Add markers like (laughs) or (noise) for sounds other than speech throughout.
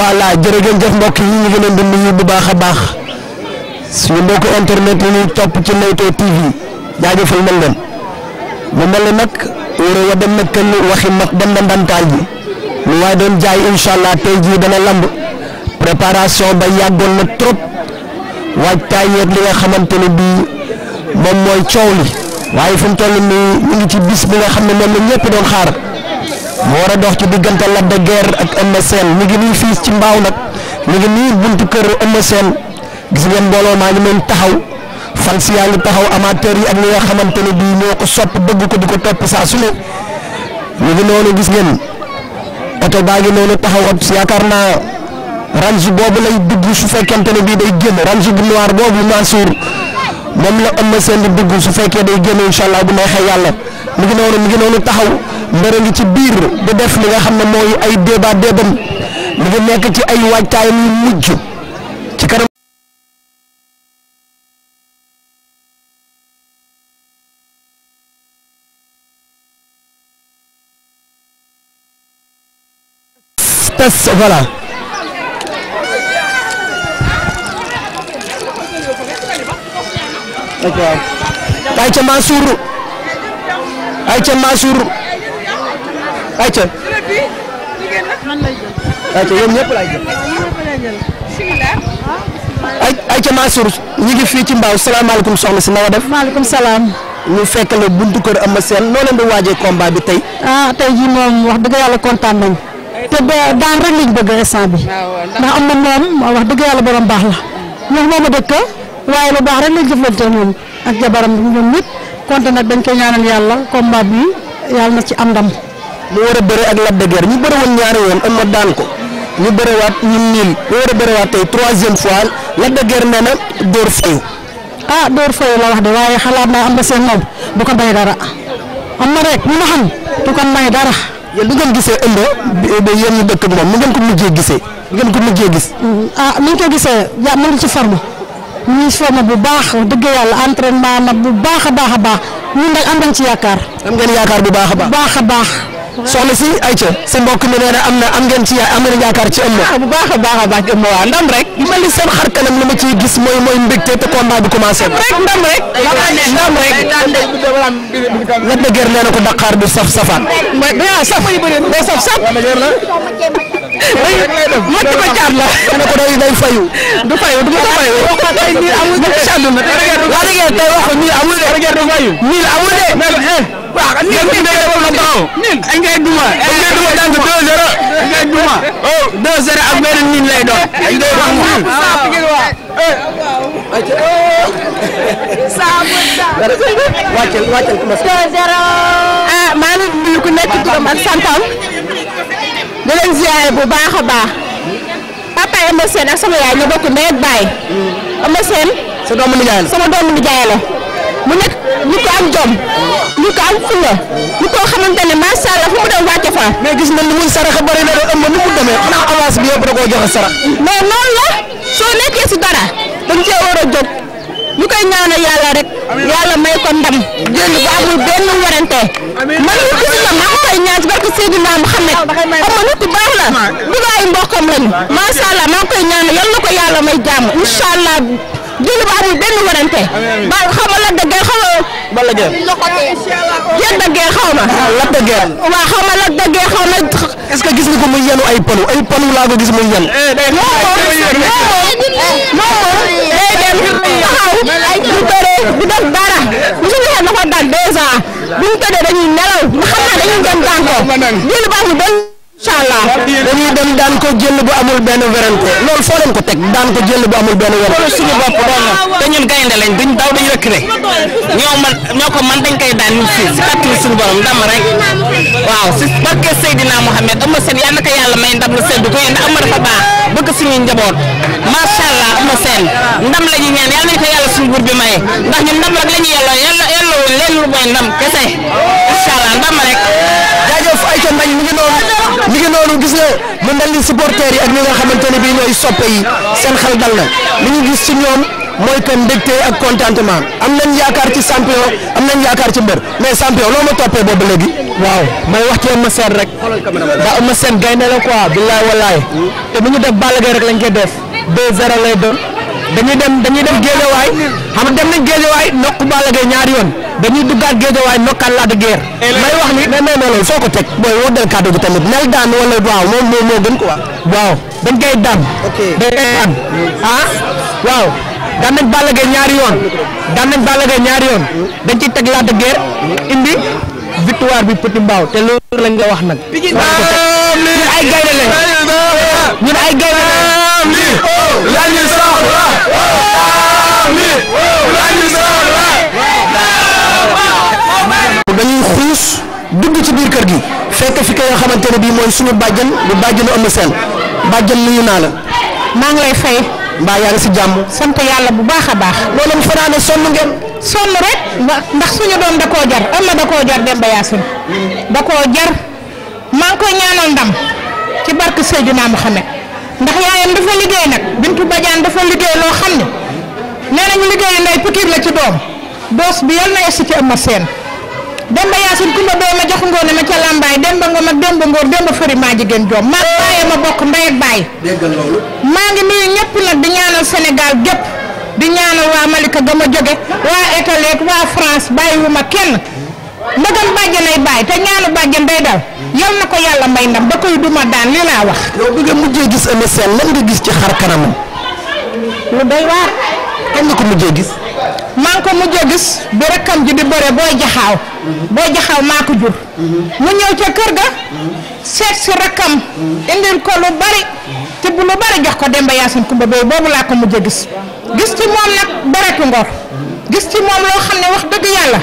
voilà jërëjëf mbokk yi ñu ngi leen di nuyu bu baax a baax suñu mbokku internet yi ñuy topp ci Leewtoo TV jaajëfal nañ leen mu mel ne nag wóoree wa dem na kenn waxi mag dem na ndantaal ji lu waaye doon jaay incha allah tey jii dana lamb préparation ba yàggoon na trop waajtaay yeeg li nga xamante ne bii moom mooy coow li waaye fu mu toll nii ñu ngi ci bis bi nga xam ne moom la ñëpp doon xaar. mu war a dox ci diggante Lac de Guiers ak Eumeu Sène mu ngi nii fii ci mbaaw nag mu ngi nii buntu kër Eumeu Sène gis ngeen mbooloo maa ngi leen taxaw fans yaa ngi taxaw amateur yi ak ñi nga xamante ne bii ñoo ko sopp bëgg ko di ko topp saa su ne ñu ngi noonu gis ngeen oto baa ngi noonu taxaw si yaakaar naa range boobu lay dugg su fekkente ne bii day génn range bu noir boobu Mansour moom la Eumeu Sène di su fekkee day génn incha allah bu taxaw. mbër ngi ci biir di def li nga xam ne mooy ay débat débam mu ngi nekk ci ay waajtaayam yu mujj ci kanam test voilà ay ca Mansour ay ca Mansour ayca. ayca yéen ñëpp laay ay ayca Mansour ñu ngi fii ci mbaaw salaamaaleykum soxna si na nga def. maaleykum salaam. ñu fekk la buntu kër Eumeu ma noo leen di waajee combat bi tey. ah tey jii moom wax dëgg yàlla kontaan nañ te ba daan rek lañ bëgg instant bi ah, ndax am na moom wax dëgg yàlla borom baax la ñoom moom a dëkk waaye lu baax rek lañ jëflante moom ak jabaram ñoom nit kontaan nag dañ koy ñaanal yàlla combat bi yàlla na ci am ndam. mu war a bëre ak Lac de Guiers ñu bëre woon ñaari yoon Eumeu daan ko ñu bërewaat ñu niil mu war a bërewaat tey troisième fois Lac de Guiers nee na Dóor fayu ah Dóor fayu la wax de waaye xalaat naa am na seen moom bu ko may dara am na rek ñu ma xam du ko may dara. yéen du ngeen gisee Eumeu ba yéen dëkk ak moom mu ngeen ko mujjee gisee mu ngeen ko mujjee gis. Mm, ah ni ñu ko gisee yaa mu ngi ci forme mu ngi ci forme bu baax dëgg yàlla entraînement na bu baax a baax a baax ñun nag am nañ ci yaakaar. am ngeen yaakaar bu baax a baax baax a baax. soxna si ayca sa mbokk mi nee na am na am ngeen ci am ngeen yaakaar ci ëmb. bu a a ndam rek. mel ni seen kanam li ma ciy gis mooy mooy mbégte te combat bi commencé ndam rek ndam rek. la dëgër nee na ko Dakar du saf safaan. ma ci ma caat la. ma ne ko day day fayu. du fayu du ma ko fayu. tey nii amul de. la rëggee tey wax ko nii amul de. rëggee du fayu. nii la amul de. waaw nii nii nii boobu la taxaw. nii ngay duma. ngay duma daan ko deux zéro. ngay duma. oh deux zéro ak benn nii lay doon. ay ngay wax mu. wàccal wàccal ku ma. deux zéro. ah maa ngi nuyu ku nekk turam ak santam. di leen bu baax a baax papa Eumeu Sène ak sama yaay ñu bokk ndey ak baay. Eumeu Sène. sa doomu nijaay la sama doomu nijaay la mu nekk ñu ko am jom. ñu ko am fulla ñu ko xamante ne macha allah fu mu dem wàcce fa. mais gis nañ ni muy saraxa bari na de ëmb ni mu demee xanaa avance bi yëpp da koo joxe sarax. mais noonu la soo nekkee si dara dañ cee war a ñu koy ñaanal yàlla rek yàlla may ko ndam jënd bu amul benn warante man ñu gis ko maa koy ñaan barke Seydina Mouhamed xam nga nit baax la du ay mbokkam lañu macha allah maa koy ñaanal yal na ko yàlla may jàmm incha jël ba amul benn warante ba xaw ma la de guerre xaw ma ba la guerre jël de guerre xaw ma ah, la de guerre waaw xaw ma la de guerre xaw ma est-ce que gis nga ko muy yenu ay panu ay panu laa ko gis muy yen moom moom day dem taxaw du tëree du def dara musuñu xeet na ko dal deux ans bu ñu tëddee dañuy nelaw nga xam naa dañuy dem tànkoo jël ba amul benn incha allah dañuy dem daan ko jël bu amul benn werante loolu foo leen ko teg daan ko jël bu amul benn werante suñu bopp doon na te ñun gaynde lañ duñ daw duñ ñoo ko man dañ koy daan ñu si si kàttanu suñu borom ndam rek waaw si barke Seydina Mohamed am na seen yal na ko may ndam lu sedd ko ndax am na dafa baax bëgg suñuy njaboot macha allah am na seen ndam la ñaan yal nañ ko yàlla bi maye ndax ñun ndam rek leen lu mooy ndam kese incha allah ndam Aïcha Mbagne mi ngi noonu mi ngi noonu gis nga mu mel ni yi ak nga xamante ne bii ñooy soppe yi seen xel dal na li ñu gis ci ñoom mooy que mbégte ak contentement am nañ yaakaar ci champion am nañ yaakaar ci mbër mais champion loo ma toppee boobu léegi. waaw may wax ci Eumeu Sène rek da Eumeu Sène gaynde la quoi billaay wallaay te bu ñu def Balla Gaye rek lañ koy def 2-0 lay doon dañuy dem dañuy dem géejewaay xam dem nañ géejewaay nokku Balla Gaye ñaari yoon. dañuy duggaat géejawaay nokkaat Lac de Guiers. may wax ni mais mais foo ko teg. booy woo del kàddu bi tamit nel daan wala waaw moom moo moo gën quoi. waaw dañ koy daan. ok dañ koy daan ah waaw. daan nañ Balla Gaye ñaari yoon daan nañ Balla yoon dañ ciy teg Lac de Guiers indi victoire bi Petit Mbao te loolu lañ nga wax nag. ñun ay gaynde lañ ñun ay gaynde lañ ci biir kër gi fekk fi ka nga xamante bii mooy suñu bàjjan bu bàjjanu am na seen bàjjan nuyu naa la. maa ngi lay fay. mbaa yaa ngi si jàmm. sant yàlla bu baax a baax. loolu mu fanaane sonn ngeen. sonn rek ndax suñu doom da koo jar am na da koo jar Demba Yacine. Hmm. da koo jar maa ngi koy ñaanal ndam ci barke Seydina Mouhamed ndax yaayam dafa liggéey nag Bintu Badiane dafa liggéey loo xam ne nee nañu liggéey nday pikir la ci doom doos bi yal na yegsi ci am seen. Demba Yaasin Kumba doo ma jox ngoone ma ca Lambaay Demba Ngom ak Demba Ngor Demba Fëri maa jigéen joom maa bàyyi ma bokk ndey ak bàyyi. déggal loolu. maa ngi nuyu ñëpp nag di ñaanal Sénégal gépp di ñaanal waa Malika ga ma jóge waa Italie ak waa France bàyyiwuma kenn ndagam bàjjanay bàyyi te ñaanu bàjjan day dal yal na ko yàlla may ndam da koy duma daan li laa wax. yow bi nga mujjee gis émission lan gis ci xar kanamam. kañ nga ko mujjee gis. maa ngi ko mujjee gis bi rakkam ji di bëre booy jaxaaw. booy jaxaaw maa ko jur. mu ñëw ca kër ga. seet si rakkam. indil ko lu bari. te lu bari jox ko Demba Yaasin Kumba Bey boobu laa ko mujjee gis. gis ci moom nag bëreetu ngor. gis ci moom loo xam ne wax dëgg yàlla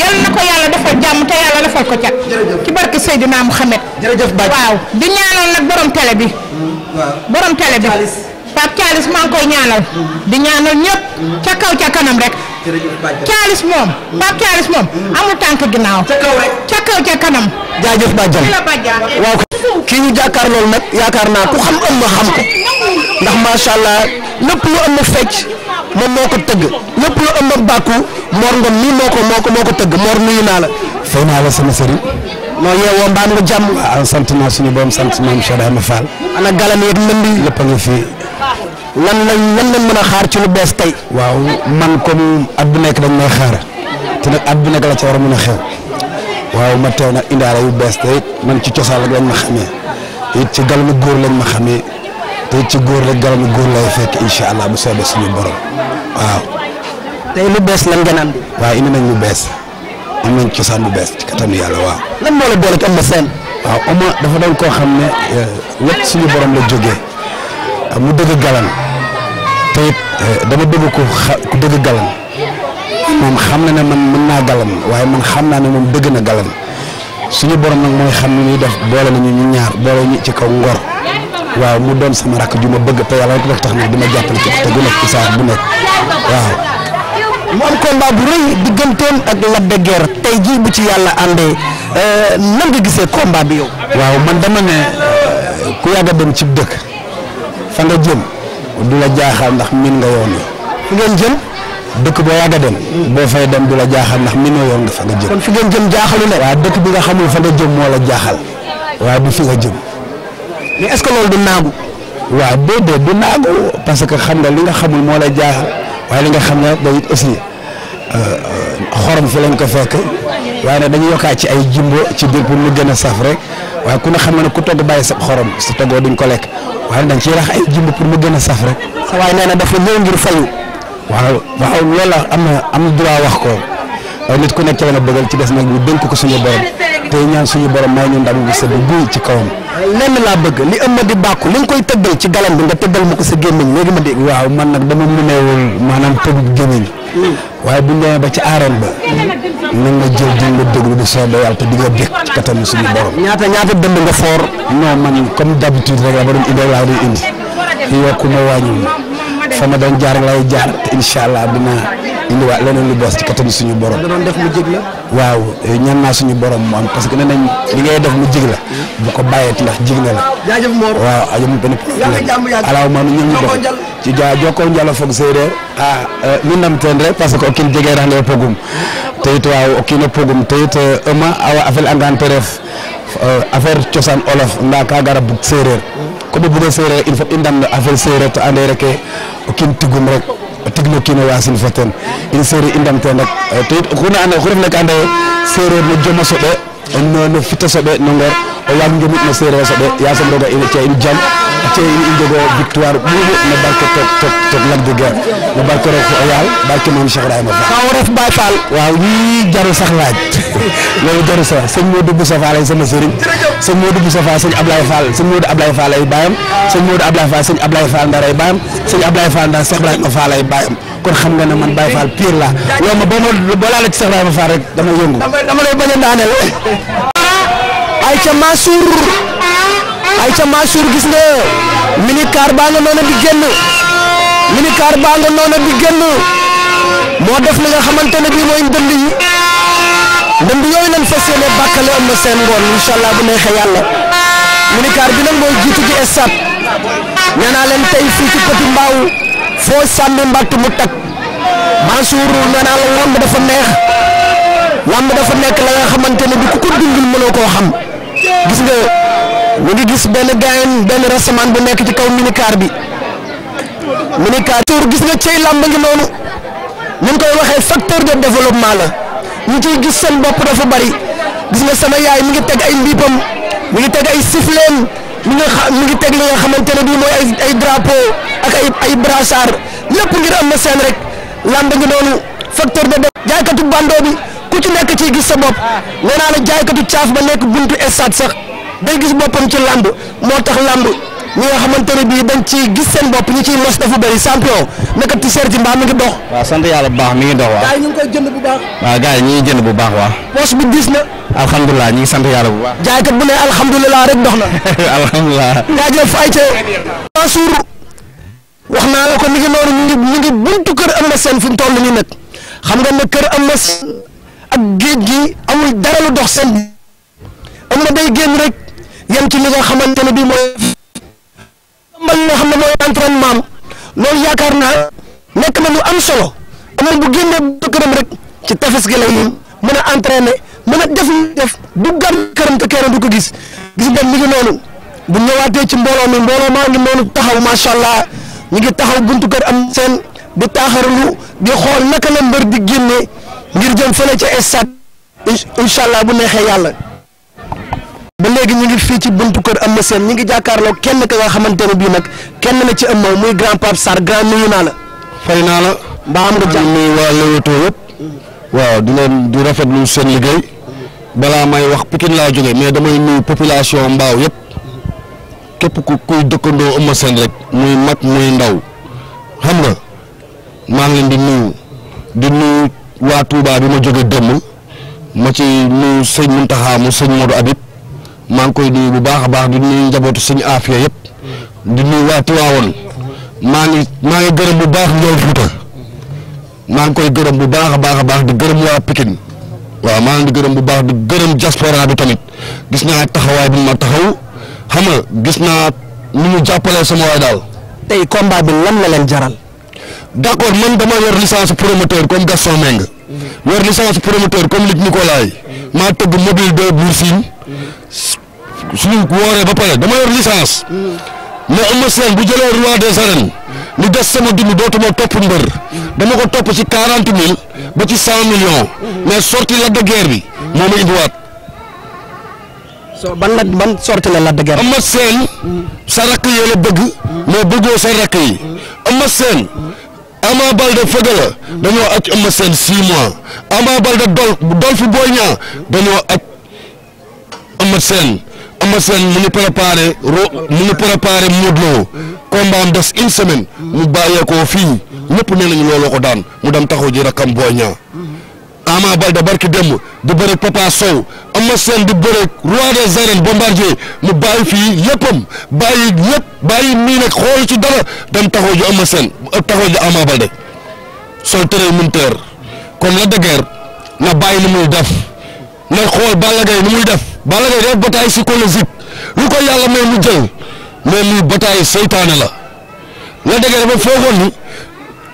yal na ko yàlla defal jàmm te yàlla defal ko cat ci barke Seydina Mouhamed jërëjëf waaw di ñaanal nag borom télé bi borom télé bi Pape Thialis maa ngi koy ñaanal di ñaanal ñëpp ca kaw kanam rek Thialis moom Pape Thialis moom amul tànk ginnaaw ca kaw rek ca kaw ca kanam jaajëf bàjjan waaw kii ñu jàkkaar loolu nag yaakaar naa ku xam ëmb xam ko ndax macha allah lépp lu ëmb fecc moom moo ko tëgg lépp lu ëmb bàkku Mor Ngom mii moo ko moo ko moo ko tëgg Mor nuyu naa la fay naa la sama sëriñ noo yeewoo mbaa nga jàmm an sant naa suñu boom sant maam Cheikh Ibrahima Fall ana galam yeeg lënd yi lépp a ngi fii lan lañ lan lañ mën a xaar ci lu bees tey. waaw man comme at bu nekk dañ may xaar te nag at bu nekk la ca war a mën a xew waaw ma teew nag indaale bees tey man ci cosaan lañ ma xamee te ci galamu góor lañ ma xamee te ci góor rek galamu góor lay fekk incha bu soobee suñu borom waaw. tey lu bees lan ngeen andi. waaw indi nañ lu bees am nañ cosaan bu bees ci kattanu yàlla waaw. lan moo la boole ci am na seen. waaw Oma dafa doon koo xam ne eh, lépp suñu borom la jógee. mu dëgg galan te it eh, dama bëgg ko xa ku dëgg galan moom xam na ne man mën naa galan waaye man xam naa ne moom dëgg na galan suñu borom nag mooy xam ni ñuy def boole nañu ñu ñaar boole ñu ci kaw ngor waaw mu doon sama rakk ju ma bëgg te yàlla rek tax nag dima jàppale ci te gu nekk isaar bu nekk waaw. mu am combat bu rëy digganteem ak Lac de Guiers tey jii bu ci yàlla àndee eh, nan nga gisee combat bi yow. waaw man dama ne eh, ku yàgg dem ci dëkk. fa nga jëm du la jaaxal ndax min nga yoon yi fu ngeen jëm dëkk boo yàgg a dem boo fay dem du la jaaxal ndax minoo yoon nga fa nga jëm kon fi ngeen jëm jaaxalu la waaw dëkk bi nga xamul fa nga jëm moo la jaaxal waaye du fi nga jëm mais est que loolu du naagu waaw déedéet du naagu parce que xam nga li nga xamul moo la jaaxal waa li nga xam ne day aussi xorom fi lañ ko fekk waaye nag dañu yokkaat ci ay jimbo ci biir pour mu gën a saf rek waaye ku ne xam ne ku togg bàyyi sa xorom si toggoo duñ ko lekk waaye dañ ci rax ay jimbo pour mu gën a saf rek. sa waay nee na dafa ñëw ngir fayu. waaw waaw loolu la am na am na droit wax ko nit ku nekk ci la nga bëggal ci des nag ñu dénk ko suñu borom tey ñaan suñu borom may ñu ndam bu sedd guy ci kawam. lenn laa bëgg li ëmb di bàkku li nga koy tëggal ci galam bi nga tëggal ma ko sa gémmiñ léegi ma dégg. waaw man nag dama mëneewul maanaam tëgg gémmiñ hmm. waaye bu ne demee ba ci aareen ba. na nga jël di nga déglu di soobee yàlla te di nga dégg ci kattanu suñu borom. ñaata ñaata dënd nga foor. non man comme d' habitude la ba doon indi laa doon indi. yokku ma wàññi ma fa jaar lay jaar te incha allah dinaa. indiwaat leneen lu boos ci kattanu suñu borom. da doon def mu jig waaw eh, ñaan naa suñu borom mu parce que nee nañ li ngay def mu jig la. bu ko bàyyeeti ndax jig la. jaajëf Mor waaw amul benn problème. alaaw ma nu ñu ngi def ci a jokkoo njalo foog séeréer. ah eh, mi teen rek parce que o kiin jegee rax le pogum te it waaw o kiin o pogum te it eh, ma awa afel angaan te ref affaire cosaan olof ndaa ka gara bug séeréer comme o séeréer il no affaire séeréer te ande reke o kiin rek tiglo kiin o yasin fo ten in sereer i ndam ten rek to yit anda ye sereer no jom a soɓe no fit a soɓe no o waag njomit no sereer soɓe yasam roga in jam te in i njego victoire ɓuuɓu no barke tok tok Lac de Guiers no barke roog fo o yaal barke Mame Cheikh Rahima Fall xa o ref Baye Fall waaw i jaru sax laaj loolu jaru sax sëñ Modou Boussa Fall ay sama sëriñ sëñ Modou Boussa Fall sëñ Ablaye Fall sëñ Modou Ablaye Fall ay baayam sëñ Modou Ablaye Fall sëñ Ablaye Fall Ndar baayam kon xam nga ne man Baye Fall pire la ma boo ma boo laalee ci rek dama yëngu dama lay bañ a daaneel ay ca Mansour ay ca Mansour gis nga mini car baa nga noonu di génn mini car baa nga noonu di génn moo def li nga xamante ne bii mooy ndënd yi ndënd yooyu lañ fas yéene bàkkale am na seen ngoon incha allah bu neexee yàlla mini car bi na mooy jiitu ci stade nee naa leen tey fii ci Petit Mbao foo sànni mbatt mu tag Mansour nee naa la lamb dafa neex lamb dafa nekk la nga xamante ne bi ku ko dundul mënoo koo xam gis nga. ñu ngi gis benn gaayen benn rasamaan bu nekk ci kaw minicar bi minicar tour gis nga cey làmb ngi noonu ñu ngi koy waxee facteur de développement la ñu ciy gis seen bopp dafa bari gis nga sama yaay mi ngi teg ay mbiipam mu ngi teg ay sifleen mu ngi mu ngi teg li nga xamante ne bii mooy ay ay drapeau ak ay ay brassard lépp ngir am na seen rek làmb ngi noonu facteur de jaaykatu bandoo bi ku ci nekk ciy gis sa bopp nee naa la jaaykatu caaf ba nekk buntu stade sax day gis boppam ci làmb moo tax làmb ñi nga xamante ne bii dañ ciy gis seen bopp ñi ci mos dafa bëri champion naka t-shirt yi ci mi ngi sant yàlla bu baax mi ngi dox waaw. yi ñu ngi bu baax. waaw gars yi ñu gis na. alhamdulilah ñu ngi sant yàlla bu baax. jaaykat bu ne alhamdulilah rek dox na. (laughs) alhamdulilah. jaajëf ayca. Mansour wax naa la ko mi ngi noonu ñu ngi ñu ngi buntu kër am na seen fi mu toll nii nag xam nga na kër am na ak géej gi amul dara lu dox seen am na day génn rek. yem ci li nga xamante ne bii mooy mbal li nga xam ne mooy entraînement yaakaar naa nekk na lu am solo amoon bu génnee ba këram rek ci tefes gi lay mën a entraîner mën a def def du gar këram te këram du ko gis gis mi ngi noonu bu ñëwaatee ci mbooloo mi mbooloo maa ngi taxaw macha allah ñu ngi taxaw buntu kër am seen di taaxaralu di xool naka la mbër di génne ngir jëm fële ci stade incha allah bu neexee yàlla. léegi ñu ngi fii ci buntu kër Eumeu Sène ñu ngi jàkkaarloo kenn ka nga xamante ne bii nag kenn la ci Eumeu muy grand Pape Sarr grand nuyu naa la. fay naa la. mbaa am nga jàmm nuyu waa Leewtoo yëpp. waaw di leen di rafetlu seen may wax Pikine laa jógee mais damay nuyu population mbaaw yëpp. képp ku kuy dëkkandoo Eumeu rek. muy mag muy ndaw. xam nga maa ngi leen di nuyu. di nuyu waa Touba bi ma jógee démb. ma ci nuyu sëñ Mountakha mu sëñ Modou abit maa ngi koy nuyu bu baax a baax di nuyu njabootu suñu aafiya yëpp di nuyu waa Tiwaawoon maa ngi maa ngi gërëm bu baax Ndiol Fouta maa ngi koy gërëm bu baax a baax a baax di gërëm waa Pikine waaw maa ngi gërëm bu baax di gërëm diaspora bi tamit gis naa taxawaay bi ma taxaw xam nga gis naa ni mu jàppale sama waay daal. tey combat bi lan la leen jaral. d'accord man dama yor licence promoteur comme Gaston Meng. Mhm. yor licence promoteur comme Luc Nicolaï. Mhm. suñu wooree ba pare dama yor licence. mais Eumeu Sène bu jëlee roi des arènes li des sama dund dootuma topp mbër dama ko topp ci quarante mille ba ci cent millions mais sorti la de guerre bi moo ma indiwaat. so ban la ban sorti la la de guerre. mais bëggoo sa rakk yi Eumeu Sène Ama mois dol fi booy ñaa dañoo aj Eumeu Sène Eumeu Sène mu ngi préparé ro mu ngi préparé Modou Lo combat am des une semaine mu bàyyeekoo fii ñëpp nee nañu looloo ko daan mu dem taxaw ji rakam Boy Niang Ama Baldé barki démb di bëre Papa Sow Eumeu Sène di bëre roi des arènes bombardier mu bàyyi fii yëppam bàyyi yëpp bàyyi nii nag xool ci dara dem taxaw ji Eumeu Sène euh, taxaw ji Ama Baldé sol tere mun teer kon la de guerre na bàyyi li muy def na xool Balla Gaye ni muy def Balla Gaye def bataille psychologique lu ko yàlla may mu jël mais muy bataille seytaane la la déggee dafa foogoon ni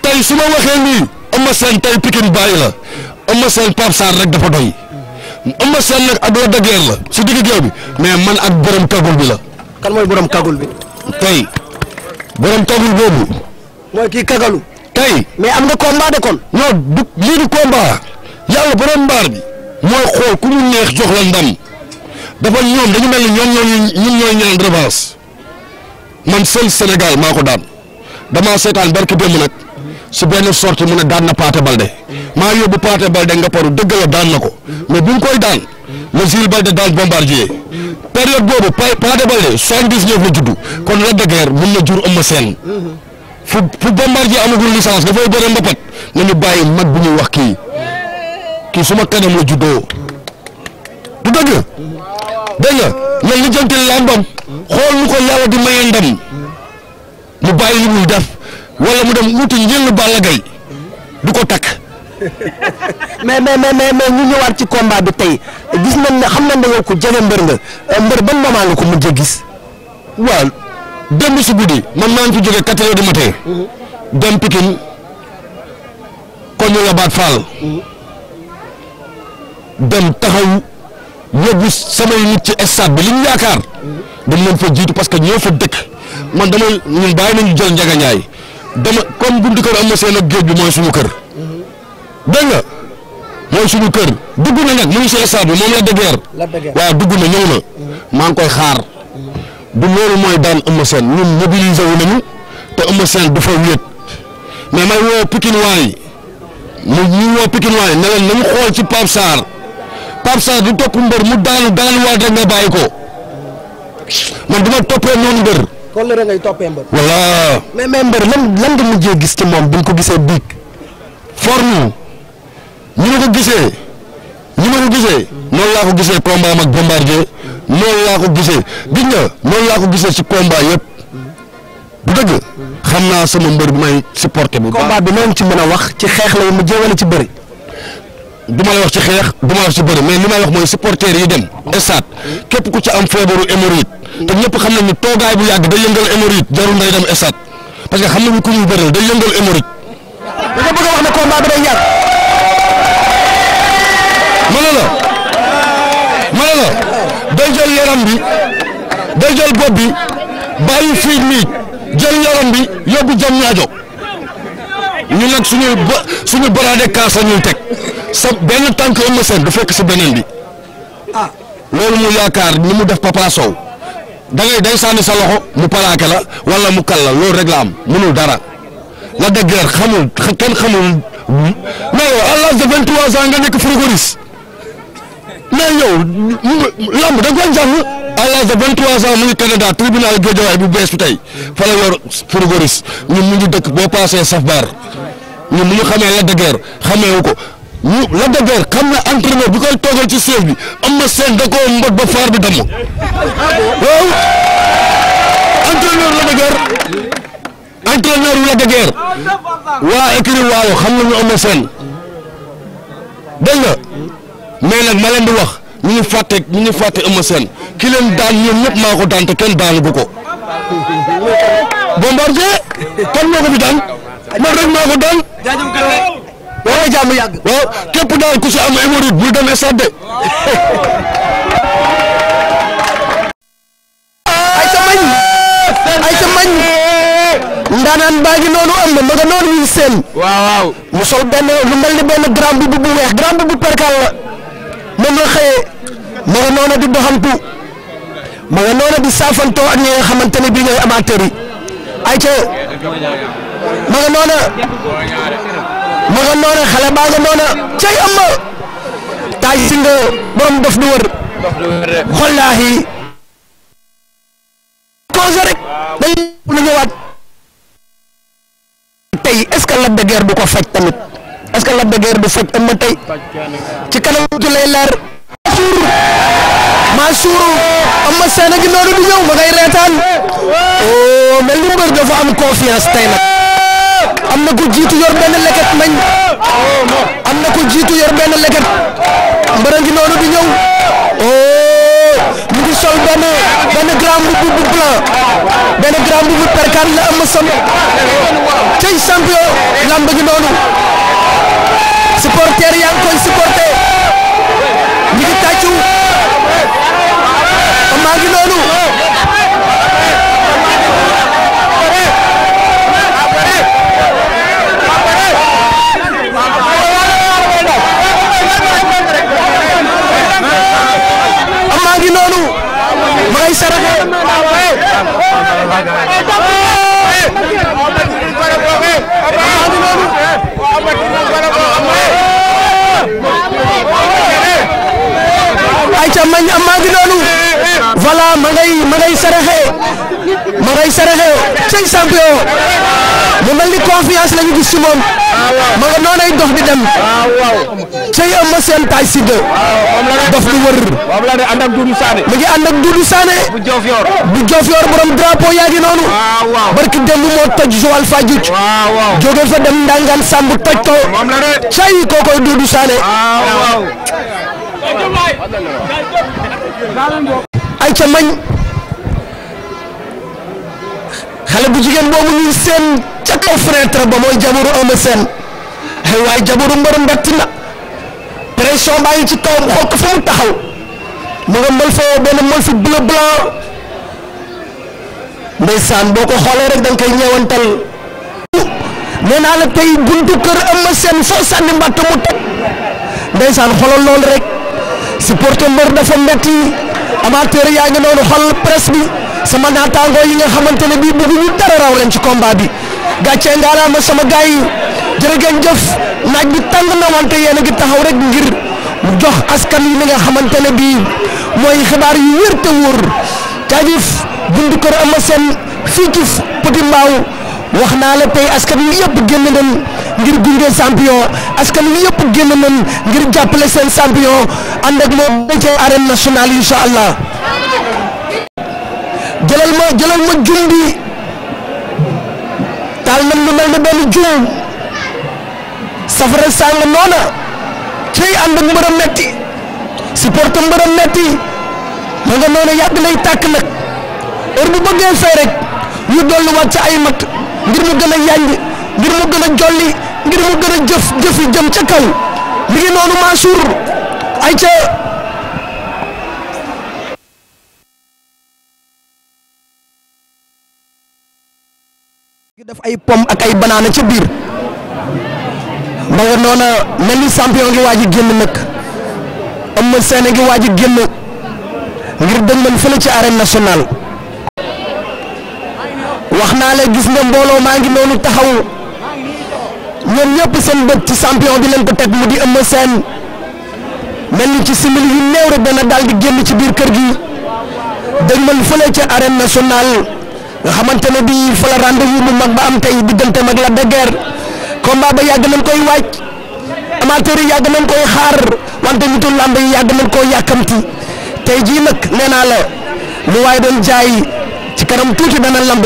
tey su ma waxee nii Eumeu Sène tey Pikine bàyyi la Eumeu Sène Pape saan rek dafa doy Eumeu Sène nag ak Lac de la si digg géew bi mais man ak borom kagul bi la. kan mooy borom kagul bi. tey borom kagul boobu. mooy kii kagalu. tey mais am nga combat de kon. non du lii du yàlla borom mbaar bi. mooy xool ku mu neex jox la ndam dafa ñoom dañu mel ni ñoom ñoo ñun ñooy ñaan revanche man seul Sénégal maa ko daan damaa seetaan barki démb nag si benn sorte mu ne daan na Pathé Baldé maa yóbbu Pathé Baldé nga paru dëgg la daan na ko mais bi mu koy daan le Jules Baldé daan bombardier période boobu Pathé Baldé soixante-dix-neuf la juddu kon la de guerre mun na jur ëmma seen mhm. fu fu bombardier amagul licence dafay bëre mbapat nañu bàyyi mag bu ñuy wax kii. kii suma kanam la juddoo du dëgg dégg nga lan li jëntil làmbam xool ko yàlla di maye ndam mu bàyyi mu dem wuti ko takk mais mais mais mais ñu ñëwaat ci combat bi tey gis nañ ne xam nañ ne yow ku jege mbër nga euh, mbër ban moment nga ko mujjee gis waaw dem taxaw yóbbu samay nit ci stade bi li ñu yaakaar dañ leen fa jiitu parce que ñoo fa dëkk man dama ñun bàyyi nañu jël Ndiaga Ndiaye dama comme buntu kër am seen ak géej bi mooy suma kër dégg nga mooy suñu kër dugg na nag mu ngi si stade bi moom la dëgër waaw dugg na ñëw mhm. maa ngi koy xaar du loolu mooy daan Eumeu Sène ñun mobilisé wu nañu te Eumeu du fa wéet mais may woo Pikine waay mu ñu woo Pikine waay ne leen nañu xool ci Pape Sarr Pape Sarr du topp mbër mu daanu daanuwaat rek nga bàyyi ko man du ma toppee noonu mbër. kon la ngay toppee mbër. voilà mais lan lan mujjee gis ci moom bu ñu ko gisee biig forme ñu ma ko gisee ñu ma ko gisee. noonu laa ko gisee combat ak bombardier noonu gis nga noonu laa gisee ci combat yëpp bu dëgg xam naa sama mbër bi may supporté bu baax combat bi noonu ci mën a wax ci xeex lay mu jéewale ci bëri. du ma la wax ci xeex du ma la wax ci bëri mais li may wax mooy supporters yi dem stade képp ku ci am feebaru hémorroïde te ñëpp xam nañ ni toogaay bu yàgg day yëngal hémorroïde jarul nday dem stade parce que xam nañu ku ñuy bëreel day yëngal hémorroïde. da nga bëgg a wax ne combat bi day yàgg. ma ne la ma la day jël yaram bi day jël bopp bi bàyyi fii nii jël yaram bi yóbbu jam ñaajo. ñu nag suñuy ba suñu baraade kaas la ñuy teg sa benn tànk Eumeu Sène du fekk si beneen bi ah loolu mu yaakaar ni mu def Papa Sow da day sànni sa loxo mu paraake la wala mu kal la loolu rek am mënul dara la dëgër xamul kenn xamul hmm? mais yow à l'âge de 23 ans nga nekk frigoriste mais yow lamb da nga jàng à l'âge de 23 ans mu ngi Canada tribunal Guédiawaye bu bees bi tey fa la yor fourgoris ñun mu ngi dëkk boo paasee Safbar ñun mu ñu xamee Lac de Guiers xamee wu ko ñu Lac de xam na entraîneur bi koy toogal ci siège bi am na seen da koo mbot ba faar bi damm waaw entraîneur Lac de Guiers entraîneur wu Lac waa écurie waaw xam nañu am na seen dégg nga mais nag ma leen di wax. mu ngi fàtte ñu ngi fàtte Eumeu Sène ki leen daan ñoom ñëpp maa ko daan te kenn daanu bu ko. Bombardier kan moo ko fi daan man rek maa ko daan. jaajëf Kelle. waaw jàmm yàgg. waaw képp daal ku si am hémorroïde bul demee sàdde. ay sa mañ ay sa mañ ndaanaan baa ngi noonu am na ma nga noonu ñu seen. mu sol benn lu mel benn grand bu bu weex grand bu bu perkal la mën nga xëyee. ma nga noona di doxantu ma di saafantoo ak ñi nga xamante ne bii ñooy amateur yi ay ca ma nga noona ma xale baa nga noona taaj si nga dof du wër xollaahi cause rek dañ lu ñëwaat tey est-ce que Lac de Guiers du ko faj tamit est que Lac de Guiers du faj am ma ci kanam tu lay Mansour Eumeu Sène gi noonu di ñëw ma ngay reetaan oh mel ni mbër dafa am confiance tey nag am na ku jiitu yor benn leket nañ am na ku yor benn leket mbër gi noonu di ñëw oh mu ngi sol benn benn grand mbubu bu blanc benn grand mbubu perkaan la am sam cey lamb gi noonu supporter yaa ngi koy supporter. tàccu maa ngi noonu ma nga noonay dox di dem. waaw waaw. cay am ma seen taay si de. dof di wër. moom la de ànd ak Doudou Sané. yor. bu Joof yaa ngi noonu. waaw waaw moo toj Joal Fadiouth. waaw waaw jóge dem Ndangan Samb toj ko. moom la de cay ay ca mañ xale jigéen boobu ñu seen. ca kaw fenêtre ba mooy jabaru Eumeu Sène xëy waaye jabaru mbër mbett na pression baa ngi ci kawam xool ko fa mu taxaw mu nga mol fa benn mol fi bleu blanc ndeysaan boo ko xoolee rek da nga koy ñeewantal nee naa la tey buntu kër Eumeu Sène foo sànni mbatt mu teg ndeysaan xoolal loolu rek supporter mbër dafa metti amateur yaa ngi noonu xool presse bi sama naataangoo yi nga xamante ne bii bëgguñu dara raw leen ci combat bi gàcce a sama gaay yi jërë ngeen jëf naaj bi tàng na wante yéen a ngi taxaw rek ngir jox askan yi ni nga xamante ne bii mooy xibaar yi wér te wóor jaajëf bundu kër Eumeu Sène fii ci Petit Mbao wax naa la tey askan wi yëpp génn nañ ngir gunge champion askan wi yëpp génn nañ ngir jàppale seen champion ànd ak moom ci arène nationale incha allah jëlal ma jëlal ma jumbi laal nañ lu mel ne benn juum safara sàng noona cay ànd ak mbërëm metti supporte mbërëm metti ma nga noona yàgg lay tàkk nag heure bu bëggee fay rek ñu dolluwaat ca ay mat ngir mu gën a yànj ngir mu gën a jolli ngir mu gën a jëf jëfi jëm ca kaw mi noonu Mansour ay ca ay ak ay banaana ca biir ba nga noona mel ni champion ngi waaj a génn nag Eumeu Sène ngi waaj a fële ci arène nationale wax naa la gis nga mbooloo maa ngi noonu taxaw ñoom ñëpp seen bët ci champion bi leen ko teg mu di Eumeu Sène mel ni ci simili yu néew rek dana daal di génn ci biir kër gi dëgmal fële ca arène nationale nga xamante ne bii fa la rendez-vous bu mag ba am tey diggante mag la de kon combat ba yàgg nañ koy waaj amateur yi yàgg nañ koy xaar wante nitu làmb yi yàgg nañ koo yàkkamti tey jii nag nee naa la lu waay doon jaay ci kanam tuuti dana lamb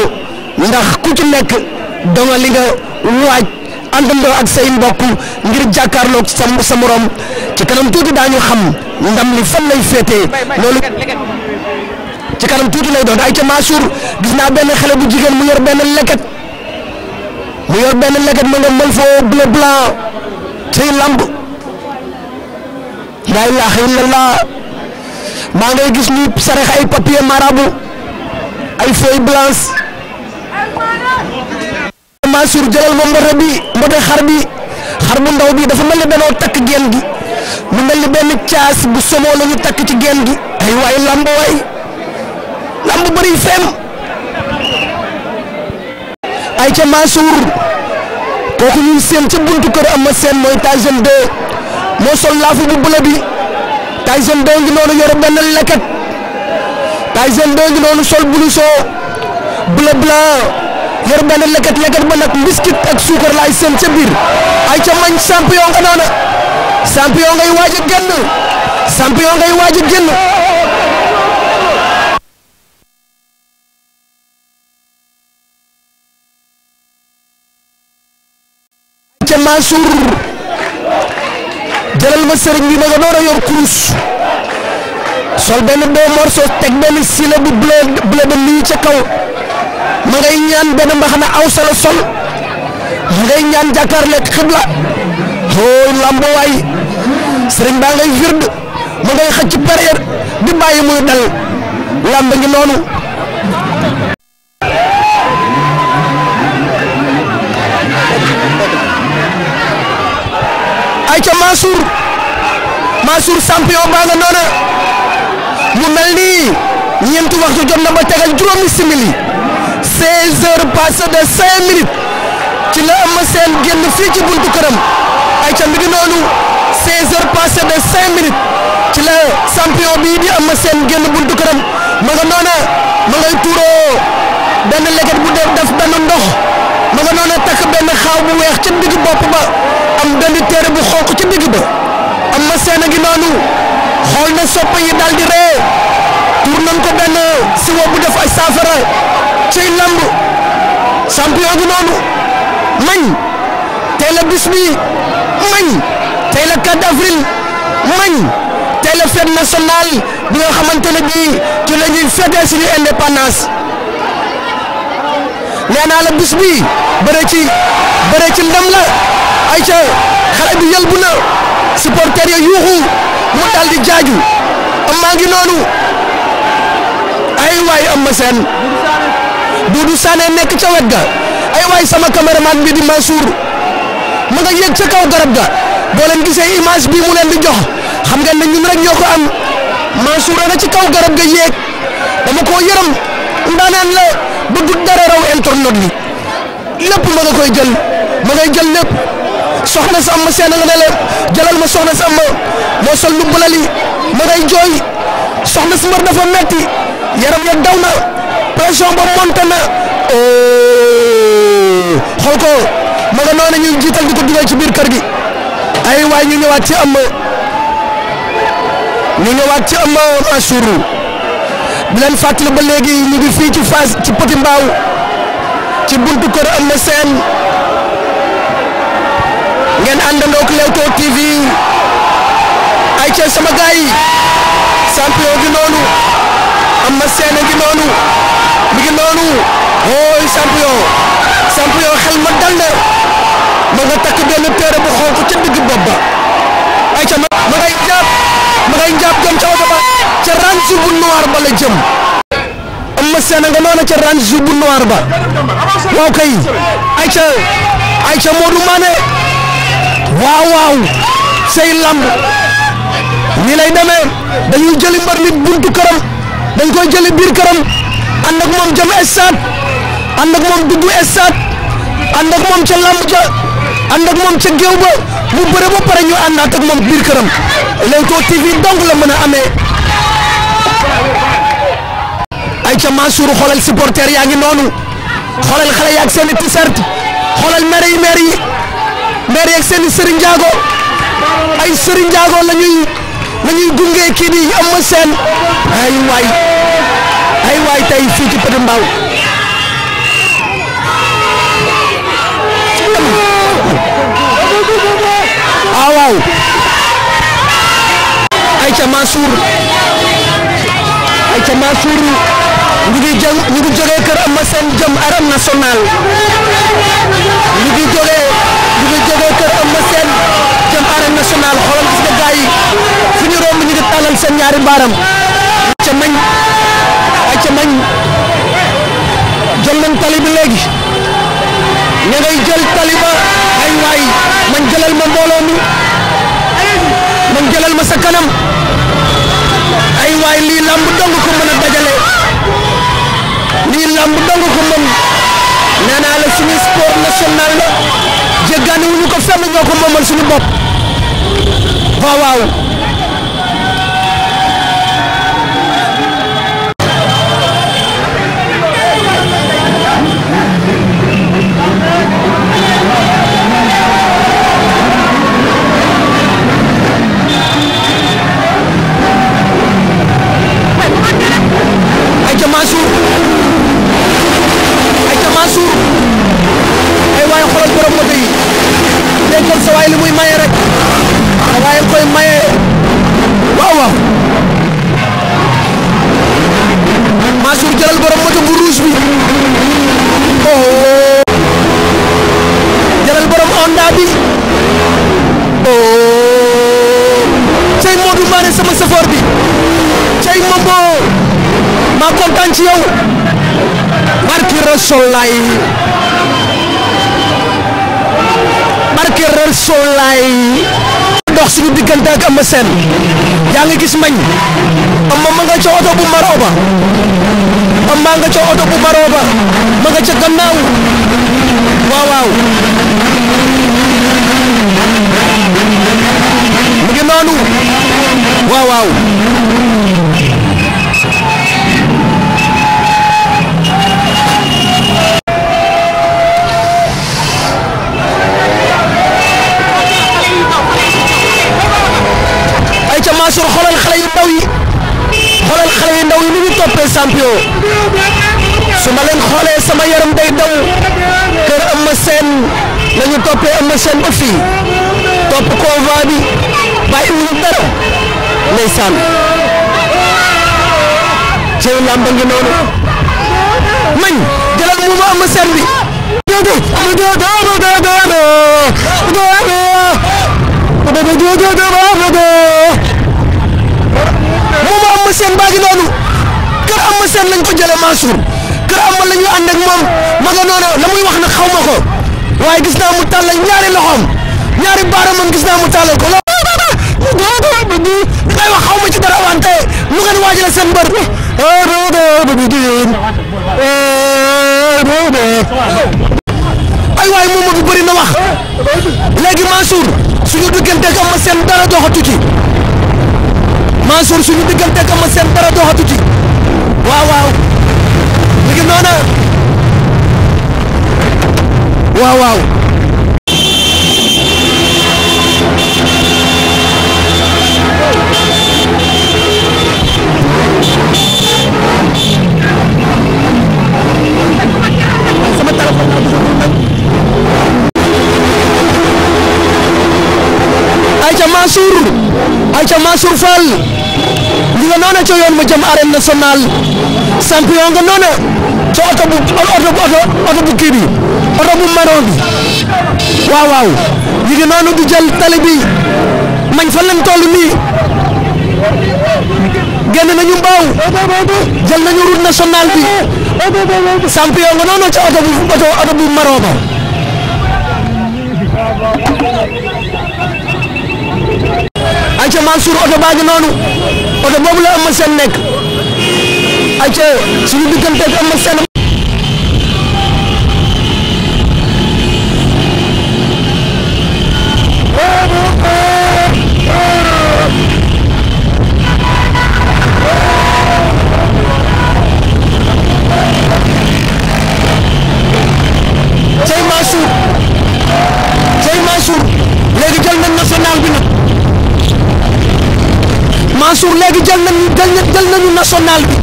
ndax ku ci nekk donga li nga waaj àndandoo ak say mbokk ngir jàkkaarloog sa sa morom ci kanam tuuti daañu xam ndam li fan lay féetee loolu. kanam tuuti lay doon ay ca Mansour gis naa benn xale bu jigéen mu yor benn leket mu yor benn leket mu nga mën foo bleu blanc tey lamb laa ilaaha illallah maa ngay gis ñu sarex ay papier marabu ay feuille jëlal ma mbote bi mbote xar bi xar bu ndaw bi dafa mel ni danoo takk geen gi mu mel ni benn caas bu somoo la takk ci geen gi ay waay lamb waay lamb bëri feem ay ca Mansour kooku ñun seen ca buntu kër Ama Sène mooy Tyson de moo sol laafu bu bula bi Tyson 2 ngi noonu yore benn leket Tyson 2 ngi noonu sol blouson bleu blanc yore benn leket leket ba nag biscuit ak suukar laay seen ca biir ay ca mañ champion nga noona champion ngay waaj a génn champion ngay waaj génn Mansour ma sëriñ bi ma nga sol benn deux morceaux teg benn sile bu bleu bleu de ca kaw ma ngay ñaan benn mbaxana aw sala sol ma ngay ñaan jàkkaarloo ak xibla ooy lambo waay sëriñ baa ngay wird ma ngay xëcc barrière di bàyyi muy dal lamb ngi noonu. Mansour Mansour champion baa nga noona mu mel nii ñeenti waxtu jot na ba tegal juróomi simili 16 heures passé de 5 minutes ci la Eumeu Sène génn fii ci buntu këram ay ca mi noonu 16 heures passé de 5 minutes ci la champion bii di Eumeu Sène génn buntu këram ma nga noona ma ngay tuuroo benn leket bu def def benn ndox ma nga noona takk benn xaaw bu weex ci digg bopp ba. am benn téere bu xonq ci digg ba am na seen a ngi noonu xool na soppa yi daal ree tur nañ ko benn siwo bu def ay saafara ciy lamb champion gi noonu mañ tey la bis bi mañ tey la 4 avril mañ tey la fête nationale bi nga xamante ne ci la ñuy féetee suñu indépendance nee naa la bis bi bëre ci bëre ci ndam la. ayca xale bi yëlbu na supporter ya yuuxu mu daal di jaaju amaa ngi noonu ay waay Eumeu Sène Doudou Sané nekk ca wet ga ay waay sama caméraman bi di Mansour mu nga yéeg ca kaw garab ga boo leen image bi mu leen di jox xam ngeen ne ñun rek ñoo ko am Mansour ana ci kaw garab ga yéeg dama koo yërëm ndaanaan la bëggut dara raw internet li lépp ma nga koy jël ma ngay jël lépp soxna si am ma seen nga ne leen jëlal ma soxna si am ma moo sol lu bulali ma ngay jooy soxna si mbër dafa metti yaram ya daw na pression ba monté na oh! xool ko ma nga noonu ñuy jiital di ko dugal ci biir kër gi ay waay ñu ñëwaat ci am ma ñu ñëwaat ci am ma Mansour di leen ba léegi ñu fii ci Fass ci Petit Mbao ci buntu kër am na seen ngeen àndandoo ak Leewtoo TV ay ca sama gars yi champion gi noonu Ama Sène gi noonu mi ngi noonu ooy champion champion xel ma dal ma nga takk benn téere bu xonk ca digg bopp ba ay ca ma ngay jàpp ma ngay jàpp jëm ca ca range bu noir ba la jëm Ama Sène nga noonu ca range bu noir ba waaw kay ay ca ay ca Modou waaw waaw say lamb ni lay demee dañuy jëli mbër nit buntu këram dañ koy jëli biir këram ànd ak moom jëm stade ànd ak moom dugg stade ànd ak moom ca lamb ja ànd ak moom ca géew ba mu bëre ba pare ñu àndaat ak moom biir këram Leewtoo TV donc la mën a amee ay ca Mansour xoolal supporter yaa ngi noonu xoolal xale ak seeni t-shirt xoolal mere yi mere yi maire yeeg seen i sëriñ njaago ay sëriñ njaago la ñuy la ñuy gunge kii di Eumeu ay waay tey fii ci Petit ay ah, ca Mansour ay kër Eumeu Sène jëm arène nationale ñu national xoolal gis nga gaay yi fu ñu romb léegi ña ngay jël tali ba ay waay man jëlal ma mbooloo naa la suñu sport national la jéggaani wuñu ko fenn ñoo ko moomal suñu bopp waaw waaw Rasulullah barke Rasulullah dox suñu diggante ak Eumeu Sène yaa ngi gis mañ amma ma nga ca oto bu maroo ba amma nga ca oto bu maroo ba ma nga ca gannaaw waaw waaw mu ngi noonu waaw waaw Mansour xoolal xale yu ndaw yi xoolal xale yu ndaw yi ni ñu toppee champion su ma leen sama yaram day daw kër Eumeu seen la ñu toppee Eumeu Sène ba fii topp convoi bi bàyyi wu ñu dara ndeysaan cëw làmb ngi noonu mañ jëlal mu ma Eumeu Sène bi Eumeu Sène baa ngi noonu kër Eumeu Sène lañ ko jëlee Mansour kër Eumeu la ñu ànd ak moom ma nga noonu la muy wax nag xaw ma ko waaye gis naa mu tàllal ñaari loxoom ñaari baaraamam gis naa mu tàllal ko lool di ngay wax xaw ma ci dara wante lu ngeen waajale seen mbër eh, eh, ay waay moom bu bëri na wax léegi Mansour suñu diggante ak Eumeu Sène dara doxatu ci Mansour suñu diggante ak Eumeu Sène dara doxatu ci waaw waaw mi ngi noona waaw li nga noona ci yoon ma jëm arène nationale champion nga noona ci oto bu oto bu oto bu kii bi oto bu maroon bi waaw waaw ñu noonu di jël tali bi mañ fa lañ toll nii génn nañu mbaaw jël nañu route nationale bi champion nga noonu ci oto bu oto bu maroon ba ay ca Mansour oto baa noonu oto boobu la Eumeu Sène nekk ayca suñu diggante ak Eumeu Sène Mansour léegi jël nañu jël national bi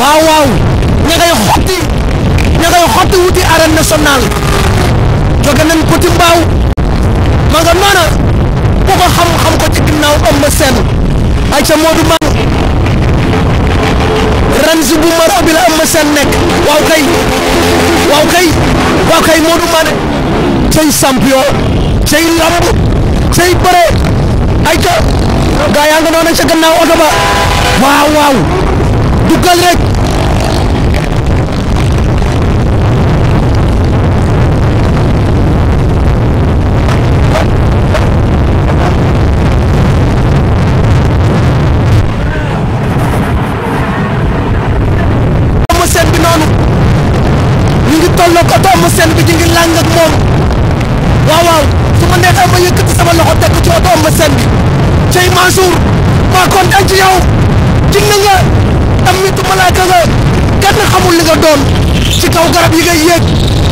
waaw waaw ña xotti ña xotti wuti arène nationale jóge nañ Petit Mbaaw ma nga ko xam xam ko ci ginnaaw ëmb seen ay ca Modou Mane ren si bu maro bi la ëmb seen nekk waaw kay waaw kay waaw kay Modou Mane cey champion cey lamb cey bëre ay ca gaa yaa nga ca gannaaw oto ba waaw waaw duggal rek Mansour maa kontaan ci yow jinne nga tamit malaaka nga kenn xamul li nga doon ci kaw garab yi ngay yéeg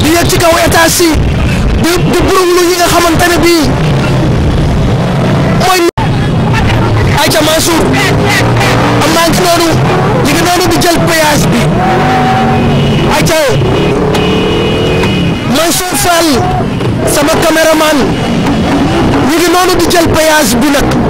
di yéeg ci kaw étage di di burunglu yi nga xamante ne bii mooy ayca Mansour am naa ngi noonu ñu noonu di jël péage bi ayca Mansour Fall sama caméraman ñu noonu di jël péage bi nag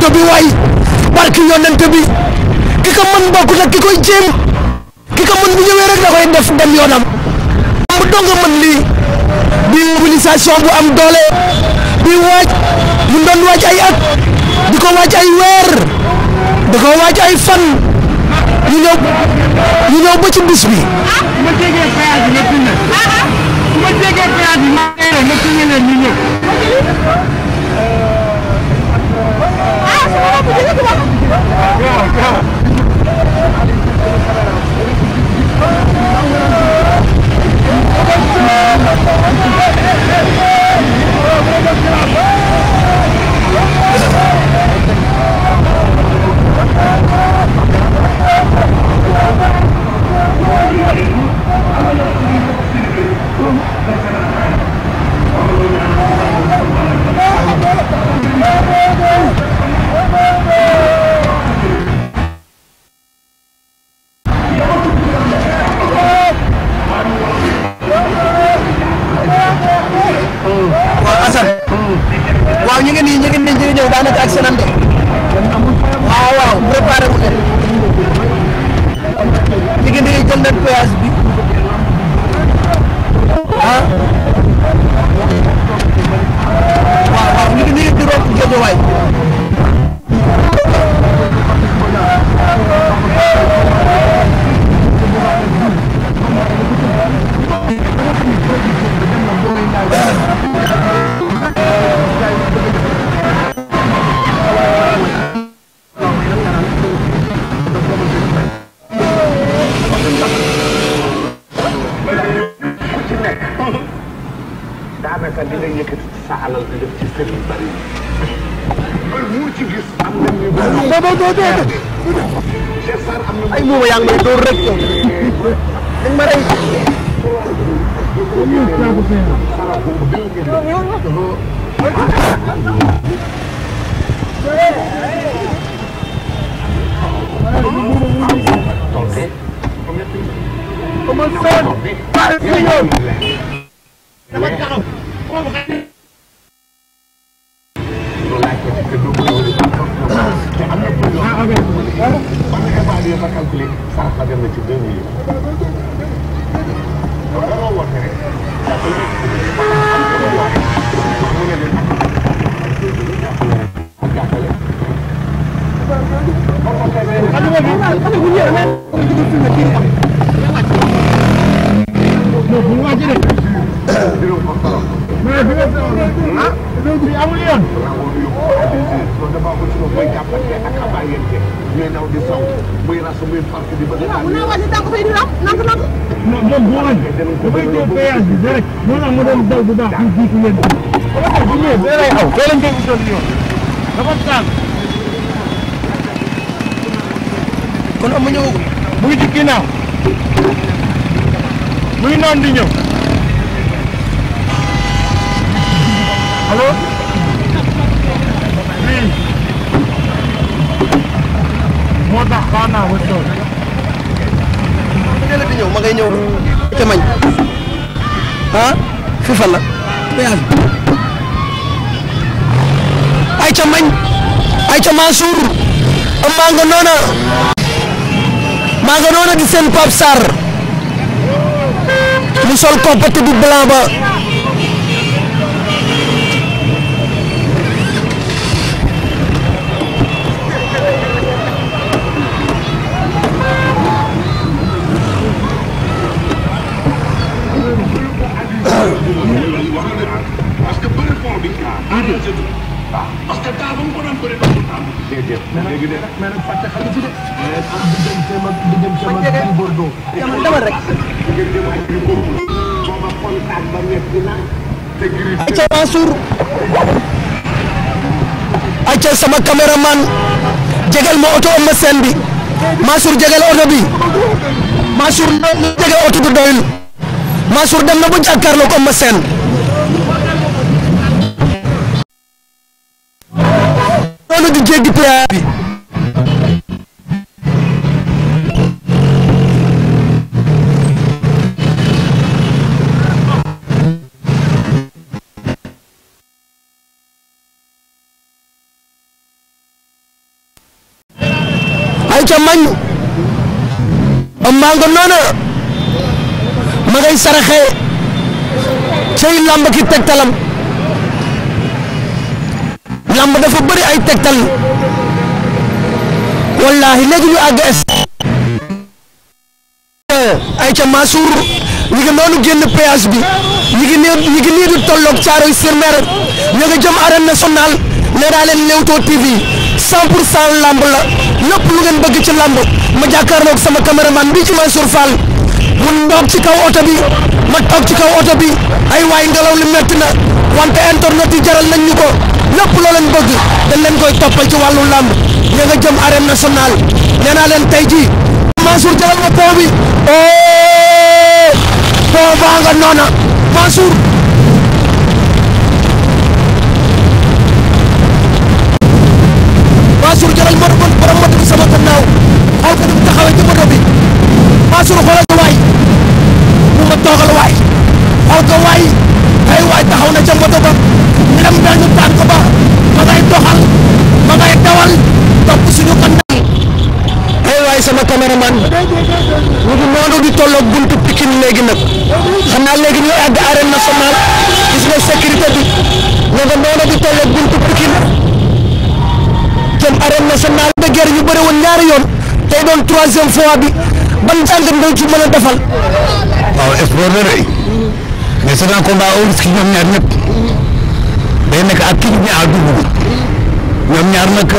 oto bi waay barki yonent bi ki ko mën bokkut ak ki koy jéem ki ko mën bu ñëwee rek da koy def dem yoonam mu dong mën lii bi mobilisation am doole bi waaj mu doon waaj ay at di ko waaj ay weer di ko waaj ay fan ñu ñëw ñu ñëw ba ci bis bi. Ah, ah. Go, go. ñu ngi nii ñu ngi nii ñu ngi ñëw daanaka ak seen ande waaw ah, waaw préparé wu leen ñu ngi nii jël nañ péage bi ah waaw waaw ñu ngi nii di roog Guédiawaye Yeah. sa alal di def ci sëriñ bari bal muur ci gis am na ñu boobu doo doo doo ay muuma yaa ngi may dóor rek yow dañ ma rey Come on, son! Five million! Come on, come on! ngeen daw bu baax ñu jiitu leen. waaw bu ñëwee dina lay aw doo leen déglu doon yoon ci ginnaaw. mu ngi naan di ñëw. allo. ñëw ma ngay ñëw. te fi fan ay ca mañ ay maa nga noona maa nga noona di seen Pape Sarr mu sol coppite bu blanc ba léegi de léegi de mais nag fàtte xam nga ci sama caméraman. ma oto am ma seen bi. Mansour jegal oto bi. Mansour na jege oto bi doyul. Mansour dem na ba jàkkaarloo ko ma seen. dégg PA bi ay ca mañu maa nga noona ma ngay saraxee cay lamb ki tegtalam lamb dafa bëri ay tegtal wallahi léegi ñu àgg es ay ca Mansour ñi ngi noonu génn péage bi ñi ngi nee ñi ngi nii di tolloog Thiaroye sur Mer ña nga jëm arène nationale nee naa leen Leewtoo TV 100 pour cent lamb la lépp lu ngeen bëgg ci lamb ma jàkkaarloog sama caméraman bi ci Mansour Fall mu ndoog ci kaw oto bi ma toog ci kaw oto bi ay waay ngelaw li metti na wante internet yi jaral nañ ñu ko lépp loo leen bëgg dañ koy toppal ci wàllu làmb ña nga jëm arène nationale leen tey jii Mansour jëlal ma pont bi oh pont noona Mansour Mansour jëlal ma bon borom moto bi sama gannaaw xaw ko dum taxawee ci moto bi Mansour xoolal ma toogal waay xool ko waay ay waay taxaw na ca ay waay sama caméraman ñu ngi noonu di tolloog buntu Pikine léegi nag xam naa léegi ñu àgg arène nationale gis nga bi ñu noonu di tolloog buntu Pikine jëm arène nationale de guerre ñu bëri ñaari yoon tey doon troisième fois bi ban jàngat nga ci a defal mais c'est un combat au risque ñoom ñaar ñëpp day nekk ak kii bi à dugg ñoom ñaar nag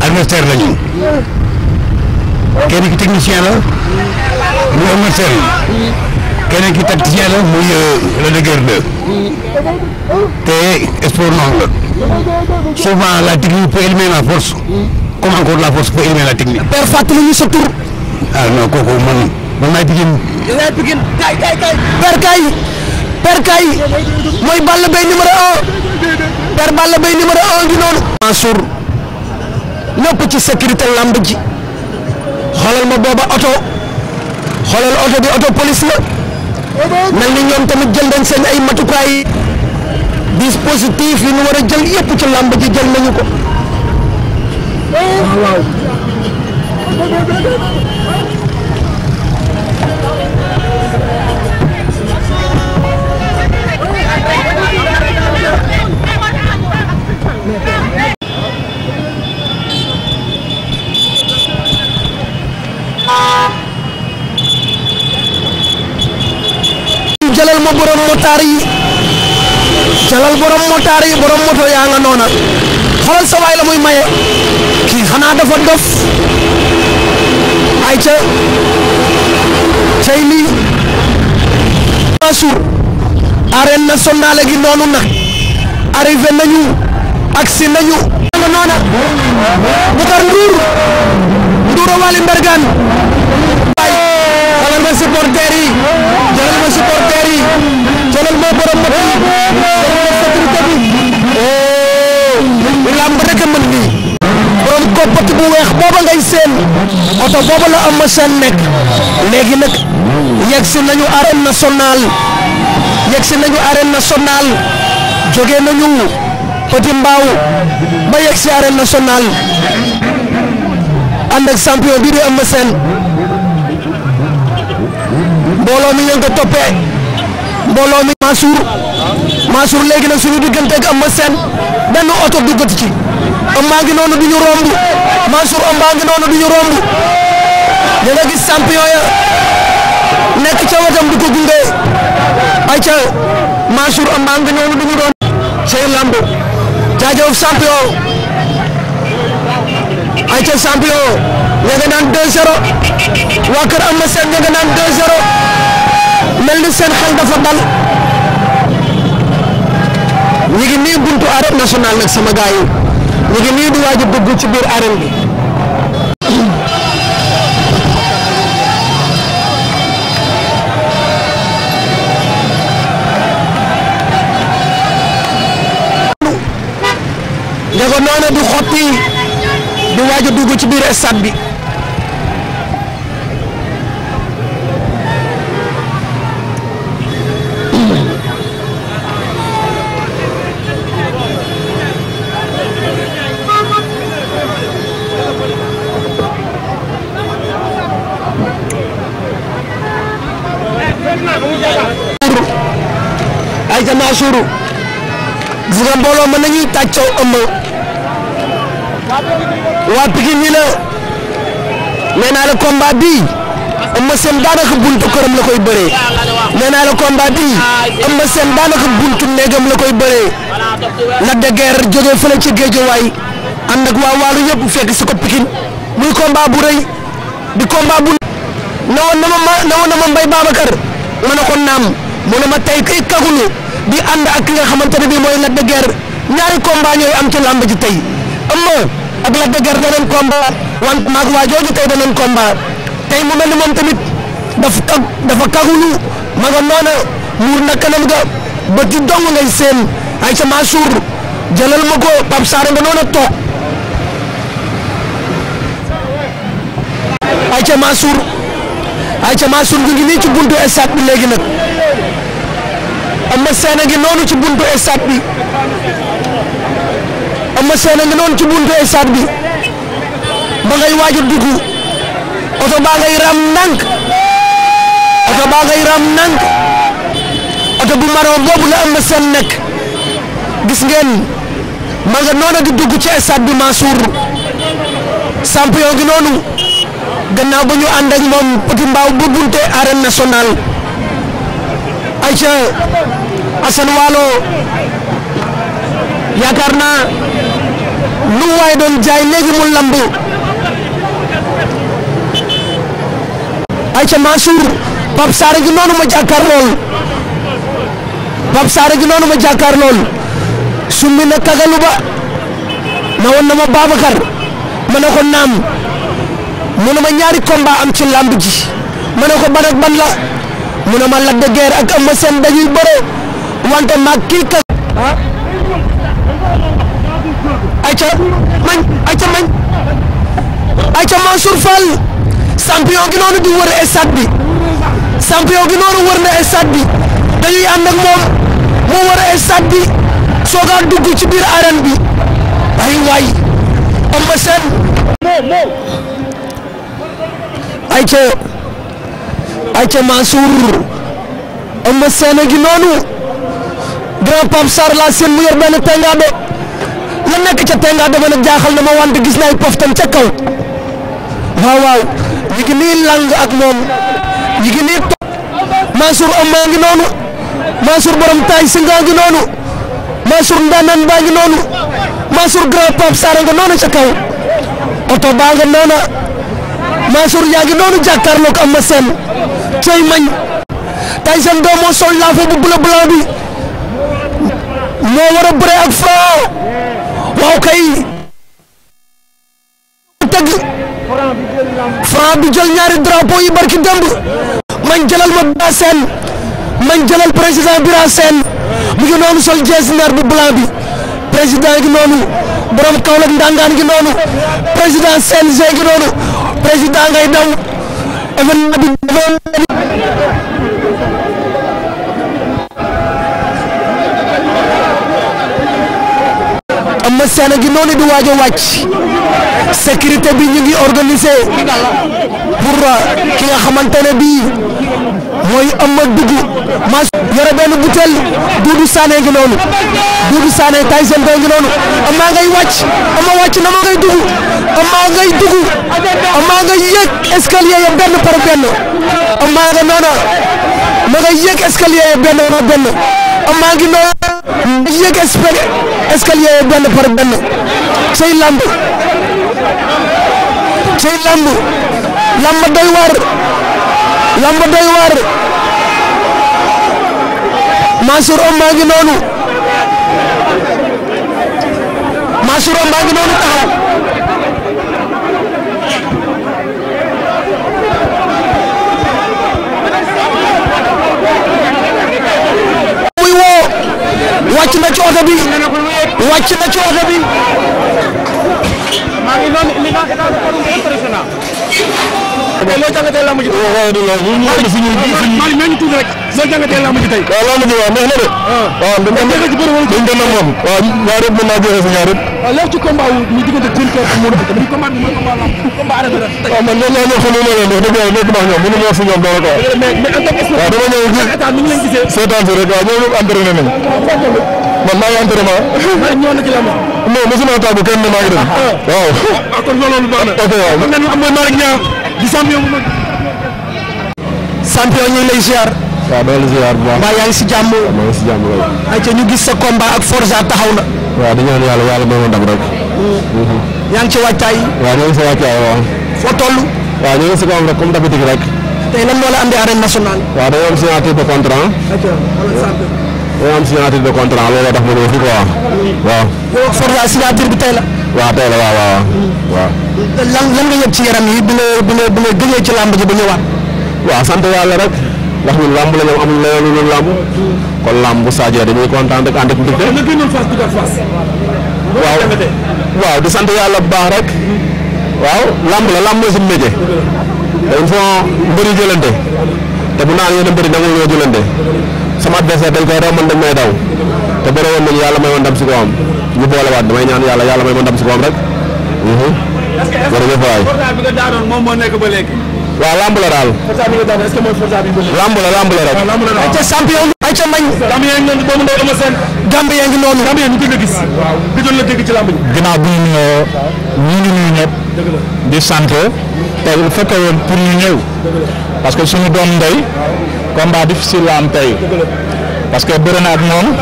adversaire la ñu kenn ki technicien la muy Eumeu Sène kenn ki tacticien la muy euh, Lac de Guiers 2 te sport noonu la souvent la technique peut éliminer la force comme encore la force peut éliminer la technique. père fàttali ñu sa tur. ah non kooku man man maay Pikine. yow yaay Pikine kay kay kay. père kay. Père Kaye mooy Balla Gaye numéro un Père Balla Gaye numéro un ngi noonu. Mansour lépp ci sécurité lamb ji xoolal ma booba oto xoolal oto bi oto police la mel ni ñoom tamit jël nañ seen ay matukaay dispositif yi ñu war jël yëpp ci lamb ji jël nañu ko jalal ma borom motaar yi jalal borom moto yaa nga noona xoolal sa waay la muy maye kii xanaa dafa dof ay ca cay lii Mansour arène nationale gi noonu na arrivé nañu agsi nañu nga noona Boucar Ndour Ndour Waly Mbergane ma supporter yi jëlal ma yi jëlal ma yi jëlal ma sécurité oh, lamb rek mën nii borom koppat bu weex booba ngay seen oto booba la am ma seen nekk léegi nag yegsi nañu arène nationale yegsi nañu arène nationale jóge nañu Petit yegsi arène nationale ànd ak champion bi am ma seen mbooloo mi ngeen ko toppee mbooloo mi Mansour Mansour léegi nag suñu diggante am Eumeu Sène benn oto duggati ci maa ngi noonu du ñu romb Mansour Eumeu ngi noonu du ñu romb da gis champion ya nekk ca wetam di ko gunge ay ca Mansour Eumeu ngi noonu du ñu seen lamb jaajëf champion ay ca champion ña nga naan 2-0 waa kër Eumeu Sène ña nga naan 2-0 mel seen xel dafa ngi nii buntu arène nationale nag sama gars yi ñu ngi nii di waaj a ci biir arène bi. ña nga noonu di xotti di waaj a ci biir stade bi. Mansour gis nga mbooloo mën nañuy tàccoo ëmb waa Pikine ñi la nee naa la combat bii Eumeu Sène daanaka buntu këram la koy bëree nee naa la combat bii Eumeu Sène daanaka buntu néegam la koy bëree Lac de Guiers jógee fële ci Guédiawaye ànd ak waa Waalo yëpp fekk si ko Pikine muy combat bu rëy di combat bu. nawoon na ma ma nawoon na ma Mbaye Babacar ma ne ko naam mu di ànd ak ki nga xamante ne bii mooy Lac de Guiers ñaari combat ñooy am ci làmb ji tey Eumeu ak Lac de Guiers danañ combat wante maag waa jooju tey danañ combat tey mu mel ni moom tamit dafa kag dafa kagulu ma nga noona muur na kanam ga ba ci dong ngay seen ay ca Mansour jëlal ma ko Pape Sarr nga noona toog ay ca Mansour ay ca Mansour ñu ngi nii ci buntu stade bi léegi nag. Eumeu Sène a ngi noonu ci buntu stade bi Eumeu Sène a ngi noonu ci buntu stade bi ba ngay waaj a dugg oto baa ngay ram ndànk oto baa ngay ram ndànk oto bu maroon boobu la Eumeu nekk gis ngeen ma nga noonu di dugg ci stade bi Mansour champion gi noonu gannaaw ba ñu ànd ak moom Petit Mbao bu bunte arène nationale. Aïcha Assane Waalo yaakaar naa lu waay doon jaay léegi mu lamb Aïcha Mansour Pape Sarr gi noonu ma jàkkaar lool Pape Sarr gi noonu ma jàkkaar lool summi na kagalu ba na woon na ma Babacar ma ne ko naam mu ne ma ñaari combat am ci lamb ji ma ne ko ban ban la mu ne ma Lac de ak Eumeu Sène dañuy bëre wante maag kii kës. Ah? mañ ayca mañ ayca Mansour Fall champion gi noonu di wër stade bi noonu wër na stade bi dañuy ànd moom mu wër stade bi sooga dugg ci biir arène bi ay waay Eumeu Sène ayca ayca noonu. grand Pape Sarr laa seen mu na benn tengaado la nekk ca tengaado ba nag jaaxal na ma wante gis naa ay poftan ca kaw waaw waaw lang ak moom ñu maa ngi noonu Mansour borom taay si ngaa ngi noonu Mansour ndaanaan baa ngi noonu Mansour grand Pape Sarr nga noonu ca kaw oto baa nga noona Mansour yaa ngi noonu jàkkaarloog am ma seen cooy mañ tay seen doomoo sol laafa bu bula bula bi moo war a bëre ak Franc waaw kay Franc bi jël ñaari drapeau yi barki demb man jëlal ma Bira Sène man jëlal président Bira Sène mu ngi noonu sol jeesineer bu blanc bi président gi noonu borom Kaolack ndangaan gi noonu président CNG gi noonu président ngay daw événement bi ma na seen gi noonu di waaj a wàcc sécurité bi ñu ngi organisé pour euh, ki nga xamante ne bii mooy Eumeu dugg maa yore benn butel Doudou Sané ngi noonu Doudou Sané Tyson ngi noonu Eumeu ngay wàcc Eumeu wàcc na ma ngay dugg Eumeu ngay dugg Eumeu ngay yéeg escalier ya benn par benn Eumeu nga noona ma ngay yéeg escalier ya benn par ngi noonu dañuy yëg espérer escalier yi benn par lamb say lamb lamb doy lamb doy waar Mansour Om noonu Mansour Om maa noonu taxaw. wàcc na ci oto bi wàcc na ci oto bi maa ngi noonu mi ngi daal ko impressionnant mais loo jàngatee lamb ji waaw du la bu ñu ñu suñu ñu ñu ñu tuuti rek loo jàngatee lamb ji tey waaw lamb ji waaw neex na de ah. waaw dañ dem na moom waaw ñaar yëpp mën naa joxe sa ñaar yëpp léegi ci combat wu ñu diggante jël kër mu doon tamit combat bi mooy combat lamb combat arrêté la. waaw man ñooñu ñoo ma wax si ñoom dara quoi. mais mais en tant que waaw dama ñëw gis état maa ngi entraînement. ñëw na ci bu kenn maa ngi waaw kon lay ziar. waaw doole bu baax. yaa ngi si jàmm. maa ngi si jàmm ñu gis sa combat ak Forza taxaw na waaw di ñaan yàlla yàlla doon dab rek. yaa ngi ci waajtaay. waaw ñoo ngi si waajtaay waaw. foo toll. waaw ñoo ngi si kawam rek comme d'habitude rek. tey lan moo la andi arène nationale. waaw dañoo am signature de contrat. ok wala sant. de contrat looloo tax ma ñëw fi quoi waaw. yow ak Forza signature tey la. waaw tey la waaw waaw waaw. lan ci yaram yi bi nga bi nga bi nga gëjee ci làmb ji ba ñëwaat. waaw sant yàlla rek. ndax ñun làmb la ñoom amul leneen lu làmb kon làmb bu Sadio dañuy kontaan rek ànd ak mbégte. waaw waaw di sant yàlla bu baax rek. waaw la làmb mooy suñu métier. te il faut mbëri te naan yéen a mbëri da ngay ñëw jëlante sama dañ koy romb dañ may daw te bëre woon nañu yàlla may woon ndam si kawam ñu boolewaat damay ñaan yàlla yàlla may woon ndam si kawam rek. Mhm. jërëjëf waay. moom moo nekk ba léegi. waaw lamb la daal. Forza que mooy Forza la lamb la daal ayca champion. ayca mañ. ngi noonu doomu ndey Eumeu Sène. ngi noonu. Gambien ñu gën a gis. waaw bu ñu nuyoo ñu ngi di sant te bu woon pour ñu ñëw. parce que suñu doom ndey. combat difficile la am tey. parce que bëre ak moom.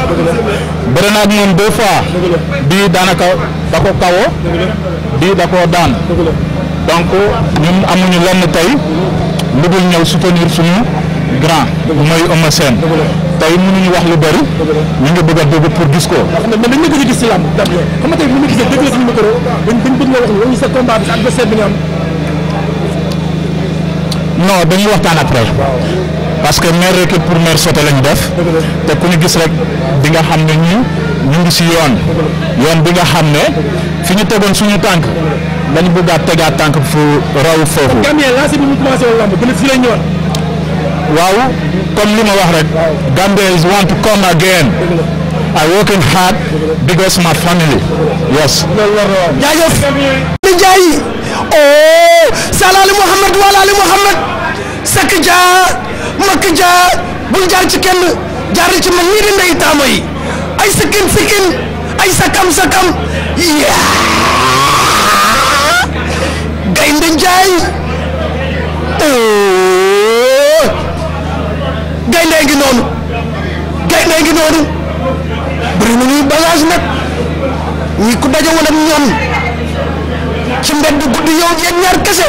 bëre ak moom deux bii daanaka da ko bii da daan. donc ñun amuñu lenn tey lu dul ñëw soutenir suñu grand mooy Eumeu Sène tey mënuñu wax lu bari ñu ngi bëgg a pour gis ko. ndax man dañ dañuy waxtaan après parce que mère recul pour mère sote lañ def te ku ñu gis rek di nga xam ne ñu ñu ngi si yoon yoon bi nga xam ne fi ñu tegoon suñu tànk. dañu bëgg a tegaat tànk fu raw foofu. kon Gambien si bi mu commencé woon lamb dina si lay ñëwaat. waaw comme li ma wax rek. Gambians want to come again. I working hard because my family. yes. jaajëf. di Ndiaye. oh. Salali Mouhamed Walali Mouhamed. Sakk Dia Makk Dia bul jaar ci kenn jaar ci man ñii di ndey taama yi ay sikkin sikkin ay sakam yaa. Oh. Gaynde Njaay gaynde ngi noonu gaynde ngi noonu bëri na ñuy bagage nag ku daje woon ak ñoom ci guddi yow yéen ñaar kese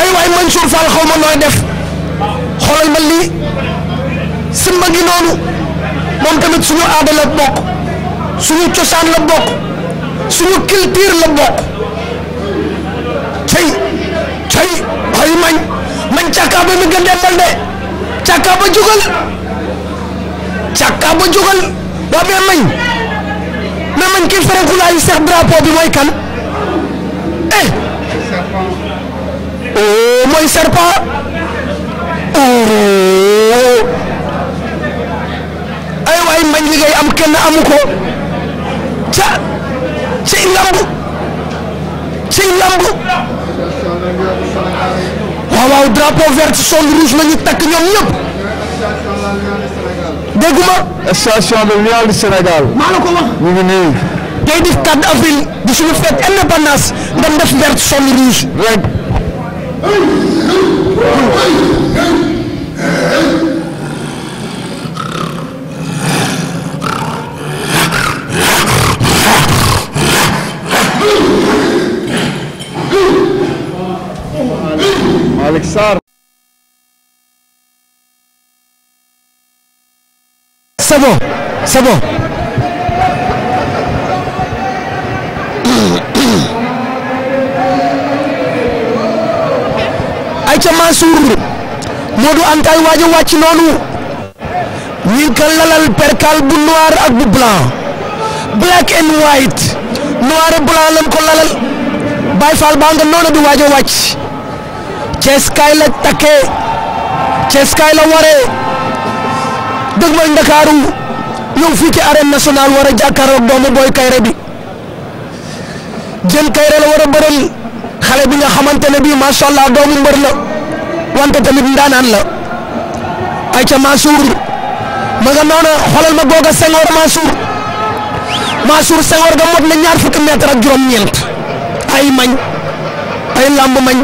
ay waay Mansour Fall xaw ma nooy def xoolal ma lii simba ngi noonu moom tamit suñu aada la bokk suñu cosaan la bokk suñu culture la bokk cay ay mañ mañ càkkaaba mi nga dembal de càkkaaba jógal càkkaaba jógal waa mais mañ mais mañ kii ferenkulaayu seex drapeau bi mooy kan eh oh mooy serpent oh ay waay mañ li am kenn amu ko ca ci lamb ci lamb waaw waaw drapeau vert jaune rouge la ñu takk ñoom ñëpp. dégguma. station de l'Union du Sénégal. di 4 avril di def vert jaune rouge. rek. ko ay ca Mansour Modou Anta ay waaj a wàcc noonu ñi lalal percal bu noir ak bu blanc black and white noir et blanc lañ ko lalal Baye baa nga noonu di waaj wàcc Cees kaay la takkee Cees kaay la waree dëgg mooy Ndakaaru ñëw fii ci arène nationale war a jàkkaarloog doomu Boy Kaïré bi Diène Kaïré la war a xale bi nga xamante ne bii macha allah doomu mbër la wante tamit ndaanaan la ayca Mansour ma nga noona xoolal ma googa Senghor Mansour Mansour Senghor ga mot na ñaar fukki mètre ak juróom-ñeent ay mañ ay lamb mañ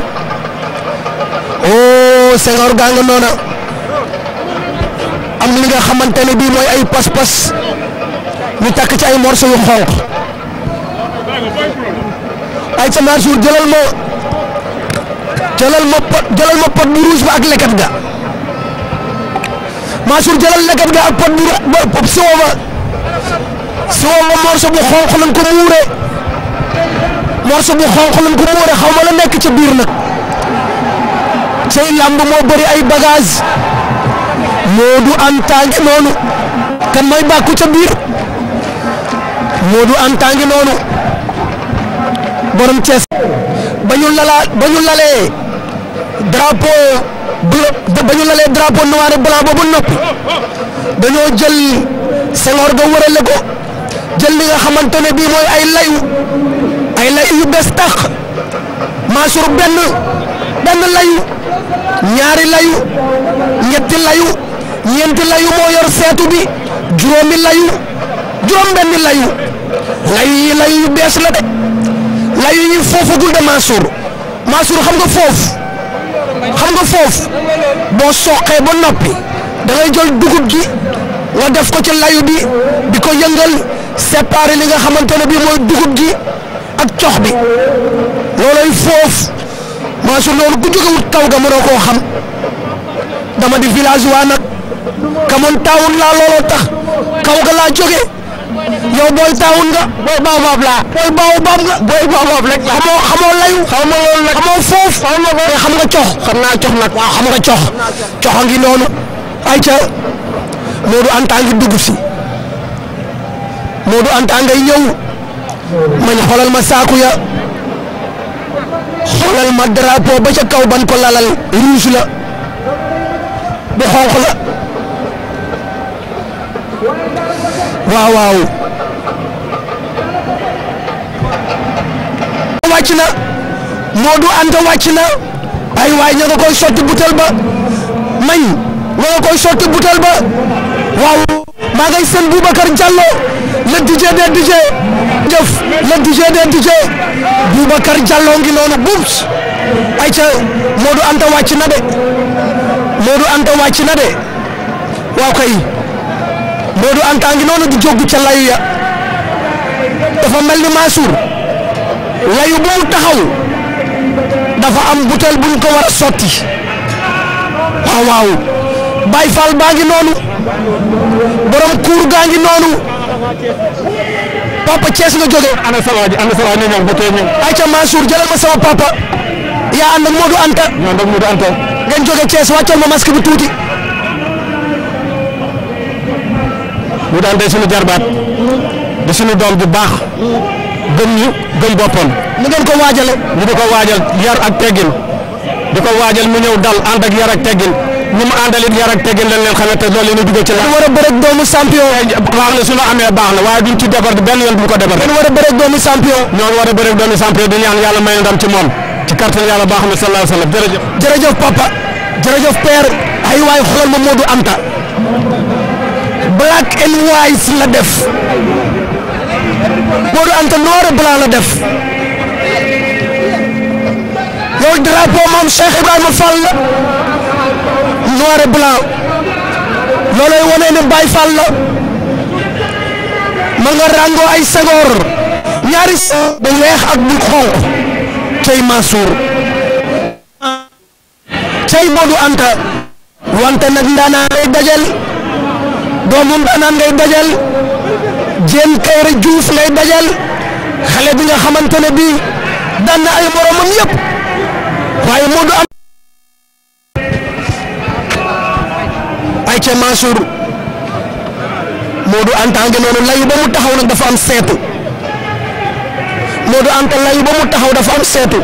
oh Senghor gaa nga noona. am na li nga xamante ne bii mooy ay pas-pas ñu takk ci ay morceaux yu xonq ay ca Mansour jëlal ma jëlal ma pot jëlal ma ak leket ga Mansour jëlal leket ga ak pot bu ba soo ma soo ma morceau bu xonq lañ ko muure morceau bu xonq lañ ko muure xaw ma la nekk ca biir nag say làmb moo bëri ay bagage Modou Anta ngi noonu kan mooy bàkku ca biir Modou Anta ngi noonu borom Thiès ba ñu lala ba ñu lalee drapeau bleu ba ñu lalee drapeau noir et blanc noppi dañoo jël Senghor ga wërale ko jël li nga xamante ne bii mooy ay layu ay layu yu bees tax Mansour benn benn layu ñaari layu ñetti layu. ñeenti layu moo yor seetu bi juróomi layu juróom-benni layu layu yi layu yu bees la de layu yi foofagul de Mansour Mansour xam nga foofu xam nga foofu boo soqee ba noppi dangay ngay jël dugub ji nga def ko ci layu bi di ko yëngal séparer li nga xamante ne bii mooy dugub ji ak cox bi looloy foofu Mansour loolu ku jógewut kaw ga koo xam dama di village waa nag. kamoon taawun laa looloo tax kaw ga laa jóge yow booy taawun nga booy baabaab laa booy baabaab nga booy baabaab rek xamoo xamoo layu xamoo loolu nag xamoo foof mais xam nga cox xam naa cox nag waaw xam nga cox cox a ngi noonu ay ca Modou Anta ngi dugg si Modou Anta ngay ñëw mañ xoolal ma saaku ya xoolal ma drapeau ba ca kaw ban ko lalal ruus la bu xonq la waaw waaw wàcc na Modou Anta wàcc na ay waay ña nga koy sotti butel ba mañ ña nga koy sotti butel ba waaw maa ngay seen Boubacar Diallo le DJ des DJ jëf le DJ des DJ Boubacar Diallo ngi noonu bubs ay ca Modou Anta wàcc na de Modou Anta wàcc na de waaw kay Modou Anta ngi noonu di joggu ca layu dafa mel ni Mansour layu bu mu taxaw dafa am butéel buñ ko war a sotti waaw waaw Baye Fall baa ngi noonu borom kuur gaa ngi noonu papa Thiès nga jóge ana sa waa ji ana sa waa ne ñoom ba tey ñoom ayca Mansour jëlal ma sama papa yaa ànd ak Modou Anta. yaa ànd ak Modou Anta. ngeen jóge Thiès wàccal ma masque bi tuuti. mu daan day suñu jarbaat di suñu doom bu baax gën ñu gën boppam. ni ngeen ko waajale ñu di ko waajal yar ak teggin di ko waajal mu ñëw dal ànd ak yar ak teggin ñu mu àndal it yar ak teggin lañ leen xamante loolu yéen a dugal ci la. war a bëreeg doomu champion. baax na su ñu amee baax na waaye duñ ci defar benn yoon bu ko defar. dañu war a bëreeg doomu champion. ñooñu war a bëreeg doomu champion di ñaan yàlla may ndam ci moom ci kàttan yàlla baax na sallallahu alayhi wa sallam jërëjëf. jërëjëf papa jërëjëf père ay waay xoolal ma black and white la def Modou Anta noir blanc la def loolu drapeau moom Cheikh Ibrahima Fall la noir et blanc loolay wane ne Baye Fall ma nga rango ay sagoor ñaari sa weex ak bu xonq cey Mansour cey Modou Anta wante nag ndaanaa lay dajal doomu ndaanaan ngay dajal Diène Kaïré Diouf ngay dajal xale bi nga xamante ne bii daan na ay moromam yëpp waaye moo du am. ay ca Mansour moo du antange layu ba mu taxaw nag dafa am seetu moo du anta taxaw dafa am seetu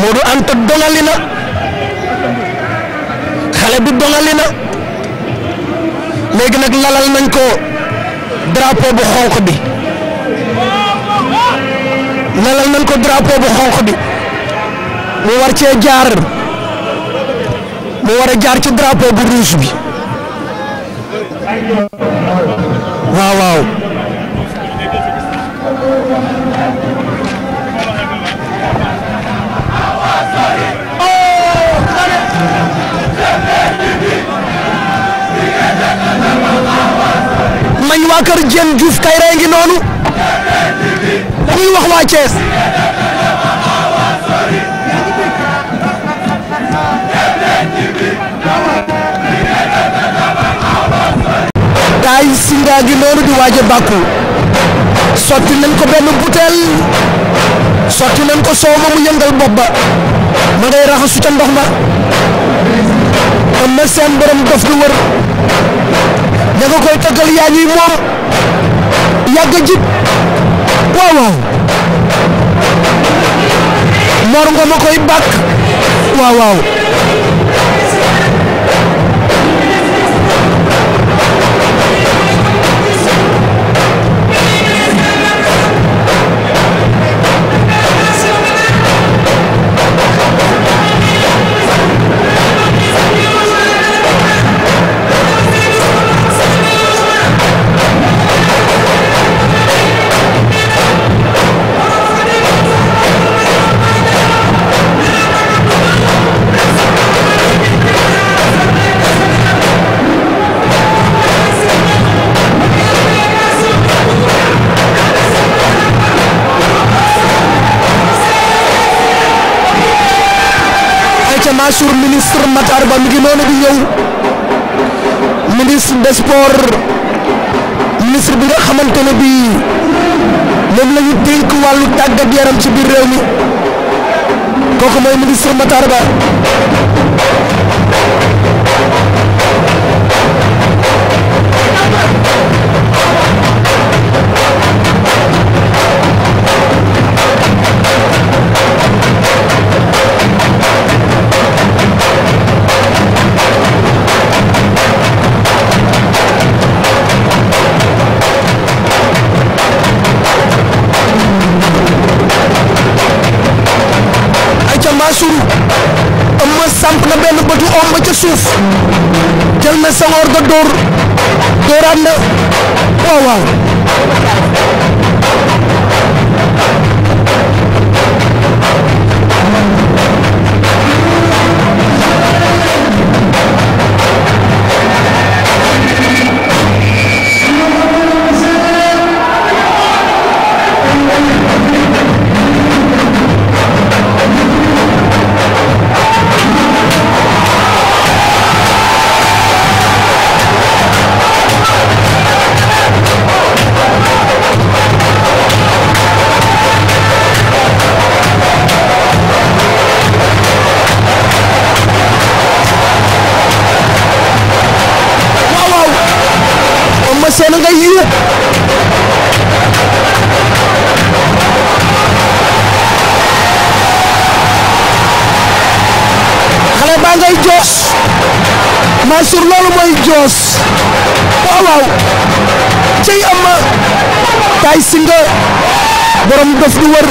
moo du anta dongali xale bi dongali na léegi nag lalal nañ ko drapeau bu xonq bi ko drapeau bu mu war cee jaar mu war a jaar ci drapeau bu rouge bi waaw waaw. nañ waa kër Diène Diouf Kairé ngi noonu dañuy wax waa Thiès gaay singa ngi noonu di waaj sotti nañ ko benn butéel sotti nañ ko soow ma mu yëngal bopp ba ma ngay raxasu ca ndox ma am na seen borom dof du wër da nga koy tëggal yaa ñuy moom yàgg jib waaw waaw Mor nga ma koy bàkk waaw waaw Mansour ministre Matar Ba mi ngi noonu di ñëw ministre des sports ministre bi nga xamante ne bii moom la ñu dénk wàllu tàggat yaram ci biir réew mi kooku mooy ministre Matar Ba. Senghor nga dóor dóoraat na waaw Mansour loolu mooy joos waaw waaw cey am ma tay singa borom daf di wër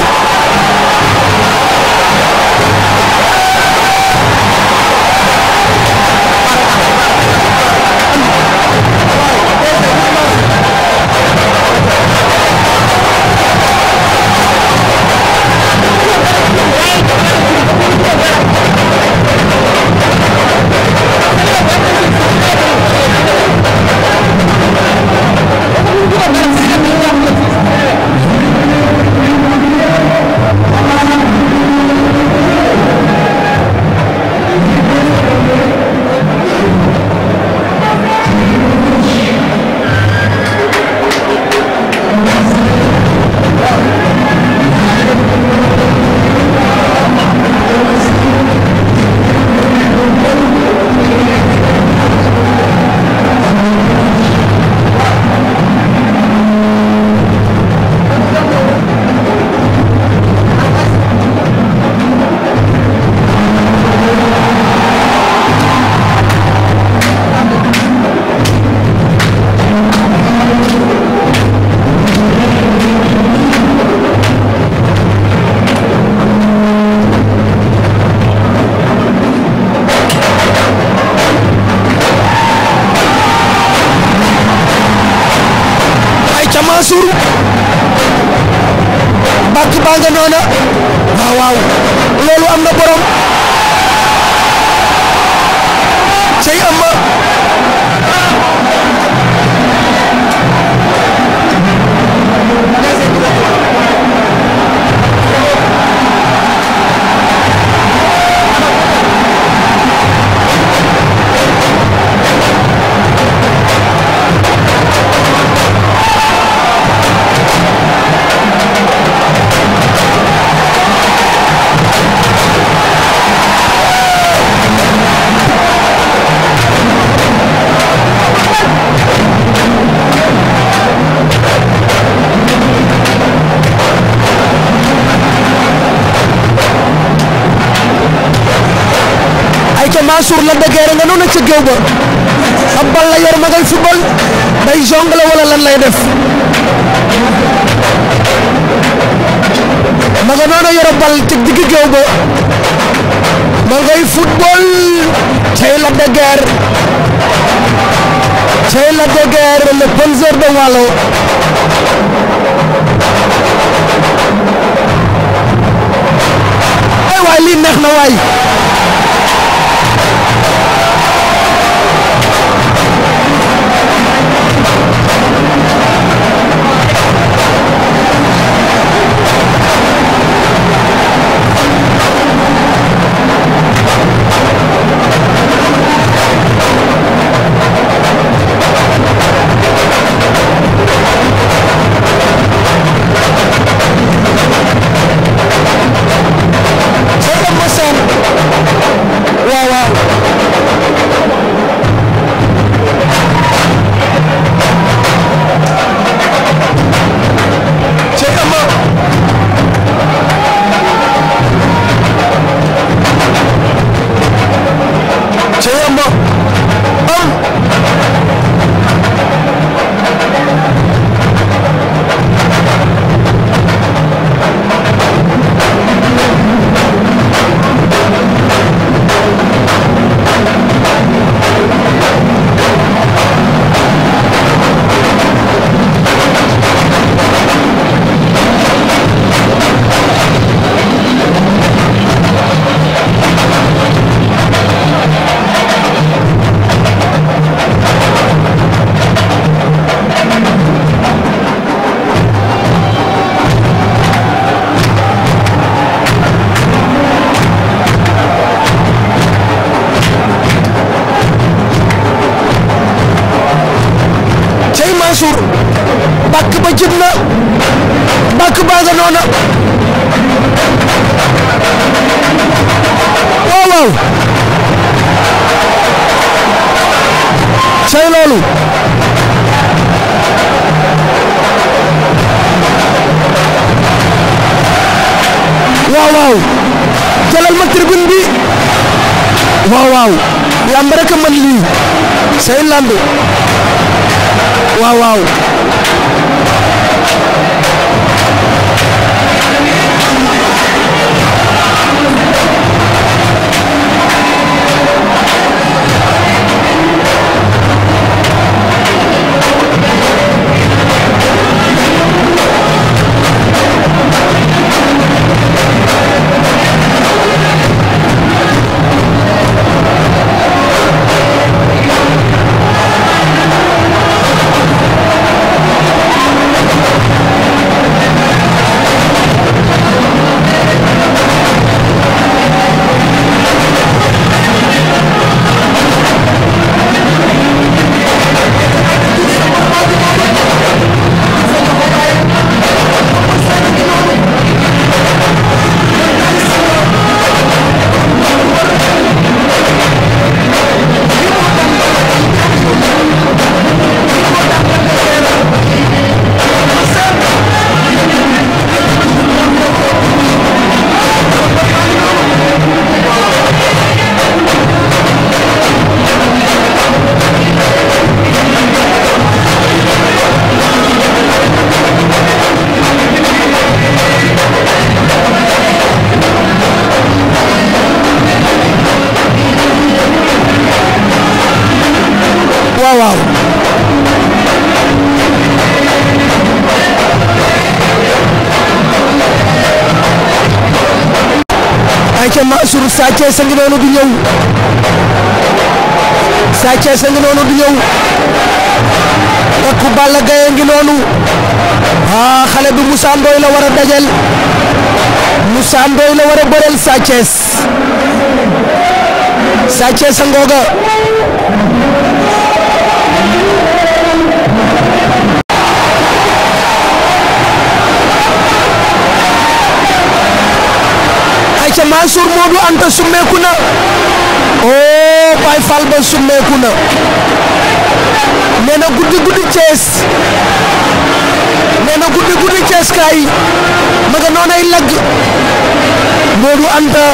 géew ba ab bal la yor ma ngay football jongle wala lan lay def ma nga noona yor bal ci digg géew ba ma ngay football la de guerre cey la de guerre le bonheur de Waalo ay waay lii neex na waay lamb waaw waaw ca Mansour Sa Thiès a ngi noonu du ñëw Sa a ngi noonu du ñëw takku Balla Gaye a ngi noonu ah xale bi Moussa Ndoye la war a dajal Moussa la war a bëreel Sa Thiès a ngooga ca Mansour Modou Anta summeeku na oh Baay Fall summeeku na nee na guddi guddi Cees na guddi guddi Cees kaay ma nga noonay lag Modou Anta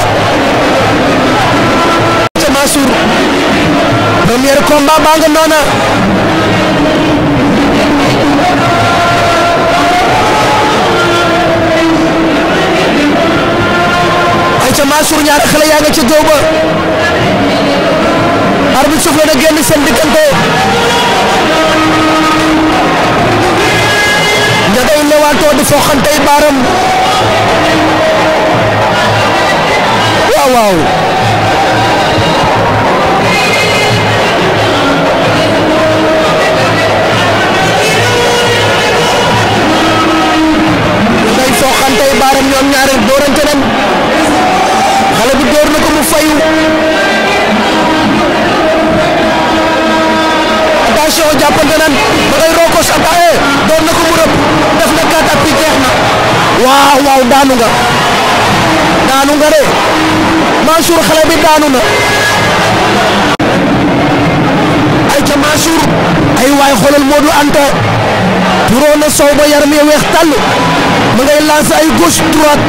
ca Mansour premier baa nga noona ca Mansour ñaari xale nga ca géew ba arbitre suuf la na génn seen diggante ña ngay lewaatoo di foxantey baaram waaw waaw attention jàppante nan ba ngay rokoos ab aye doon na ko mu rëbb def na kat bi jeex na waaw waaw daanu nga daanu nga de Mansour xale bi daanu na ay ca Mansour ay waay xoolal Modou Anta turoo na sow ba yaram ya weex tàll ma ngay lancer ay gauche droite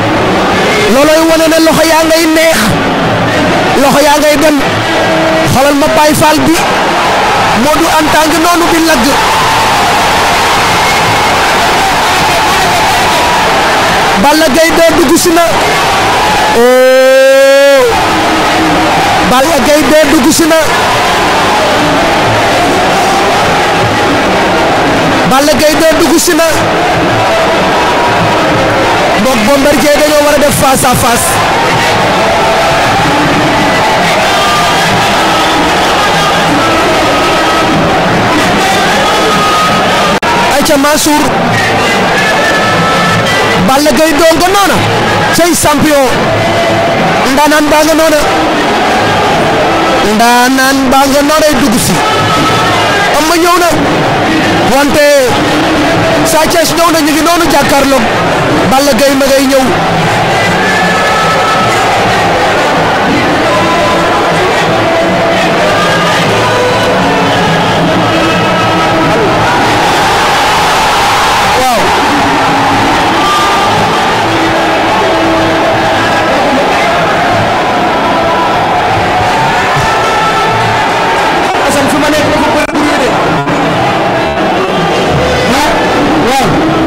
looloy wane ne loxo yaa ngay neex loxo yaa ngay dem xoolal ma Baye Fall bi Modou Anta ngi noonu di lagg Balla gay de dugg na oh Balla Gaye de dugg si na Balla Gaye de dugg dañoo war a def face à ca Mansour Balla Gaye dongo noona cey champion ndaanaan baa nga noona ndaanaan naan nga noona ay dugg si am ñëw na wante Sa Thiès ñëw na ñu ngi noonu jàkkaarloog Balla Gaye ma ngay ñëw Dakar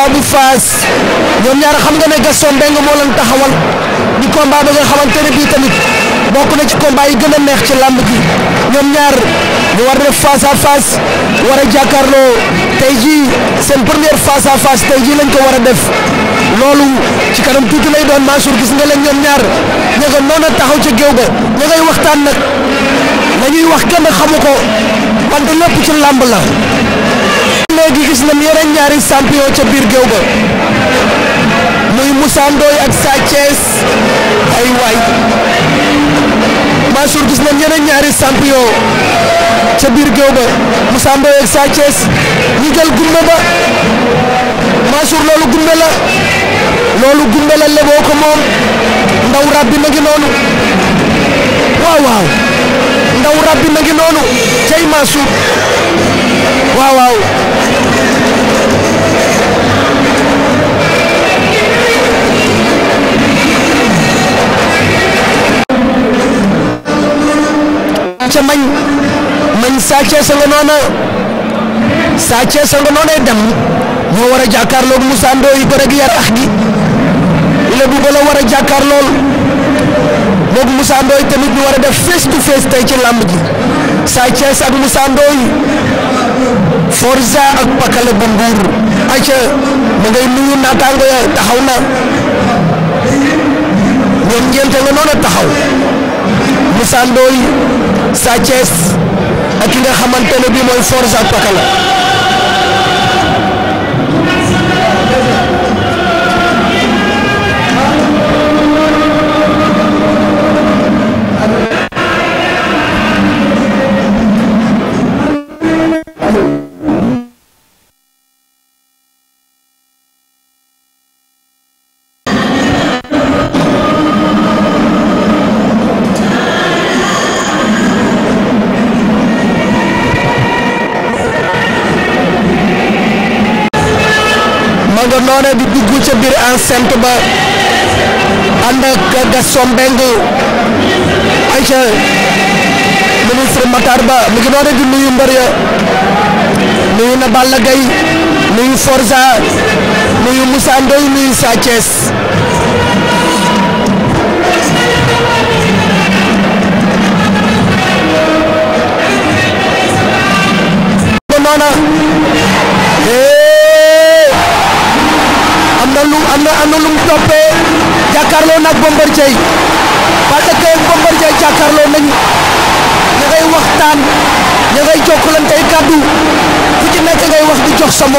combat bu faas ñoom ñaar xam nga ne Gaston Mbengue moo leen taxawal di combat ba nga xamante ne bii tamit bokk na ci combat yi gën a neex ci làmb gi ñoom ñaar ñu war a def face à face war a jàkkaarloo tey jii seen première face à face tey jii lañ ko war a def loolu ci kanam tuuti lay doon Mansour gis nga leen ñoom ñaar ña nga noonu taxaw ci géew ba ña ngay waxtaan nag la ñuy wax kenn xamu ko wante lépp ci làmb la. léegi gis nañ yeneen ñaari champion ca biir géew ba muy Moussa Ndoye ak gis nañ yeneen ñaari champion ca biir géew ba Moussa ñu jël gumbe ba Mansour loolu gumbe la loolu gumbe la leboo ko moom ndaw rabbi na ngi noonu waaw waaw ndaw rabbi na ngi noonu cey Mansour waaw waaw sa mañ mañ Sa Thiès nga noona Sa Thiès nga noonay dem moo war a jàkkaarloog Moussa Ndoye gën ak yarax gi le bu ba la war a jàkkaarlool moog Moussa Ndoye tamit ñu war a def face to face tey ci làmb ji Sa ak Moussa Ndoye Forza ak Pakala bu Mbuur aca ma ngay nuyu naataango ya taxaw na ñoom ñeente nga noona taxaw Moussa Ndoye Sa Thiès ak ki nga xamante ne bii mooy Forza ak Pakala Gueye nuyu Forza nuyu Moussa Ndoye nuyu Sa eh, am na lu am na na lu mu toppee jàkkaarloo nag Bombardier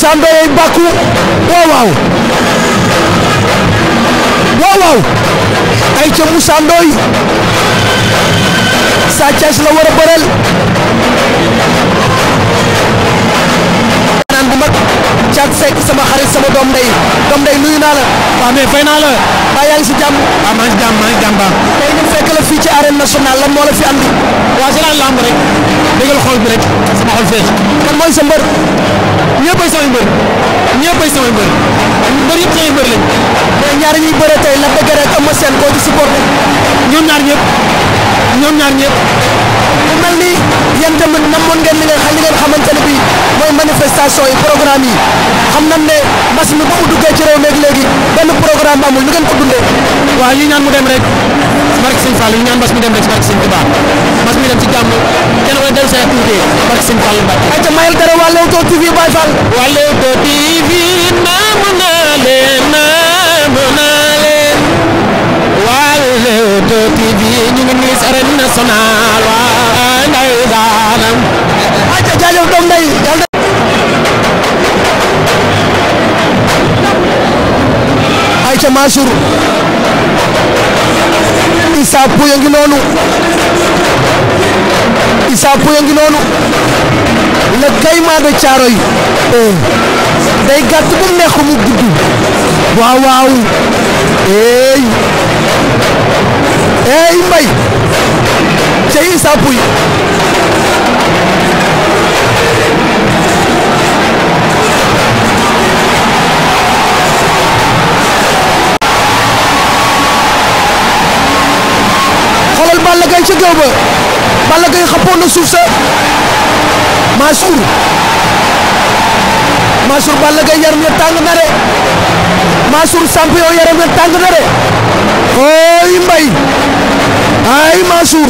ndeysaan dooley bàkku waaw waaw waaw waaw ay ca Moussa Ndoye Sa Thiès la war a bëreel naan bu Thiat Seck sama xarit sama doom ndey doom ndey nuyu naa la. waaw mais fay naa la. waaw yaa si jàmm. waaw maa ngi jàmm maa ngi jàmm baax. tey ñu fekk la fii ci arène nationale lan moo la fi andi. waaw si laaj lamb rek. déggal xol bi rek sama xol fees. mooy sa mbër. ñëppay samay mbër. ñëppay samay mbër. mbër yëpp samay mbër lañ. ñaar ñuy bëre tey la dëgg rek am na seen koo ci ñoom ñaar ñëpp. ñoom tamit namoon ngeen li nga xam li ngeen xamante ne bii mooy manifestation yi programme yi xam nañ ne mbas mi ba mu ci réew meeg léegi benn programme amul lu ngeen ko dundee. waaw ñu ñaan mu dem rek barke Sëñ Fall ñu ñaan mbas mi dem rek barke Sëñ Tuubaa mbas mi dem ci jàmm kenn ku ne dellu sa activité barke Sëñ Fall Mbacke. ayca mayal dara waa Leewtoo TV Baye Fall. waa Leewtoo TV naamu naa leen naamu naa leen waa TV ñu ngi nii arène nationale ca Mansour Issa Pouye ngi noonu Issa Pouye ngi noonu le caïman de Thiaroye eh. day gàtt ba neex mu gudd waaw waaw eey eey mbay ca Issa Pouye yaa ngi ca géew ba Balla Gaye xappoon na suuf sa Mansour Mansour Balla Gaye yaram ya tàng na de Mansour champion yaram ya tàng na de ooy mbay ay Mansour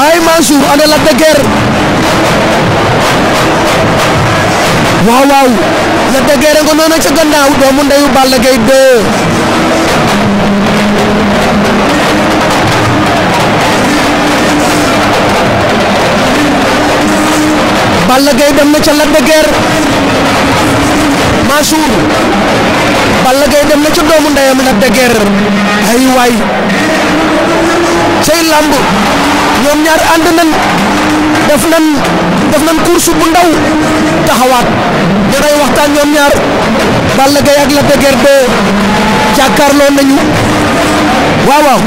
ay Mansour ana Lac de Guiers waaw waaw Lac de Guiers nga ca gannaaw doomu ndeyu Balla Gaye 2 Balla gay dem na ca Lac de Guiers Mansour Balla Gaye dem na ca doomu ndeyam Lac de Guiers ay waay ñoom ñaar ànd nañ def nañ def nañ course bu ndaw taxawaat ñu ngay waxtaan ñoom ñaar Balla Gaye ak Lac de Guiers de nañu waaw waaw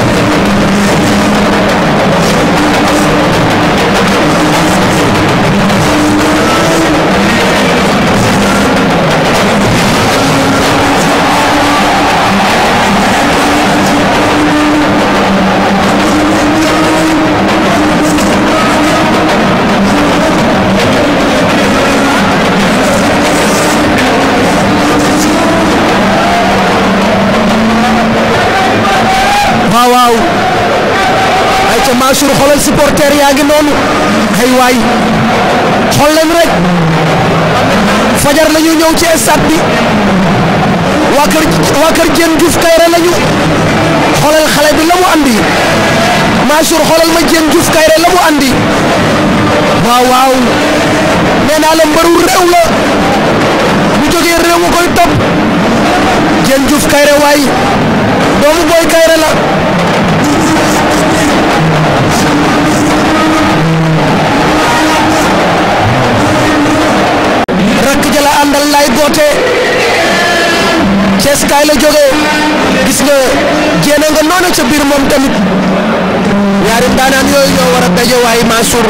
yaa ngi noonu xëy waay leen rek fajar la ñëw ci stade bi waa kër waa kër Diène Diouf Kayre la ñu xale bi la mu andi Mansour xoolal ma Diène Diouf Kayre la mu andi waaw waaw nee naa la mbëru réew la bu jógee réew mu koy topp Diène Diouf Kayre waay doomu booy Kayre la. àndal lay goote Cees kaay la jógee gis nga jéena nga noonu ca biir moom tamit ñaari ndaanaan yooyu ñoo war daje waaye Mansour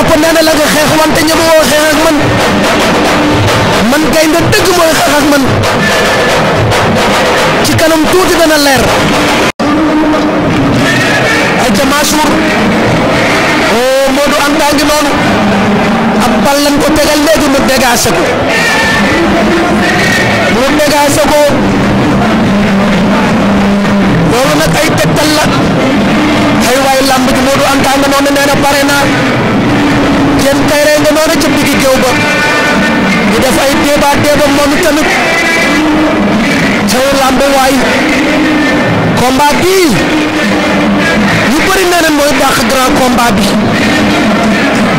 papa nee na la xeex wante ñeme woo xeex ak man man gaynde dëgg mooy xeex ak man ci kanam tuuti dana leer ay ca Mansour oh, Modou Anta ngi noonu ab bal lañ ko tegal léegi mu dégagé ko mu dégagé ko loolu ay tegtal la ca digg géew ba ñu def ay débat moom tamit cay làmb waay combat ñu bëri nee nañ mooy grand combat bi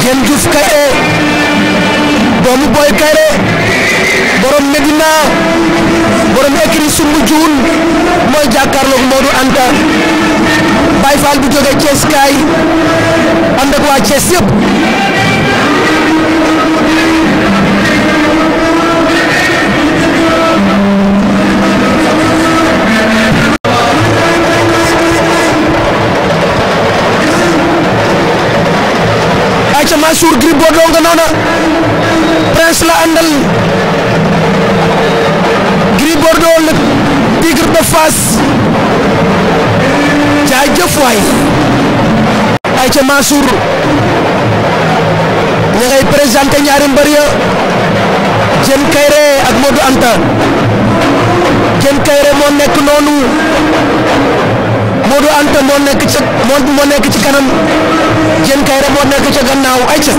jëm Diouf Kayre doomu Boy Kayre borom Medina borom écrit sumb juun mooy jàkkaarloog Modou Anta Baye Fall bu jógee Thiès kaay ànd ak waa Thiès yëpp. Mansour Gris Bordeaux nga noona Prince la àndal Gris Bordeaux le tigre de Fass jaajëf waay ay ca Mansour ña ngay présenté ñaari mbër ya Diène Kaïré ak Modou Anta Diène Kaïré moo nekk noonu Modou Anta moo nekk ci moo nekk ci kanam jën kay rek moo nekk ca gannaaw ay ca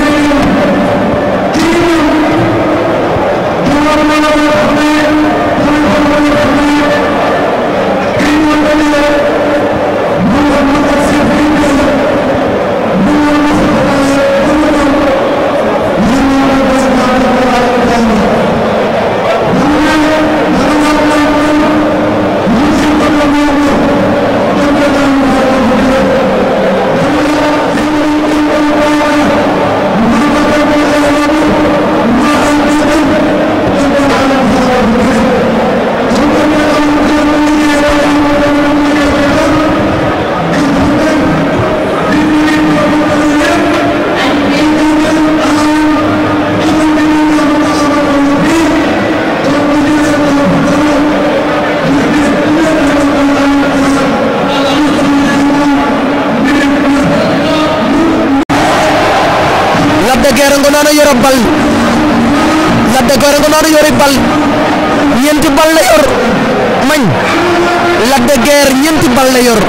noonu yore bal Lac de Guiers nga noonu yore bal ñeenti bal la yor mañ Lac de ñeenti bal la yor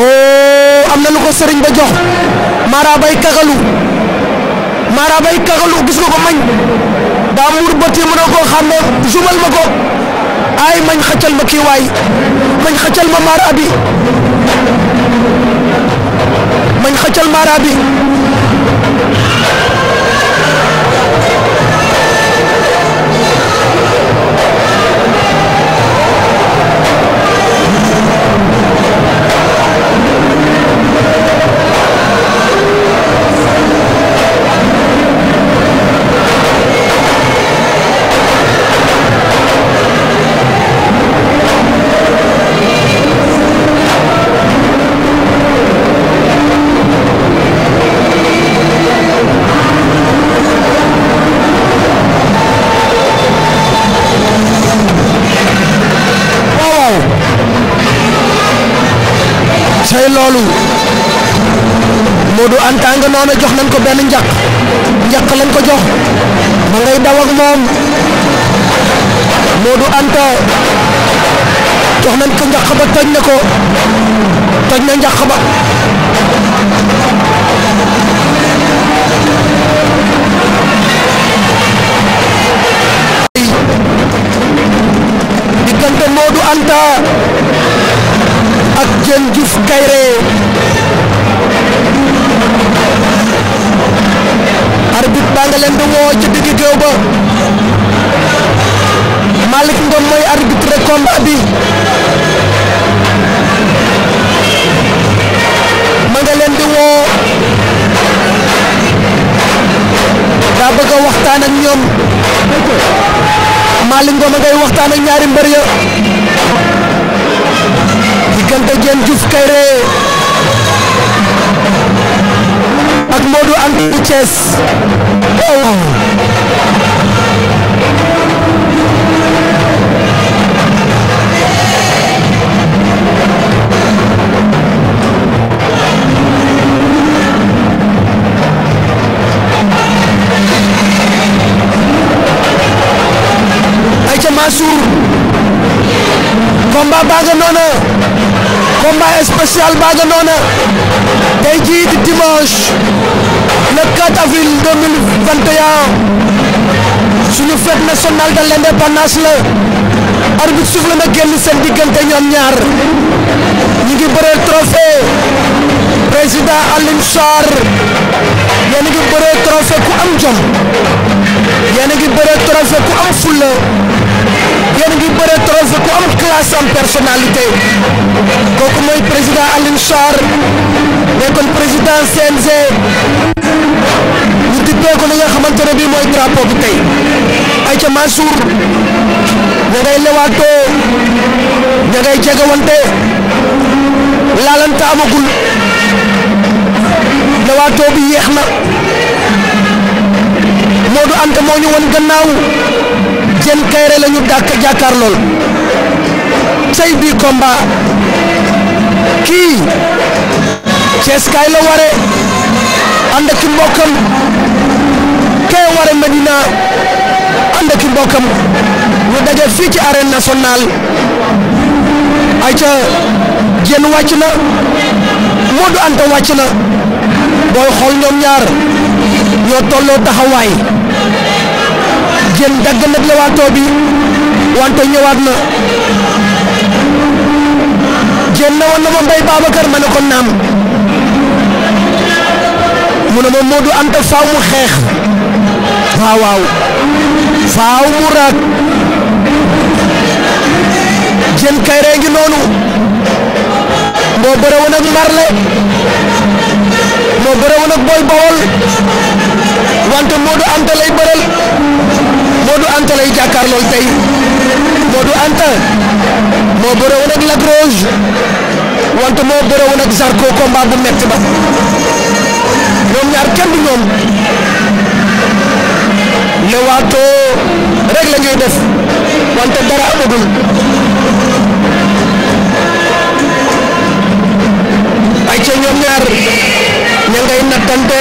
oo oh, am na lu ko sëriñ ba jox Mara bay kagalu Mara kagalu gis nga ko mañ daa muur bët yi mënoo koo xam ne jubal ma ko ay mañ xëccal ma kii mañ xëccal ma Mara mañ xëccal Mara bi. dépannage la arbitre suuf la na génn seen diggante ñoom ñaar ñi ngi bëree trophée président Alioune Sarr yéen a ngi bëree trophée ku am jom yéen a ngi bëree trophée ku am fulla a ngi bëree trophée ku am classe kooku mooy président Alioune Sarr nekkoon président CNG ñu dippee ko nga xamante bii mooy drapeau bi tey. ay yeex na Modou Anta moo ñu lool tey bii combat kii Cees kaay la ware ànd ak mbokkam kee ware Medina ànd ak mbokkam ñu ci arène nationale wàcc na Modou wàcc na booy xool ñoom ñaar ñoo tolloo taxawaay jenn la waatoo ma Mbaye Babacar ma ko naam mu ne ma Modou Anta mu xeex waaw waaw faaw mu raag jën kayre ngi noonu moo bëre ak Marley moo bëre ak Boy Bawol wante Modou Anta lay bëreel Modou Anta lay jàkkaarlool tey Modou Anta moo bëre ak Lac Rose wante moo bëre ak Zarko combat bu metti ba ñoom ñaar kenn du ñoom. lewaatoo rek la def wante dara amagul ay ca ñoom ñaar ña ngay nattante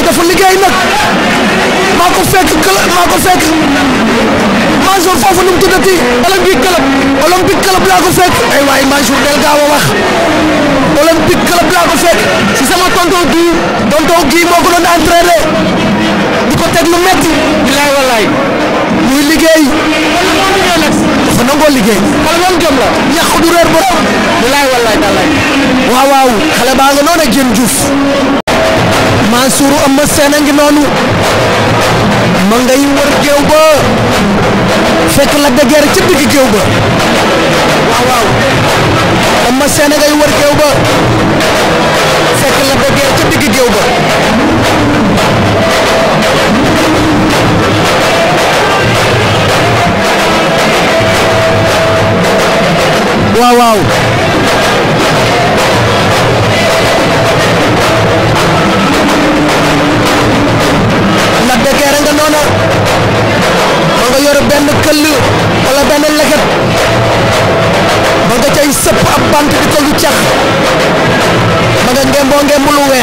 waaye dafa liggéey nag maa ko fekk club maa ko fekk Mansour foofu nu mu tuddati olympique club olympique club laa ko fekk ay waay Mansour del gaaw a wax olympique club laa ko fekk si sama tonton gii tonton gii moo ko doon entraîné di ko teg lu metti bilaay wallaay muy liggéey dafa nangoo liggéey xale moom jom la ñàq du réer borom wallaay dallaay waaw waaw xale nga noonu ak Diène Diouf Mansour Eumeu Sène a ngi noonu ma ngay wër géew ba fekk Lac de Guiers ci géew ba waaw waaw Eumeu Sène a ngay wër géew ba fekk Lac de Guiers ci digg géew ba waaw waaw sëpp ab bant di ko lu cax ma nga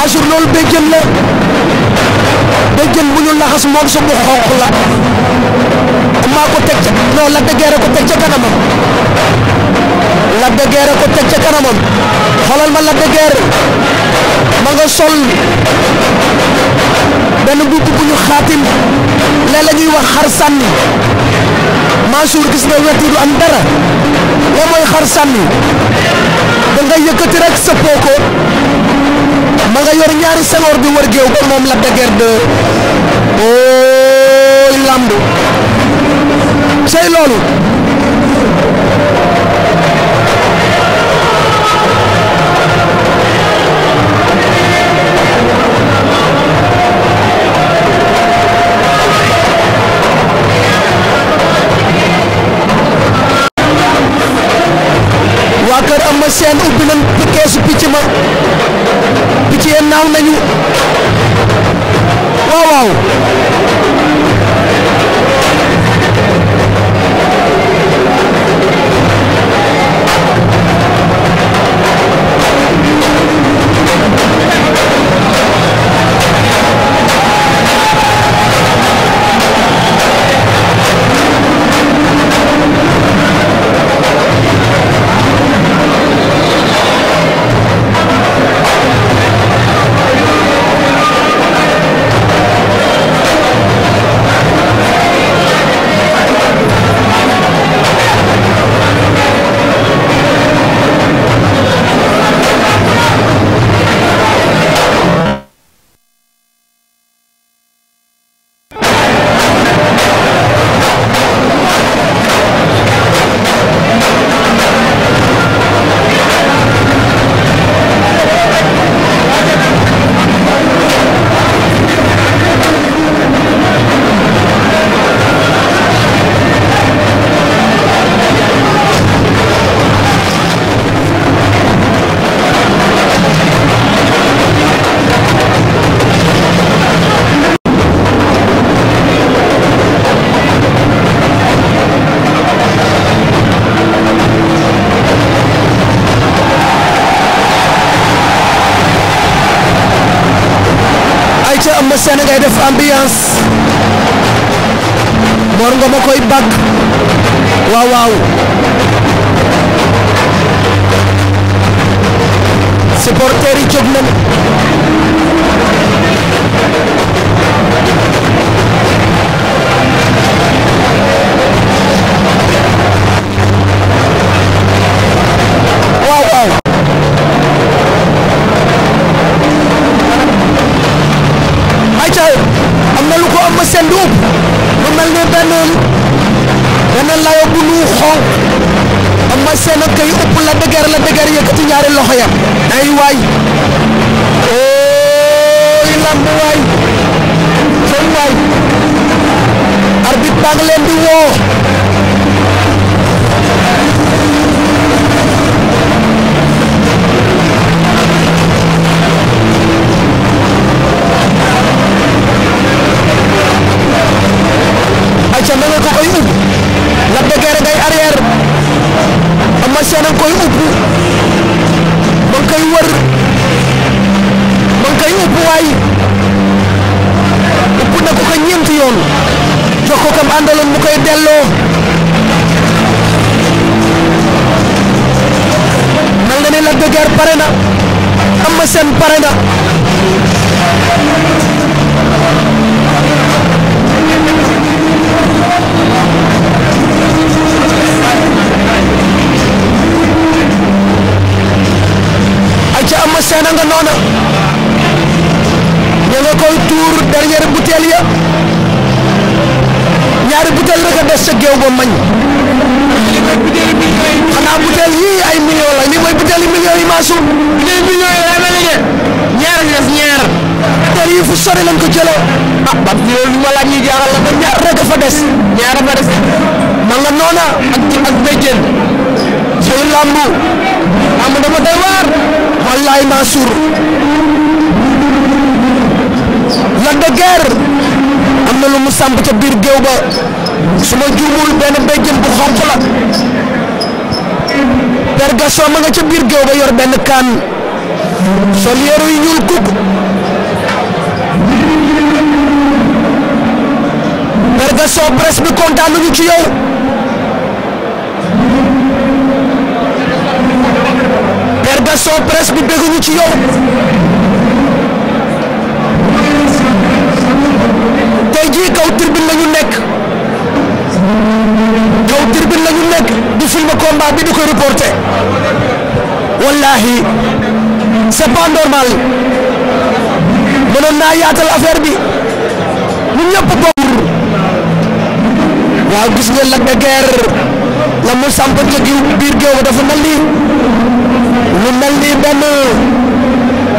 Mansour loolu béjjën la béjjën bu ñu laxas moom sumu xonq la maa ko teg ca non la dëggeere ko teg ca kanamam la dëggeere ko teg ca kanamam xoolal ma la dëggeere ma nga sol benn bubb bu ñu xaatim la ñuy wax xar sànni Mansour gis nga wetu du am dara la mooy xar sànni da yëkkati rek sëppoo ko ma nga yor ñaari sengoor bi wër géew ba moom la dëgër de ooy lamb sey loolu waa kër am ma seen ubbi nañ keesu picc ma picc yi naaw nañu waaw waaw ambiance Mor Ngom a koy bàkk waaw su ma juumul benn béjjën bu xonq la per ma nga ca biir géew ba yor benn kaan sol yéeru yu ñuul kukk per Gaston bi kontaan nañu ci yow per Gaston bi bëgguñu ci yow tey jii kaw tribune la ñu nekk. kaw tribune la ñu nekk di filmer combat bi du ko reporter wallahi c'est pas normal mënoon naa yaatal affaire bi mu ñëpp bokk waaw gis nga Lac de Guiers la mu samp ci biir géew ba dafa mel ni lu mel ni benn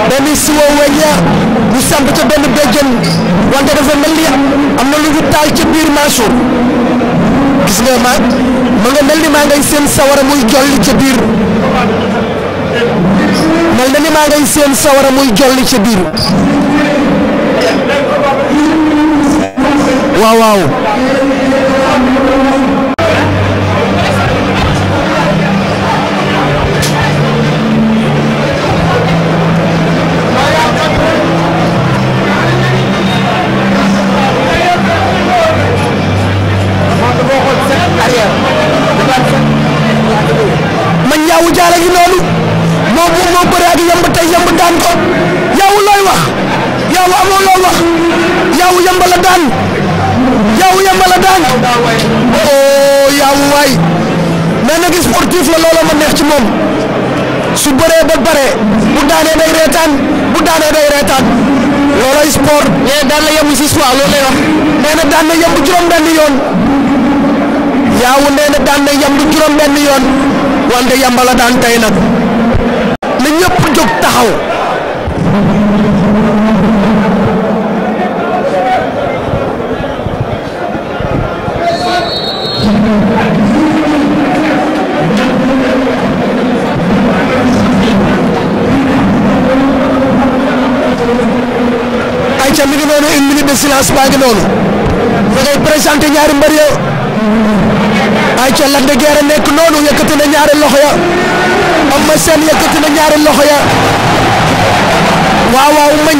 benn siwo weñ ñu samp ca benn béjjën wante dafa mel ni am na lu ñu taal ca biir Mansour gis nga ma ma nga mel maa ngay seen sawara muy jolli ca biir waaw waaw waaw loolu lay wax nee na daan na yemb juróom-benn yoon yaawu nee na daan na juróom-benn yoon wante yamba daan tey nag na ñëpp jóg taxaw. de silence baa ngi noonu da présenté ñaari mbër ya ay ca Lac de Guiers nekk noonu yëkkati ñaari loxo ya Eumeu Sène yëkkati ñaari loxo ya waaw waaw mañ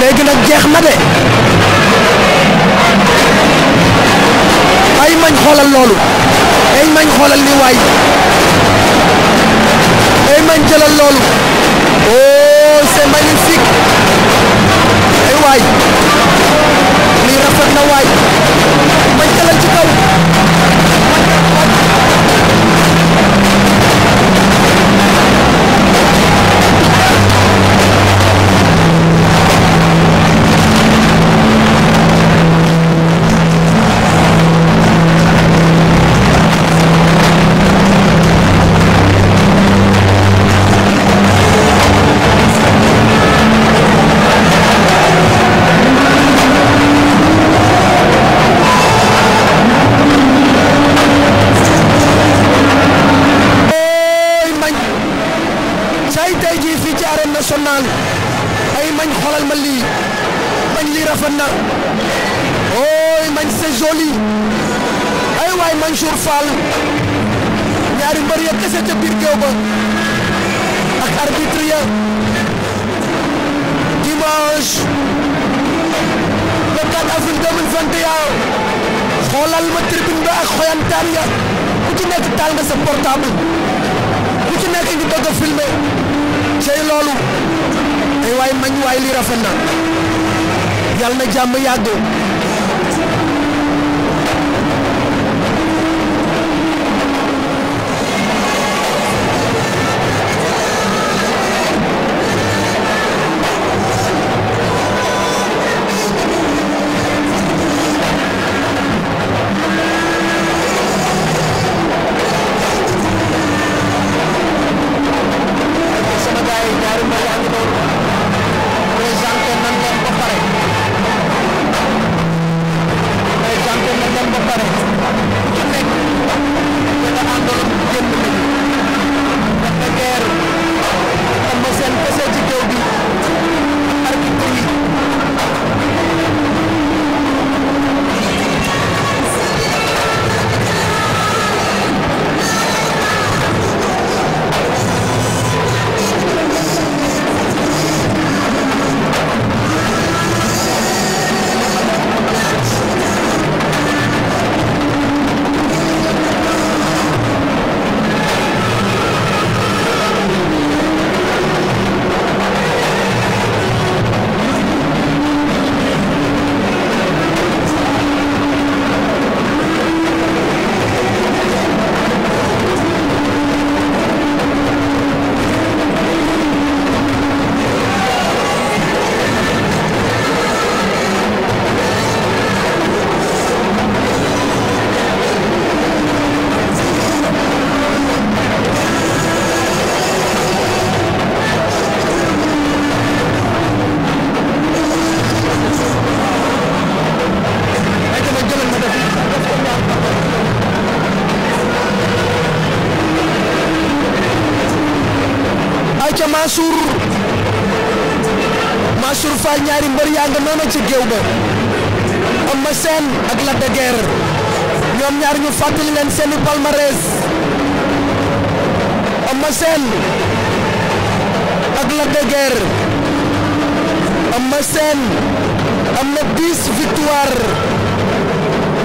léegi nag jeex na de ay mañ xoolal loolu ay mañ xoolal li waay ay mañ jëlal loolu oh c'est magnifique waay lii rafet na waay waaye li rafet na yàlla na jàmm yàgg géew ba Eumeu Sène ak la de Guiers ñoom ñaar ñu fàttali leen seeni palmarès Eumeu Sène ak Lac de Guiers Eumeu Sène am na 10 victoire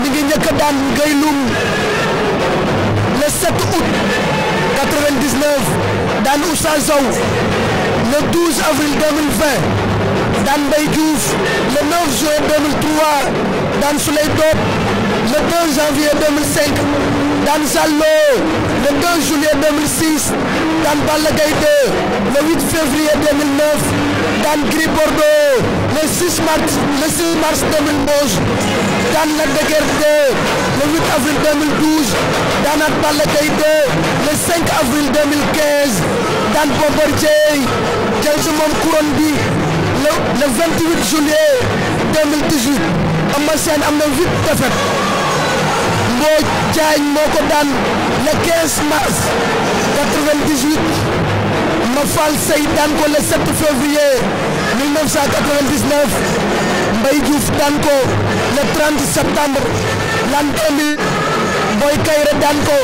mi ngi njëkk a daan ngay lum le 7 daan Ousseyn Sow le avril daan Mbaye Diouf le 11 juin 2003 daan Souley Top le 2 janvier 2005 daan le 2 juillet 2006 le février 2009 daan le mars le 6 mars de Guiers 2 le 8 avril 2012 daanaat Balla le avril 2015 daan Bombardier couronne bi le le 2018 Eumeu Sène am na huit défaites Mbodj Diagne moo ko daan le 15 mars 98 ma sey daan ko le 7 février 1999 Mbaye daan ko le 30 septembre l'an 2000 Boy Kayre daan ko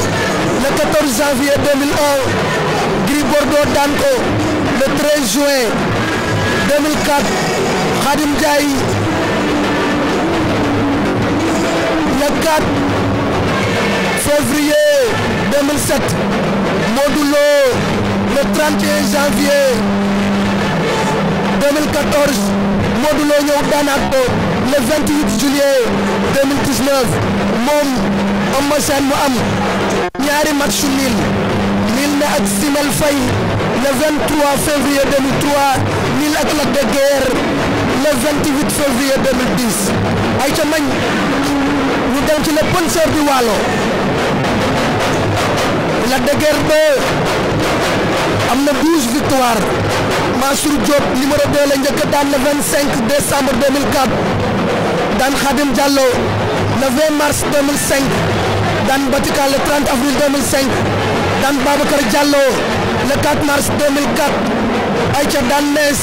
le 14 janvier 2001 Bordeaux daan ko le juin 2004 Khadim 24 février 2007 Modou Lo le 31 janvier 2014 Modou Lo ñëw daanaat ko le 28 juillet 2019 moom Eumeu Sène mu am ñaari match nul nul na ak Simel Faye le 23 février 2003 nul ak Lac de Guiers le 28 février 2010 ay ca nañ dem ci le bonne sœur du Waalo Lac de Guiers am na 12 victoire Mansour Diop numéro 2 la njëkk daan le 25 décembre 2004 daan Khadim Diallo le 20 mars 2005 daan Batika le 30 avril 2005 daan Babacar Diallo le 4 mars 2004 Aïcha daan Nees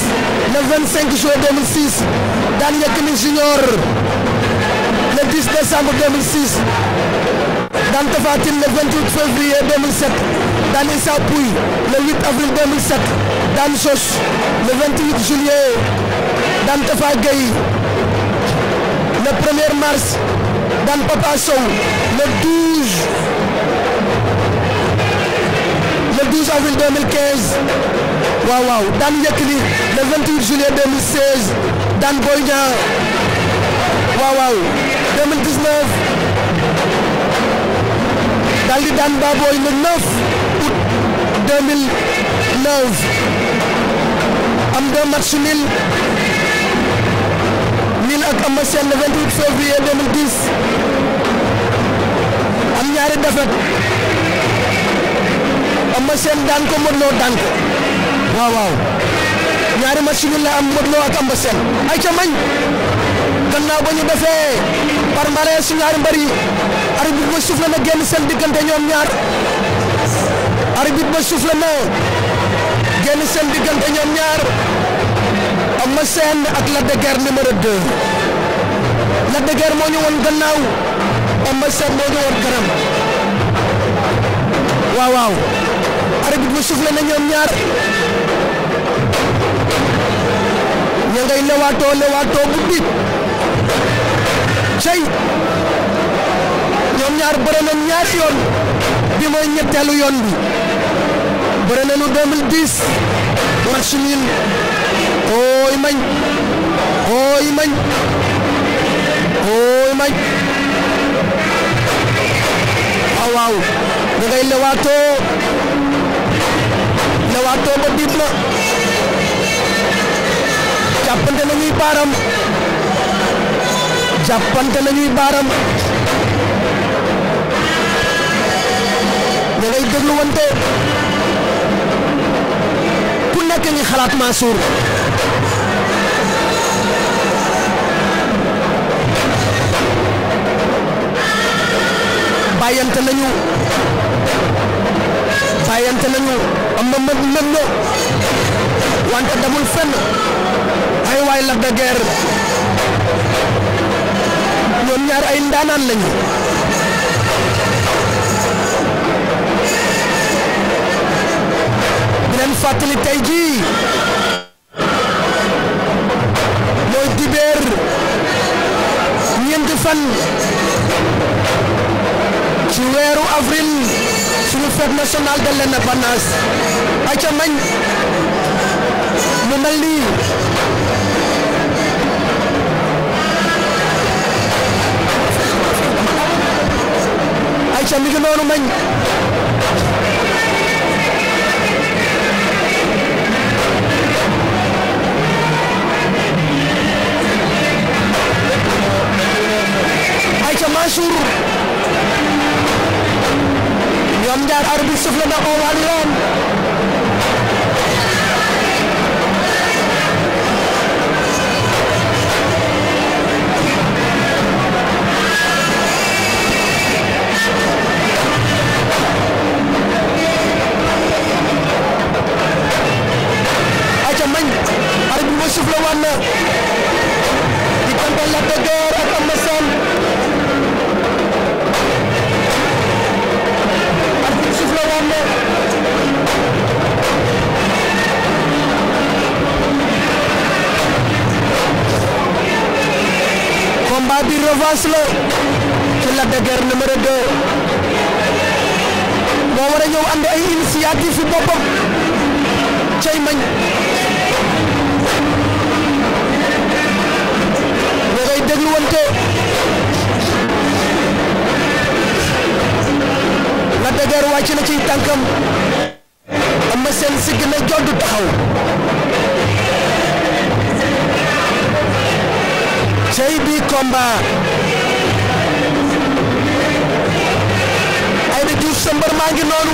le 25 juin 2006 daan Yekini 10 décembre 2006 daan Tapha Tine le 28 février 2007 le avril 2007 daan le 28 juillet daan Tapha le 1 mars daan Papa Sow le avril 2015 waaw waaw daan le 28 juillet 2016 2019 daal di daan Baboy le 9 am deux matchs nul nul ak Eumeu Sène le 28 février 2010 am ñaari défaite daan ko Modou Lo daan waaw waaw ñaari matchs nul la am Modou Lo ak Eumeu Sène ay ca mañ gannaaw ba ñu defee. par mbalee si ñaari mbër yi arbitre ba soufflé na génn seen diggante ñoom ñaar arbitre ba soufflé na génn seen diggante ñoom ñaar Eumeu Sène ak Lac de Guiers numéro 2 Lac moo ñu woon gannaaw Eumeu Sène moo ñu kanam waaw waaw arbitre ba soufflé na ñoom ñaar ña ngay lewaatoo lewaatoo bu cey ñoom ñaar bëre nañ yoon bi mooy ñetteelu yoon bi bëre nañu 2010 match nul ooy mañ ooy mañ ooy mañ waaw waaw da ngay lewaatoo lewaatoo ba diib na jàppante nañuy jàppante lañuy baaram ña ngay déglu wante ku nekk ngi xalaat Mansour bàyyante nañu bàyyante nañu am na mën mën wante demul fenn ay waay la de doon ñaar ay ndaanaan fàttali tey jii mooy dibeer ñeenti fan ci weeru avril suñu fête nationale de l'indépendance mañ mu mel nii ayca mi ngi noonu mañ ayca Mansour ñoom ñaar arbitre sufle na ko wàllu tànkam Eumeu Sène sigg na jodd taxaw cey bi combat Aïda Diouf sa mbër maa ngi noonu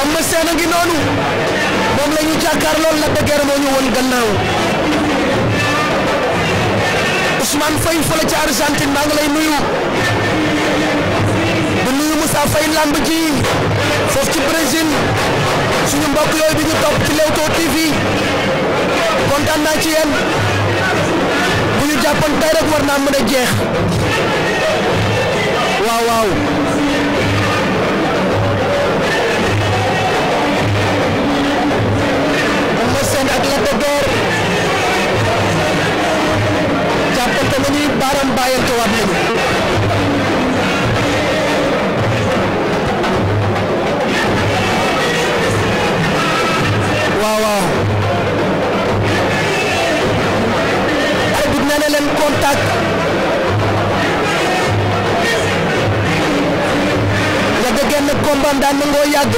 Eumeu Sène a ngi noonu moom la jàkkaar lool la dëgër moo ñu woon gannaaw Ousmane Faye fële ca Argentine maa ngi lay nuyu Moussa Faye ji foofu ci Brésil suñu mbokk yooyu bi ñu topp ci Leewtoo TV kontaan ci yéen bu ñu jàppoon tey rek mën a jeex waaw waaw Eumeu Sène ak Lac de Guiers jàppante nañu baaram bàyyantewaat nañu waaw waaw arbitre nee na leen contact nga déggee combat daan na yàgg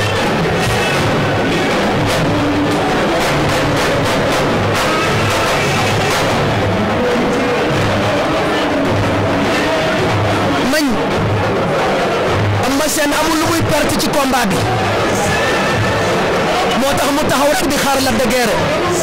mañ am ma seen amul lu muy perte ci combat bi moo tax mu taxaw rek di xaar Lac de Guiers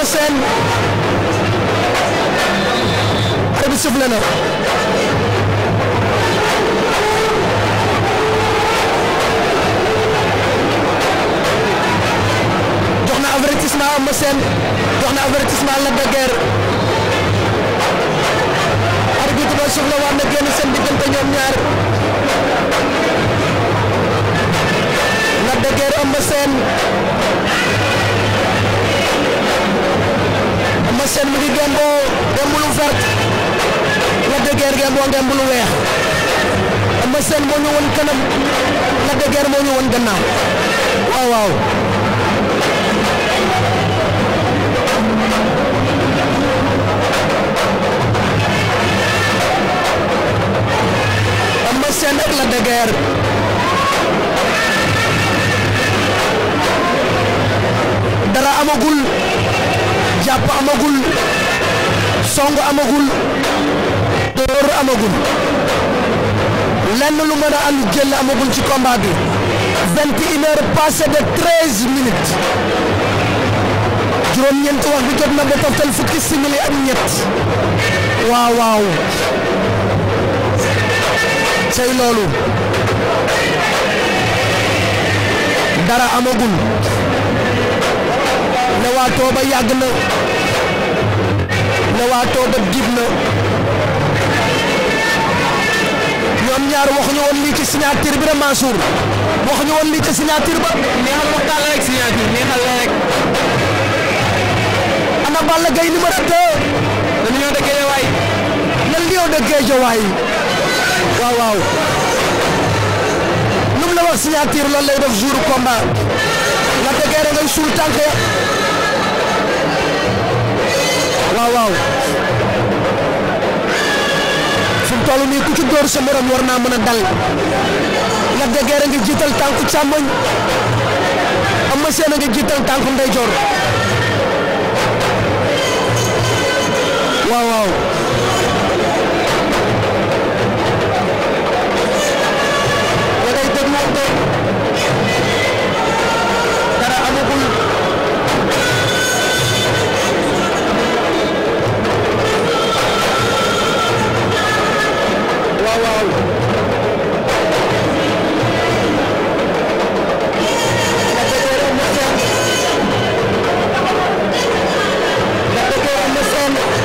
Eumeu Sène arbitre sifflé na jox na avertissement Eumeu Sène jox na avertissement Lac de Guiers arbitre ba sifflé war na génn seen diggante ñoom ñaar Lac de Guiers Eumeu Sène seen mi ngi gëmboo gëmb lu vert Lac de Guiers gëmboo lu weex Eumeu Sène moo ñu woon kanam Lac de Guiers ñu woon gannaaw waaw waaw. Eumeu Sène ak Lac de Guiers. dara amagul. jàpp amagul song amagul dóor amagul lenn lu mën a ànd jël amagul ci combat bi vingt et une heures passé de treize minutes juróom-ñeent wax bi jot na ba fukki simili ak ñett waaw waaw cey loolu dara amagul. lewaatoo ba yàgg na lewaatoo ba jib na ñoom ñaar waxuñu woon lii ci signature bi rek Mansour waxuñu woon lii ci signature ba. neexal waxtaan la rek signature neexal la rek. ana Balla Gaye numéro 2. le lion de Guédiawaye. le lion de Guédiawaye waaw waaw. lu mu la wax signature loolu lay def jour combat. la dëgg ngay suul tànk waaw waaw fi toll nii ku ci dóor sa morom war naa mën a dal Lac de Guiers a ngi jiital tànku càmmoñ Eumeu Sène a ngi jiital tànku ndeyjoor waaw waaw waaw waaw Ndakaaru Ndakaaru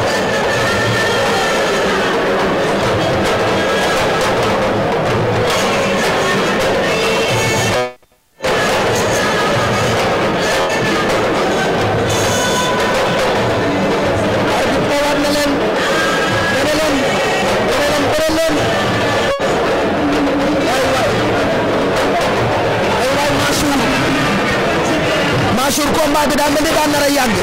Mansour combat bi daa mel ni daa nar a yàgg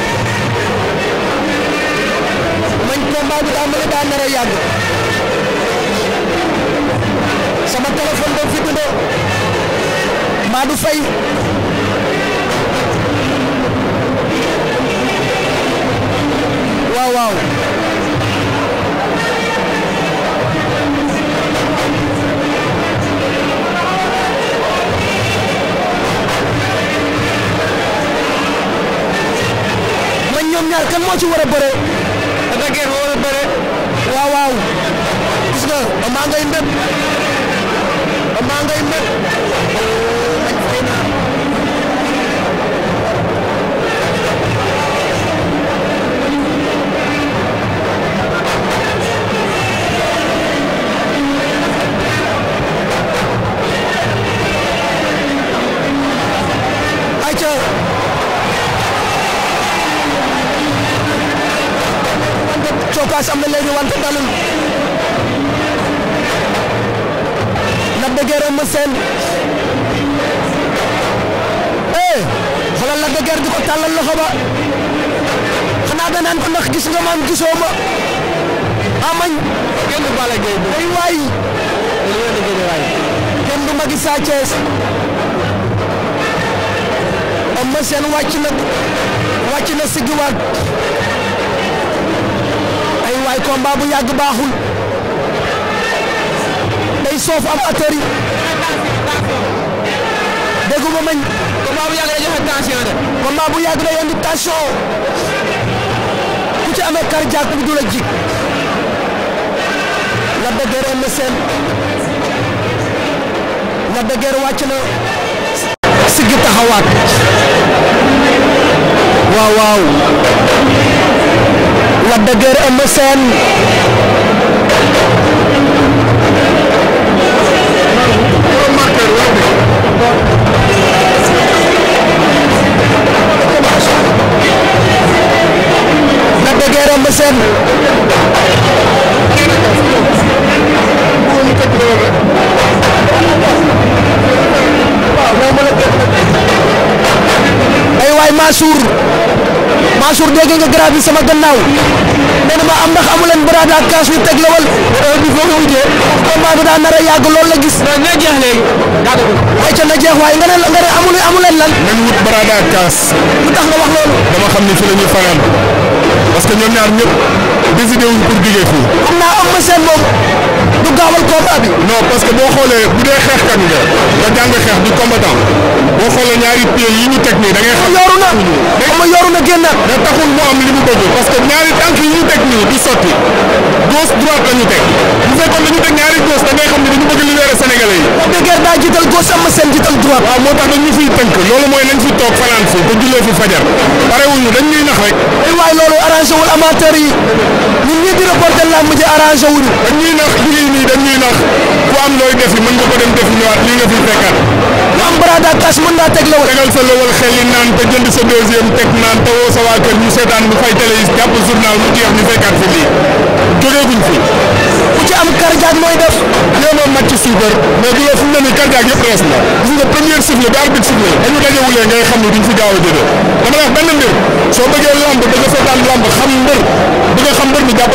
man combat bi daa mel ni daa nar a yàgg sama téléphone ba fi bindoo maa du fay waaw waaw ñoom ñaar kan moo ci war a bëre. da ngeen war a bëre. waaw waaw. gis nga maa ngay mbëb. cokkaas am na léegi wante dalul Lac de Guiers Eumeu Sène eh xoolal Lac de di ko tàllal loxo ba xanaa danaan ko ndax gis nga maam gisoo ma amañ kenn du Balla Gaye kenn du magi Sa Thiès Eumeu Sène wàcc na wàcc na siggiwaat waaye combat bu yàgg baaxul day soof amateur yi déggu ma mañ. combat bu yàgg day joxe tension de. combat bu yàgg day indi tension ku ci amee kàr jàpp bu dul a jig la dëgër am na seen la dëgër wàcc na siggi taxawaat waaw Lac de Guiers Eumeu Sène ay waay Mansour Mansour dégg nga garab yi sama gannaaw nee na ma am ndax amu leen baraada ak kaas yu teg la wal heure bi foo ko daa nar a yàgg loolu la gis. non na jeex léegi daa ko waaye ca nga ne nga amu amu leen lan. nañ wut baraada ak kaas. lu tax nga wax loolu. dama xam ni fi la fanaan parce que ñoom ñaar ñëpp décidé wuñ pour diggee fii. xam naa seen bopp. du gaawal combat bi. non parce que boo xoolee ñaari pieds yi ñu teg nii da ngay xam. yoru na ama yoru na génnaat. mais taxul mu am li mu bëgg parce que ñaari tànk yi ñu teg nii du sotti gauche droite la ñu teg bu fekkoon dañu teg ñaari gauche da ngay xam ne dañu bëgg libérer sénégalais yi. boo déggee daa jiital gauche am seen jiital droite. waaw moo tax dañu fiy tënk loolu mooy nañ fi toog fajar pare wuñu dañ ñuy nax rek. waaye loolu arrangé wul amateur yi ñun ñii di reporter làmb ji arrangé wuñu dañ ñuy nii dañ ñuy nax ku am looy defi mën nga ko dem defi ñëwaat lii nga fi fekkaat. ku am barada tas mën naa teg lawal. tegal sa lawal xel yi naan te jënd sa deuxième teg naan te woo sa waa kër ñu seetaan bu fay télé yi jàpp journal mu jeex ñu fekkaat fi lii jógeeguñ fi. cardiaque mooy def. yow moom nag ci suukar mais bi yow fu mu ne nii cardiaque yëpp rees na gis nga premier sifflet bi arbitre ngay xam ne duñ fi gaaw a jógee dama la mbir soo bëggee lamb bëgg seetaan lamb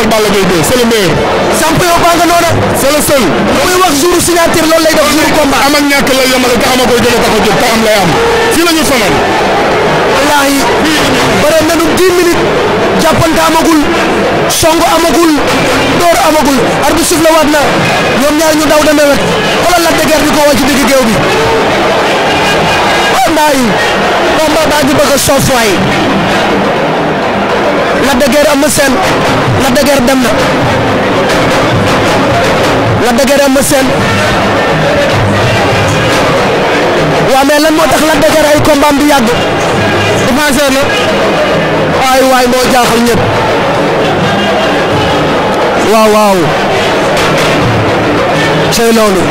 Balla Gaye 2 c'est le meilleur. champion baa nga noonu. c'est le seul. lu muy wax jour signature loolu lay def jour combat. am lay yemale te ama koy gën a tax a jóg te lay am fii la ñu fanaan. wallaahi bëre nañu 10 minutes. jàppante amagul song amagul door amagul arbi sifle waat na ñoom ñaar ñu daw demee wet xoolal la degeer di ko woo ci digg géew bi waaw mbaa yi combat baa ngi bëgg a soof waay la degeer am dem na la degeer am seen waaw mais lan moo tax la degeer ay combat bi yàgg waay waay moo jaaxal ñëpp waaw waaw cey loolu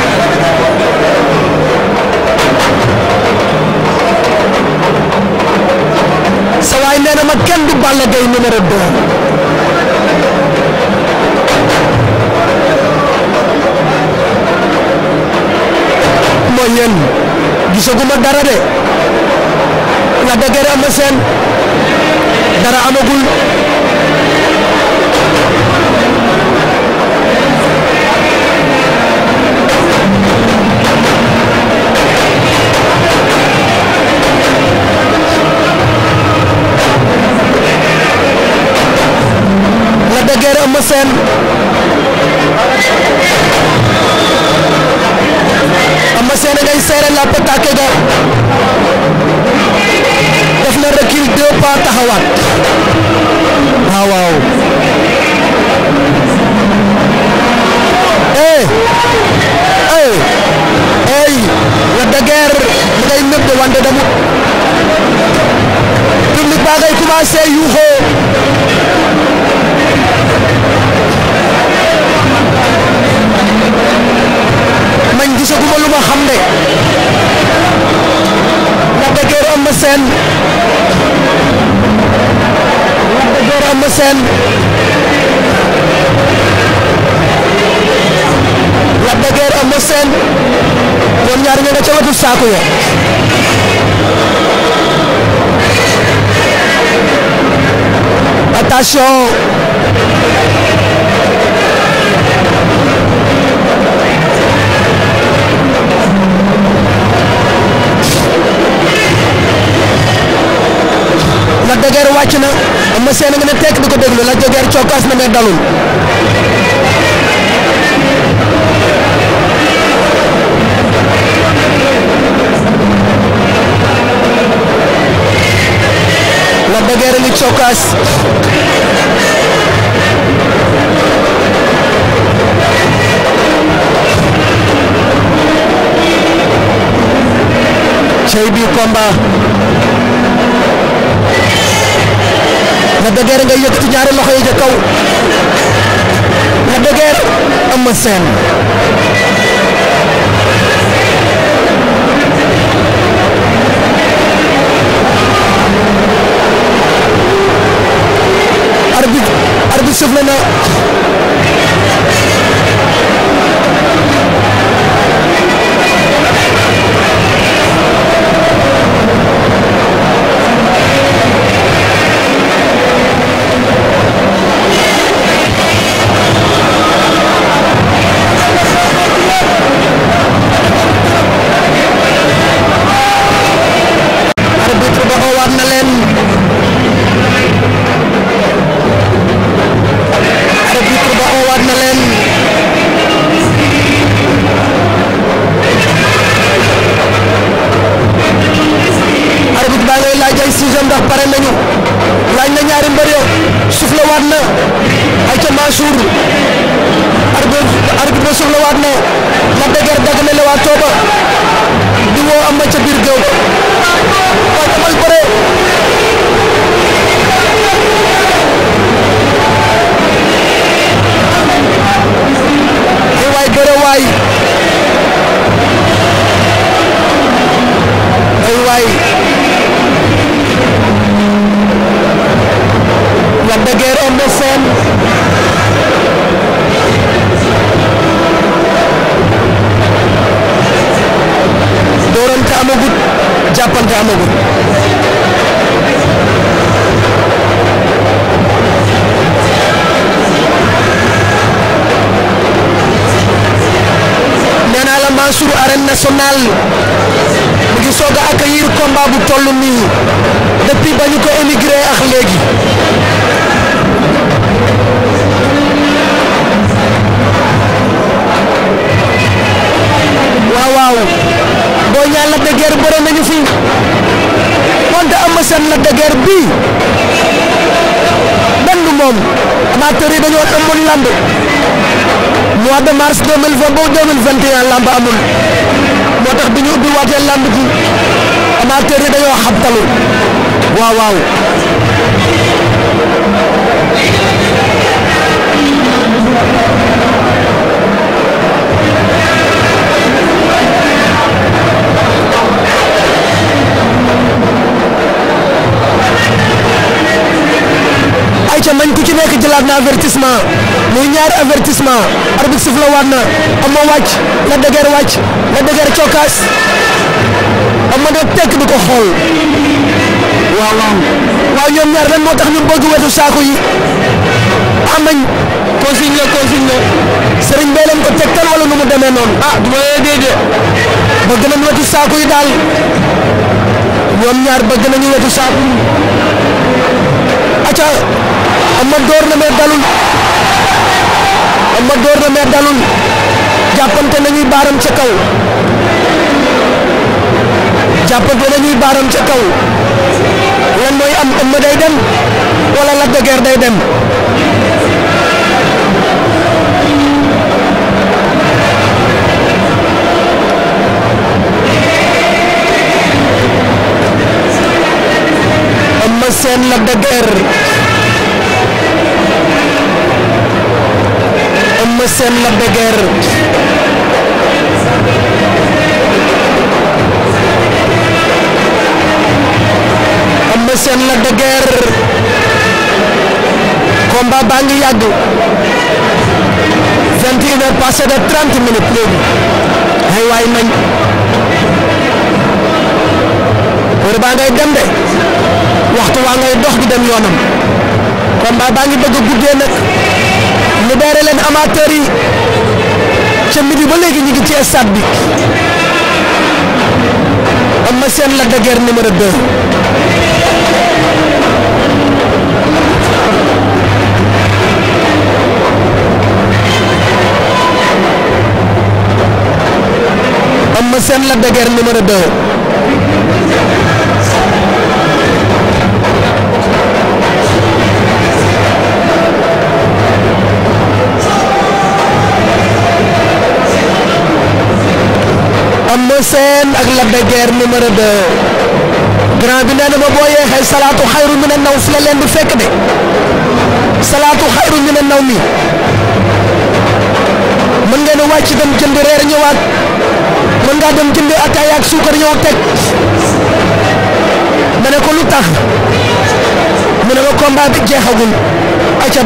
sa waay nee na ma kenn du Balla Gaye numéro 2 moo ñeen gisaguma dara de la dëgër am seen dara amagul la dëgër am seen am seen ngay seere la pataake ga na recul deux waaw ah, waaw eh eh eh Lac de Guiers ngay nëb de wante demut public baa ngay commencé yuuxoo man lu ma xam de Eumeu Sène Lac de Guiers Eumeu Sène Lac de Guiers ñaar ñoo nga ca wetu saako ya attention Lac de Guiers wàcc na Eumeu Sène nga ne tekk ko déglu Lac de cokkaas na mais dalul Lac de Guiers ngi cokkaas cey bi combat Lac de Guiers ngay yëkkati ñaari loxo yi ca kaw Lac de Guiers Eumeu Sène arbitre arbitre soufflé na war baa ngay laaj ay sixième ndax pare nañu laaj na ñaari mbër ya soufflé waat na ay ca Mansour arbitre arbitre ba soufflé waat na la dëgër dagg na le waa di woo am na ca biir géew way ay waay Lac de Guiers Eumeu Sène doorante amagut jàppante amagut national mu ngi soog a accueillir bu toll nii depuis ba ñu ko émigré ak léegi. waaw waaw boo ñaan la de guerre nañu fi wante am seen la de guerre bii benn moom amateur yi dañoo amul lamb mois de mars 2020 ba 2021 lamb amul. moo tax bi ñu waaw ay ca nañ ku ci nekk jëlaat na avertissement muy ñaari avertissement arbitre sifflé waat na ama wàcc la dëgër wàcc la dëgër cokaas ama ne tekk di ko xool waaw waaw waaw ñoom ñaar lan moo tax ñu bëgg wetu saako yi am nañ consigne la consigne la Serigne Mbaye lañ ko tegtal wala nu mu demee noonu ah du ma yee déedéet bëgg nañ wetu saako yi daal ñoom ñaar bëgg nañu wetu saako yi aca ama door na mais dalul Amba door na mais dalul jàppante nañuy baaram ca kaw jàppante nañuy baaram ca kaw lan mooy am Amba day dem wala Lac de day dem amma Sène la de seen la na seen la dëgër combat baa ngi yàgg vingt et une heures de trente minutes léegi ay waay nañ heure baa ngay dem waxtu waa ngay dox di dem yoonam combat baa ngi bëgg guddee nag libéré leen amateur yi ca ba léegi ñu ngi ci stade bi am na seen la de Guiers numéro am na seen Lac de Guiers numéro Eumeu ak Lac de Guiers numéro 2 grand bi nee na boo yeexee salaatu xayru mi ne naw fi la leen di fekk de salaatu xayru mi ne naw mi mën ngeen a wàcc dem jënd reer ñëwaat mën ngaa dem jënd ataaya ak suukar ñëw teg ma ne ko lu tax mu ne ma combat bi jeexagul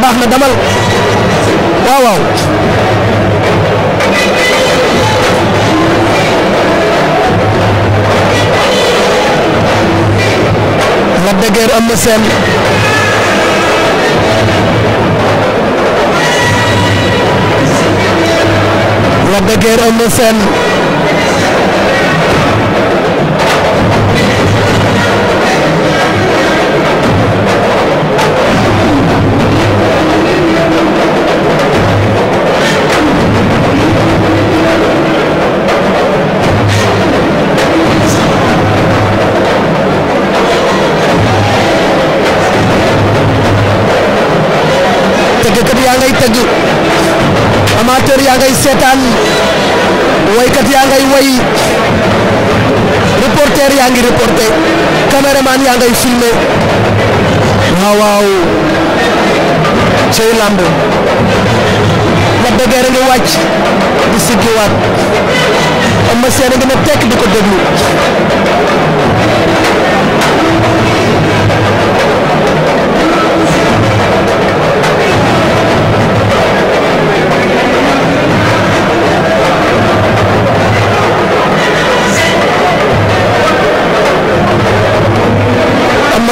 baax na damal waaw waaw Lac de Guiers Eumeu Sène Lac de Guiers spectateur yaa ngay seetaan waykat yaa ngay way ngi reporter caméraman yaa ngay filmer waaw waaw cey lamb Lac de a ngi wàcc di siggiwaat Eumeu Sène a ngi ne tekk di ko déglu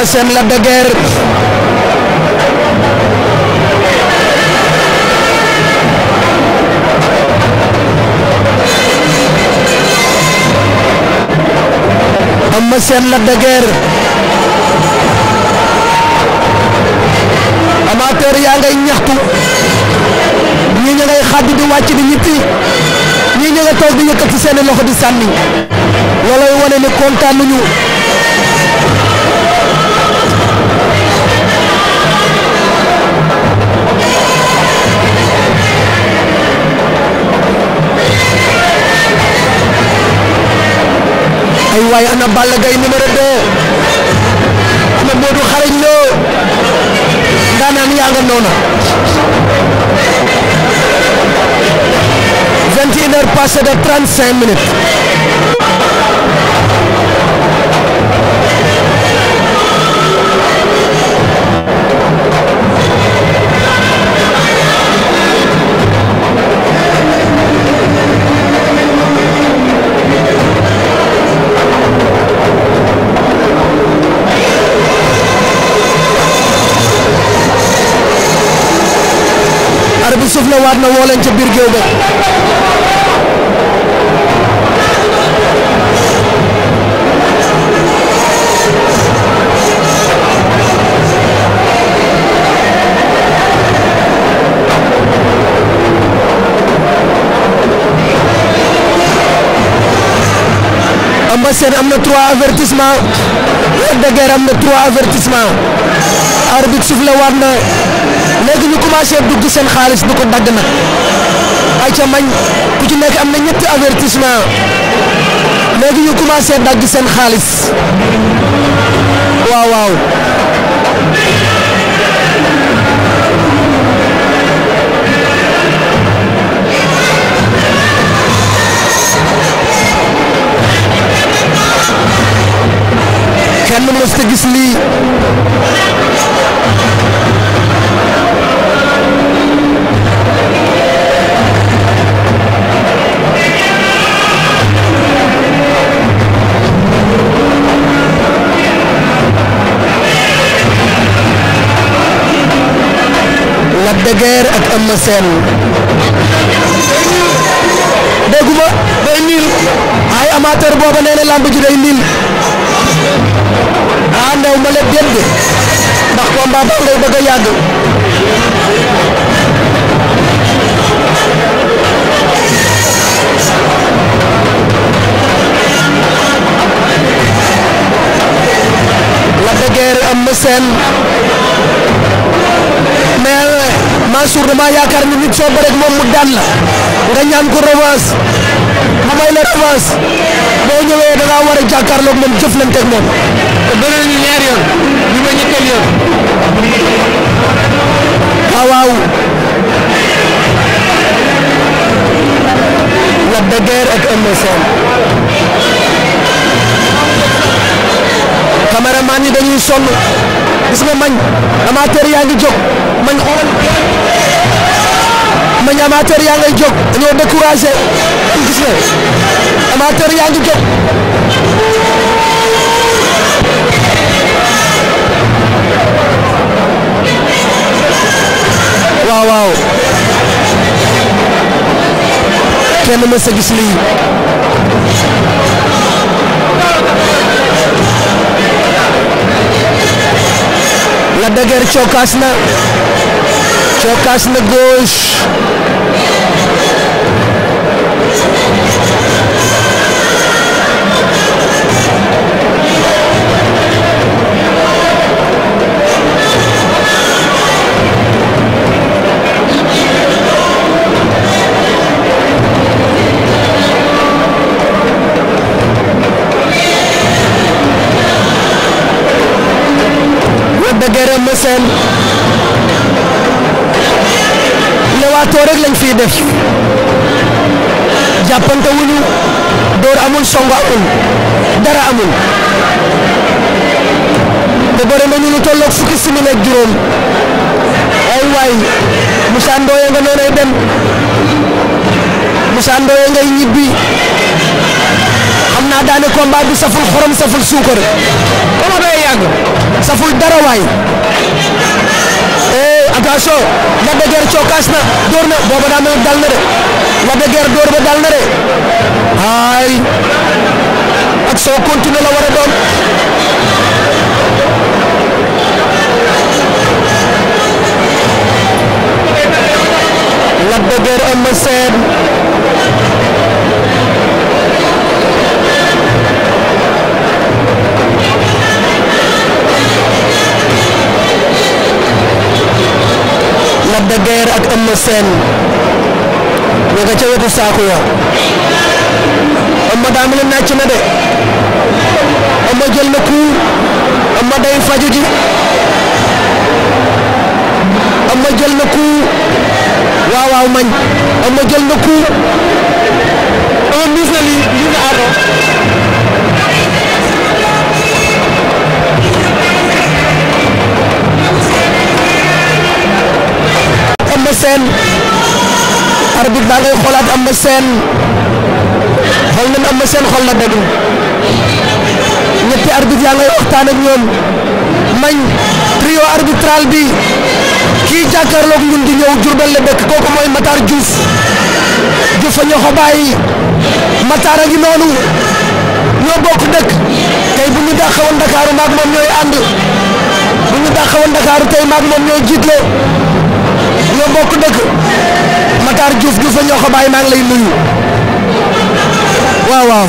seen Lac de Guiers Eumeu Sène Lac de Guiers amateur yaa ngay ñaxtu ñu ña ngay xàddu di wàcc di ñitti ñii ña nga toog di yëkkati seeni loxo di sànni looloy wane ni kontaan na Balla Gaye numéro 2 na Modou xarañ loo ndaa naan yaa nga noona vingt et une heures de trente cinq minutes ñëwaat na woo leen ca biir géew ba Eumeu Sène am na trois avertissement Lac de Guiers am na trois avertissement arbitre soufflé waat na léegi ñu commencé dugg seen xaalis du ko dagg na ay ca mañ ku ci nekk am na ñetti avertissement léegi ñu commencé dagg seen xaalis waaw waaw Eumeu Sène dégguma day niil ay amateur booba nee na ji day niil ah ndaw ma lépp déet ndax combat ba ngay bëgg yàgg Lac de Guiers Eumeu Mansour damaa yaakaar ni nit soo moom mu daan nga ñaan ko revanche ma may la revanche boo ñëwee da ngaa war a jàkkaarloog moom jëflanteeg moom. te bëri nañu ñaari yoon ñu ma ñetteel yoon. waaw waaw. Lac de Guiers ak Eumeu Sène. caméraman yi dañuy sonn gis nga mañ amateur yaa ngi jóg mañ xool. bañ amateur yaa ngay jóg dañoo découragé gis nga amateur yaa ngi jóg waaw waaw kenn mës a gis lii la dëgër cokaas na cokaas na gauche lewaatoo rek lañ fiy def jàppante wuñu door amul songo amul dara amul te bëre nañu lu tolloog fukki simili ak juróom ay waay Moussa Ndoye nga noonay dem Moussa Ndoye ngay ñibbi xam naa daane combat bi saful xorom saful suukar. comme yàgg saful dara waay. attention Lac de na door na booba daa na de Lac de Guiers door na de ay ak soo continuer la war a doon Lac de Lac de Guiers ak Eumeu Sène ñoo nga ca wetu saako ya Eumeu daa mel ni nàcc na de Eumeu jël na coup Eumeu day faju ji Eumeu jël na coup waaw waaw mañ Eumeu jël na coup Eumeu miis na lii na aar Eumeu Sène arbitre baa ngay xoolaat am Sène xool xool na dëgg ñetti arbitre yaa ngay waxtaan ak ñoom mañ trio arbitral bi kii jàkkaarloog ñun di ñëw Jurbel la dëkk kooku mooy Matar Diouf Diouf a ñoo ko bàyyi Matar a ngi noonu ñoo bokk dëkk tey bu ñu dàqawoon Dakar maag moom ñooy ànd bu ñu dàqawoon Dakar tey maag moom ñooy jiitle ñoo bokk dëkk Matar Diouf Diouf ñoo ko bàyyi maa ngi lay nuyu waaw waaw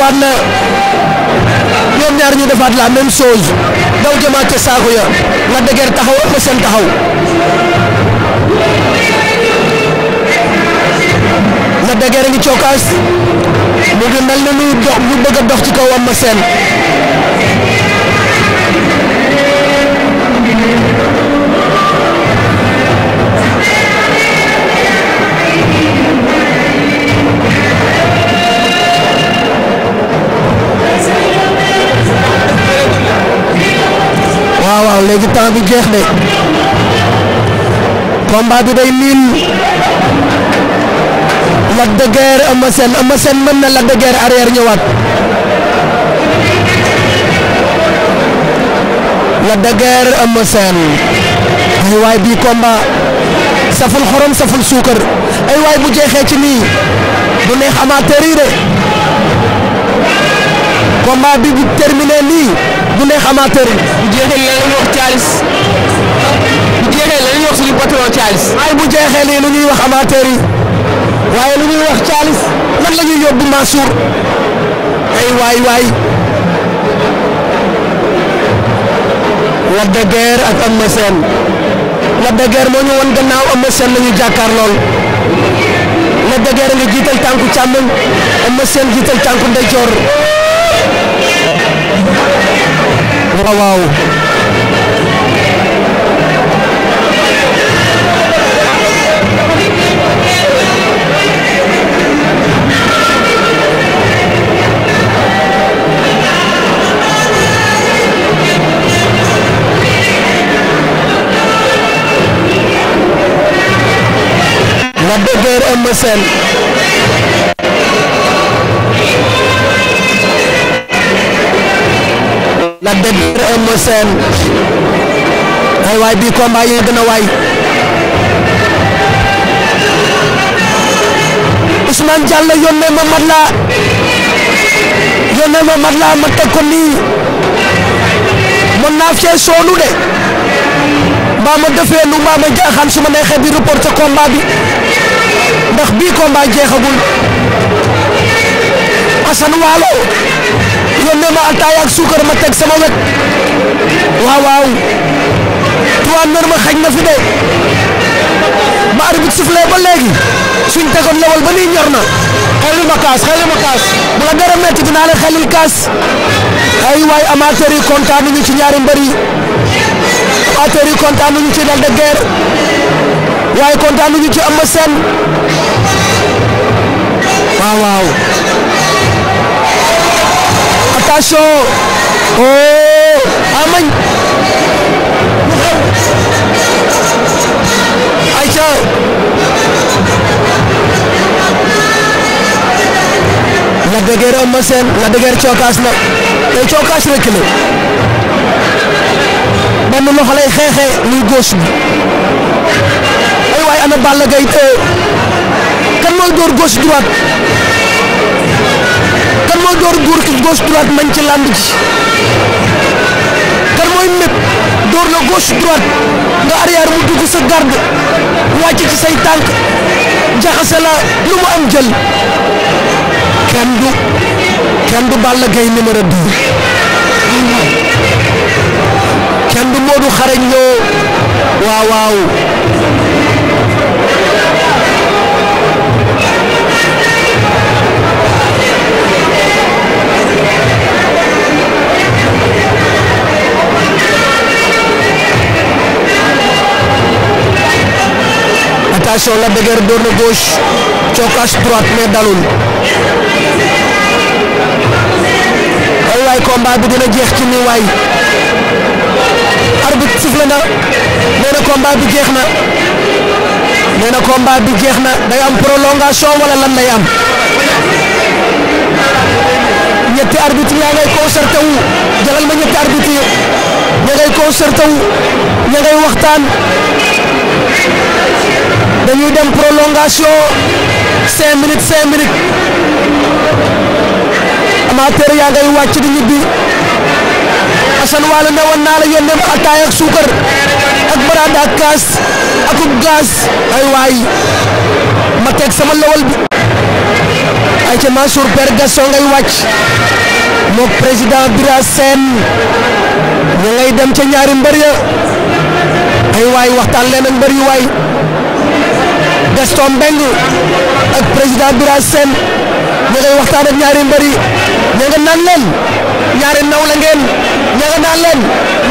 taxawaat na ñoom ñaar ñu defaat la même chose daw jëmaat ca saako ya la dëgër taxaw am na seen taxaw la dëgër a ngi cokkaas mu ngi mel ne lu bëgg a dox ci kaw am na seen. waaw léegi temps bi jeex de combat bi day niin Lac de Guiers Eumeu mën na Lac de Guiers arrière ñëwaat Lac de Guiers Eumeu Sène ay waay bii combat saful xorom saful suukar ay waay bu jeexee ci nii du neex amateur yi de combat bi bu terminé nii bu neex amateur yi. bu jeexee leneen wax Thialis bu jeexee wax suñu patron bu jeexee nii lu ñuy wax amateur yi waaye lu ñuy wax Thialis lan la ñuy yóbbu Mansour ay waay waay. Lac de ak Eumeu Sène Lac de Guiers moo ñu won gannaaw Eumeu la ñuy jàkkaar lool Lac de Guiers nga jiital tànku càmmoñ Eumeu Sène jiital tànku ndeyjoor waaw Lac de Guiers Eumeu Sène diggante Dóor Eumeu Sène ay waay bii combat yee gën a waay Ousmane Diallo yónnee ma mat laa yónnee ma mat laa ma teg ko nii mën naa fee soonu de mbaa ma defee lu mbaa ma jaaxaan su ma neexee di reporter combat bi ndax bii combat jeexagul Assane Waalo yónnee ma ataaya ak suukar ma teg sama wet waaw waaw trois heures ma xëj na fi de ba arbitre soufflé ba léegi suñ tegoon lawal ba nii ñor na xelil ma kaas xelil ma kaas bu la dara metti dinaa la xelil kaas ay waay amateur yi kontaan nañu ci ñaari mbër yi amateur yi kontaan nañu ci Lac de Guiers waaye kontaan nañu ci Eumeu Sène waaw waaw attention oh amañ lu xew ayca Lac de Guiers Eumeu cokaas na tey cokaas rek la benn loxo lay xeexee muy góos bi ay waay ana Balla Gaye te kan mooy door góos droite door góor ki gauche droite mañ ci làmb ji kan mooy mépp door la gauche droite nga arrière mu dugg sa garde wàcc ci say tànk jaxase lu mu am kenn du kenn du Balla Gaye numéro kenn du Modou xarañ loo waaw waaw attention la dëgër door na gauche cokkaas droite mais dalul wallaay combat bi dina jeex ci nii waay arbitre sifflé na nee na combat bi jeex na nee na combat bi jeex na day am prolongation wala lan lay am ñetti arbitre yaa ngay concerté wu jalal ma ñetti arbitre ña ngay concerté wu ña ngay waxtaan dañuy dem prolongation cinq minutes cinq minutes amateur yaa ngay wàcc di ñibbi Assane Walu ne woon naa la yónnee ma ataay ak suukar ak baraad ak kaas akub gaz ay waay ma teg sama lawal bi ay ca Mansour Père Gasson ngay wàcc mook président Bira Sène ñu ngay dem ca ñaari mbër ya ay waay waxtaan leen ak mbër yu waay Gaston Mbengue ak président Bira Sène ña ngay waxtaan ak ñaari mbër yi ña nga naan leen ñaari naw la ngeen ña nga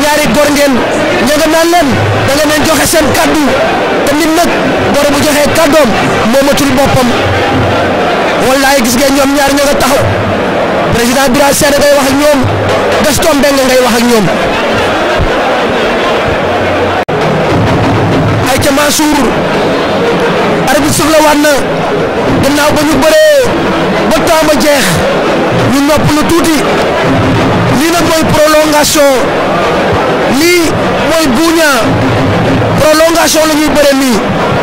ñaari gor ngeen ña nga naan leen da nga leen joxe seen kaddu te nit nag gor bu joxe kaddoom moomatul boppam wallaay gis ngeen ñoom ñaari ñoo nga taxaw président Bira Sène ngay wax ak ñoom Gaston ngay wax ak ñoom. ay ca Mansour arbitre suuf na gannaaw ba ñu bëree ba temps ba jeex ñu nopp lu tuuti lii nag mooy prolongation lii mooy buuña prolongation la ñuy bëree nii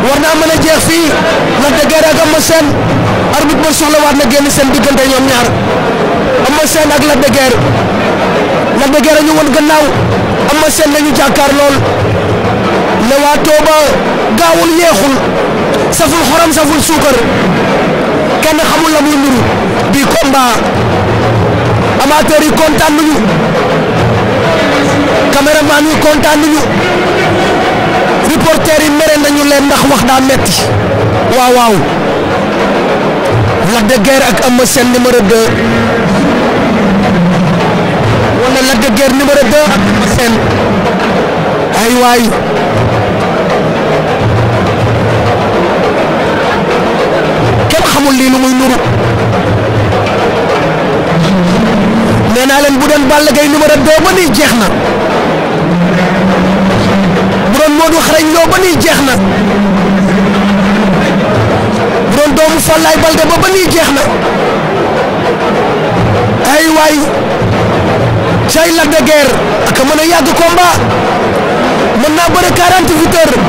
war naa mën a jeex fii Lac de Guiers ak Eumeu Sène arbitre ba suuf na génn seen diggante ñoom ñaar Eumeu Sène ak Lac de Guiers Lac de ñu woon gannaaw Eumeu Sène la ñu jàkkaar lool lewaatoo ba gaawul yeexul saful xorom saful suukar kenn xamul la muy nuru bi combat amateur yi kontaan nañu caméraman yi kontaan nañu reporter yi mere nañu leen ndax wax daa metti waaw waaw Lac de Guiers ak Eumeu Sène numéro 2 wala Lac de Guiers numéro 2 ak Eumeu Sène ay waay xamul lii lu muy nuru nee naa leen bu doon Balla Gaye numéro ba nii jeex na bu doon Modou xarañ loo ba nii jeex na bu doon doomu Fallaye Balde ba ba nii jeex na ay waay say Lac de Guiers mën a yàgg combat mën naa bëre 48 heures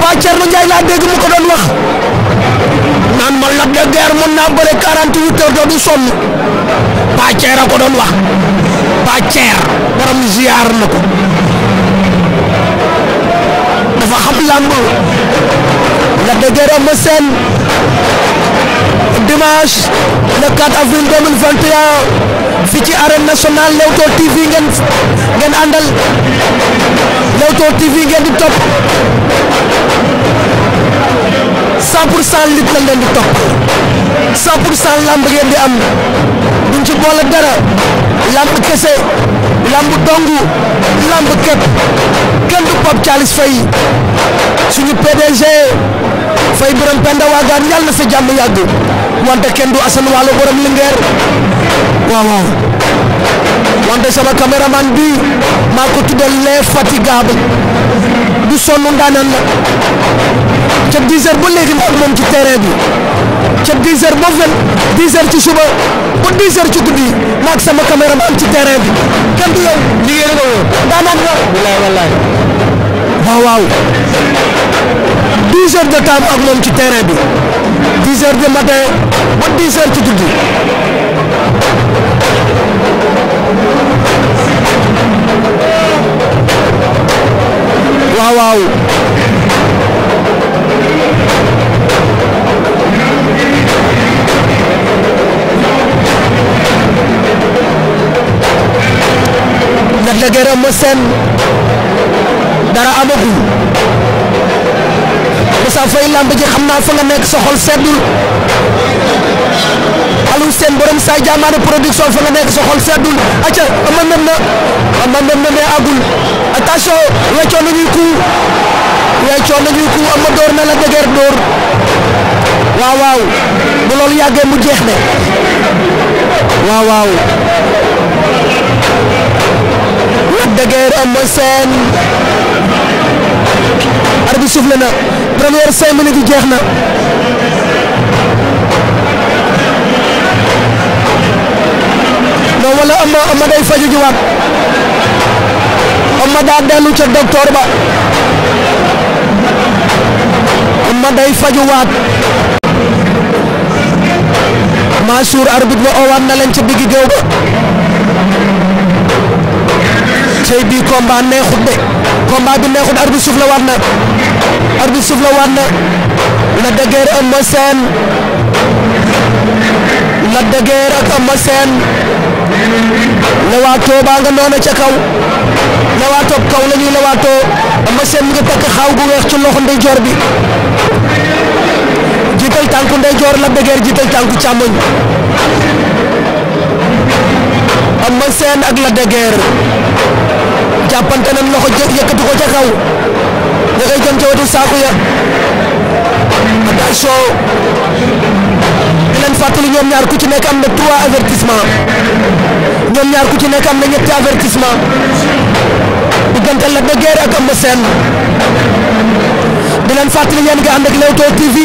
ba Thierno Ndiaye laa dégg mu ko doon wax. naan ma Lac de Guiers mën naa bëre 48 doo du sonn Pa Thier a ko doon wax Pa Thier borom ziar na ko dafa xam làmb Lac de Guiers am na seen dimanche le 4 avril 2021 fii ci arène nationale Leewtoo TV ngeen ngeen àndal TV ngeen di topp. cent pour cent lit lañ leen di toppal cent pour cent lamb ngeen di am duñ ci boole dara lamb kese lamb dongu lamb képp kenn du Pape Thialis Faye suñu PDG Faye borom Penda Waagaan yàlla na sa jàmm yàgg wante kenn du Assane Waalo borom Linguère waaw wante sama caméraman bi maa ko tuddee l'infatigable du sonn ndaanaan la ca 10 heures ba léegi nag moom ci terrain bi ca 10 heures ba ci suba ba 10 ci guddi maag sama caméraman ci terrain bi kenn du yow liggéey nga nga wallaay wallaay waaw waaw de temps ak moom ci terrain bi 10 de matin ba 10 ci guddi waaw waaw Lac de Guiers Eumeu Sène dara amagul Moussa Faye lamb ji xam naa fa nekk sa xol Aliou Sène borom saa jaamaane production fa nga nekk sa xol acca man dem na man dem na mais agul attention weccoo nañuy coup weccoo nañuy coup am ma door na la dëgër door waaw waaw bu loolu yàggee mu jeex de waaw waaw la dëgër am seen arbitre bi soufflé na première cinq minutes yi jeex na wala ama ama day faju jiwaat ama daa dellu ca docteur ba ama day faju waat Mansour arbitre ba owaat na leen ca diggi géew ba bi combat neexut de combat bi neexut arbitre suuf la waat na arbitre suuf la waat na la dëgër Eumeu la dëgër ak Eumeu Sène lewaatoo baa nga noona ca kaw lewaatoo kaw la ñuy lewaatoo Eumeu Sène mi ngi takk xaaw gu weex ci loxo ndeyjoor bi jiital tànku ndeyjoor la dëgër jiital tànku càmmoñ Eumeu Sène ak la dëgër jàppante nañ loxo yëkkati ko ca kaw da ngay ca wetu saako ya attention fàttali ñoom ñaar ku ci nekk am na trois avertissement ñoom ñaar ku ci nekk am na ñetti avertissement diggante Lac de Guiers ak Eumeu Sène di leen fàttali ngeen nga ànd ak Leewtoo TV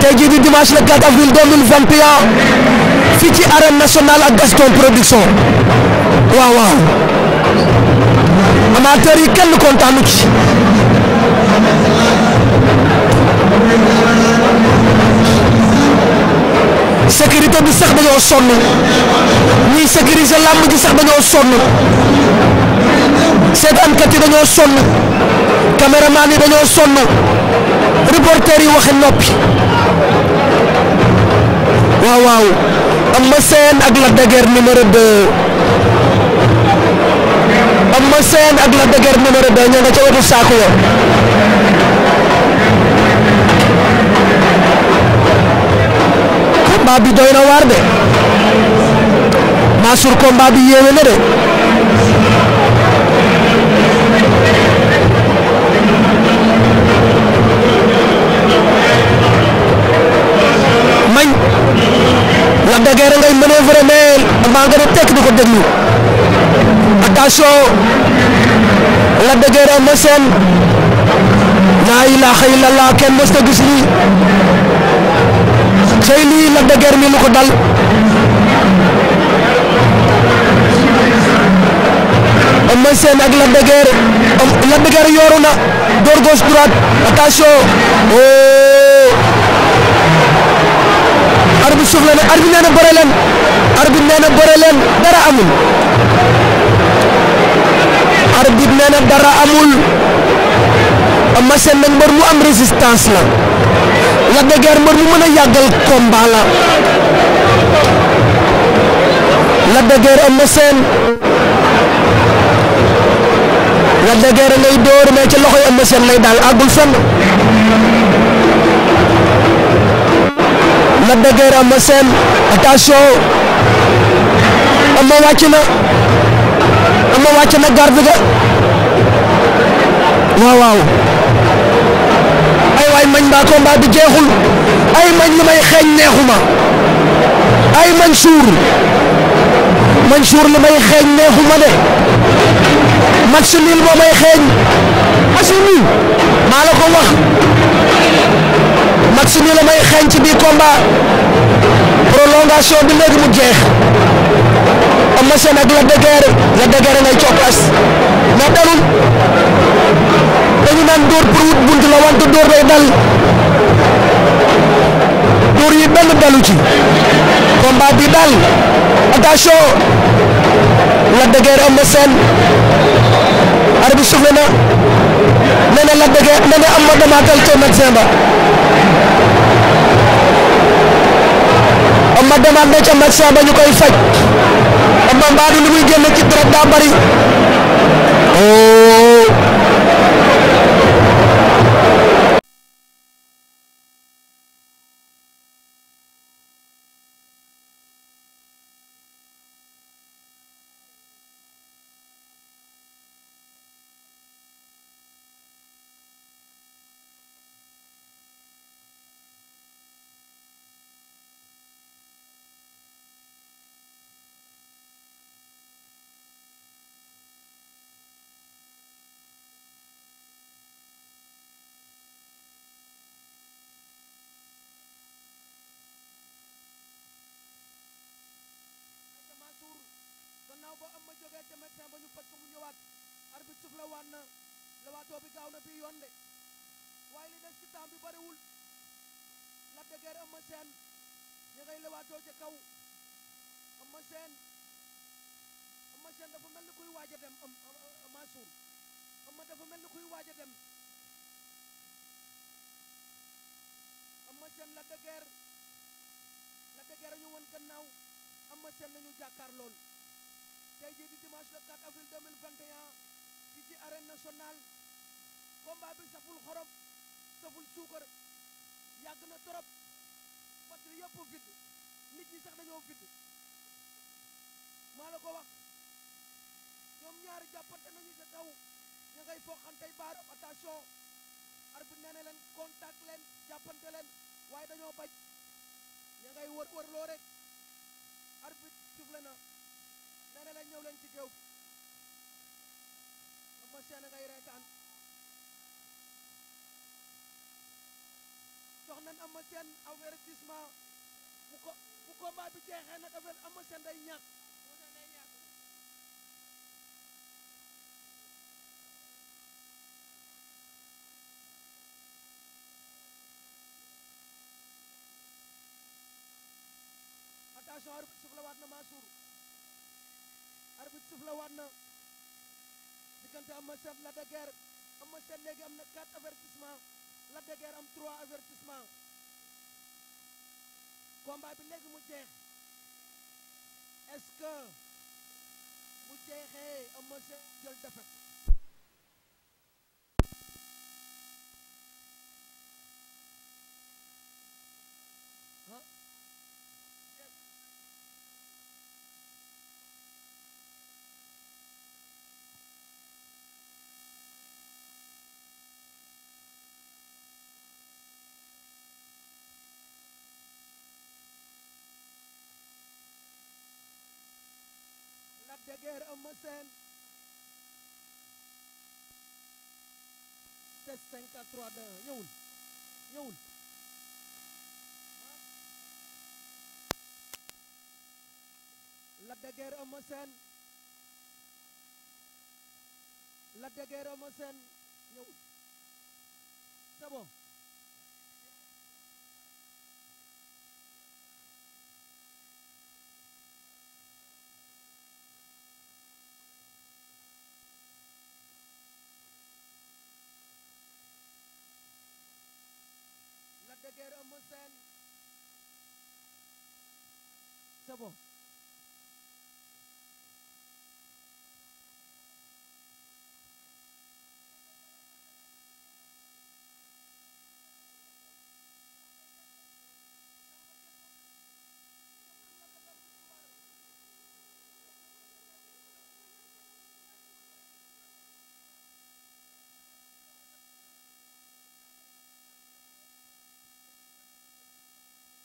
tey jii di dimanche le 4 avril 2021 fii ci arène nationale ak Gaston production waaw yi kenn kontaanu ci. sécurité bi sax dañoo sonn ñiy sécuriser làmb ji sax dañoo sonn seetaankat yi dañoo sonn caméraman yi dañoo sonn reporter yi waxe noppi waaw waaw Eumeu Sène ak Lac de Guiers numéro 2 Eumeu Sène ak Lac de Guiers numéro 2 ña nga ca wetu saako ya combat bi doy na waar de Mansour combat bi yéeme na de mañ la dageere ngay manœuvre mais maa nga ne tekk di ko déglu attention la dageere ma seen laa ilaaha kenn mës na gis cey lii Lac de mi lu ko dal Eumeu Sène ak Lac de Guiers Lac yooru na door gauche droite attention oh arbitre suuf la ne arbitre nee leen arbitre nee na bëre leen dara amul arbitre nee na dara amul Eumeu Sène nag mbër mu am résistance la Lac de Guiers mbër mu mën a yàggal combat la Lac de Guiers am na seen Lac de Guiers lay dóor mais ci loxoy am na seen lay daal àggul fenn Lac de am na seen attention am na wàcc na am na wàcc na garde ga waaw waaw ay mañ mbaa combat bi jeexul ay mañ lu may xeeñ neexuma ay mañ suur mañ suur lu may xeeñ neexuma de match nul moo may xeeñ match nul maa la ko wax match nul la may xeeñ ci biir combat prolongation bi léegi mu jeex am na seen ak la dëgër la dëgër ngay cokkas mais dalul dañu naan dóor pour wut bunt la wante dóor day dal dóor yi benn dalu ci combat bi daal attention Lac de Guiers Eumeu Sène na nee na Lac de Guiers nee na am ma damaatal ca koy faj am ma mbaadu li muy génn ci deret daa bari ñëwaat na lewaatoo bi gaaw na bi yoon waaye li des ci temps bi bariwul Lac de Guiers Eumeu Sène ñu ngay lewaatoo ca kaw Eumeu Sène Eumeu Sène dafa mel ni kuy waaj a dem Mansour Eumeu dafa mel ni kuy waaj a dem Eumeu Sène Lac de Guiers Lac de Guiers ñu won gannaaw Eumeu Sène la ñu jàkkaar lool tey jii di dimanche le 4 avril 2021 fi ci arène nationale combat bi saful xorom saful suukar yàgg na trop parce que yëpp vide nit ñi sax dañoo vide maa la ko wax ñoom ñaari jàppante nañu ca kaw ña ngay foqantey baar attention arbitre nee na leen contact leen jàppante leen waaye dañoo bañ ña ngay wër wër loo rek arbitre sufle na nee na leen ñëw leen ci géew ma Sène a ngay reetaan jox nañ Eumeu Sène avertissement bu ko bu combat bi jeexee nag affaire Eumeu Sène day ñàkk attention arbitre suuf la waat na Mansour arbitre suuf la waat na diggante Eumeu Sène Lac de Guiers Eumeu léegi am na 4 avertissement Lac de Guiers am trois avertissement combat bi léegi mu jeex est-ce que bu jeexee Eumeu de guerre Eumeu Sène c'est 5 à 3 ñëwul ñëwul Lac de Guiers Eumeu Sène Lac de Guiers Eumeu Sène ñëwul c'est acabou.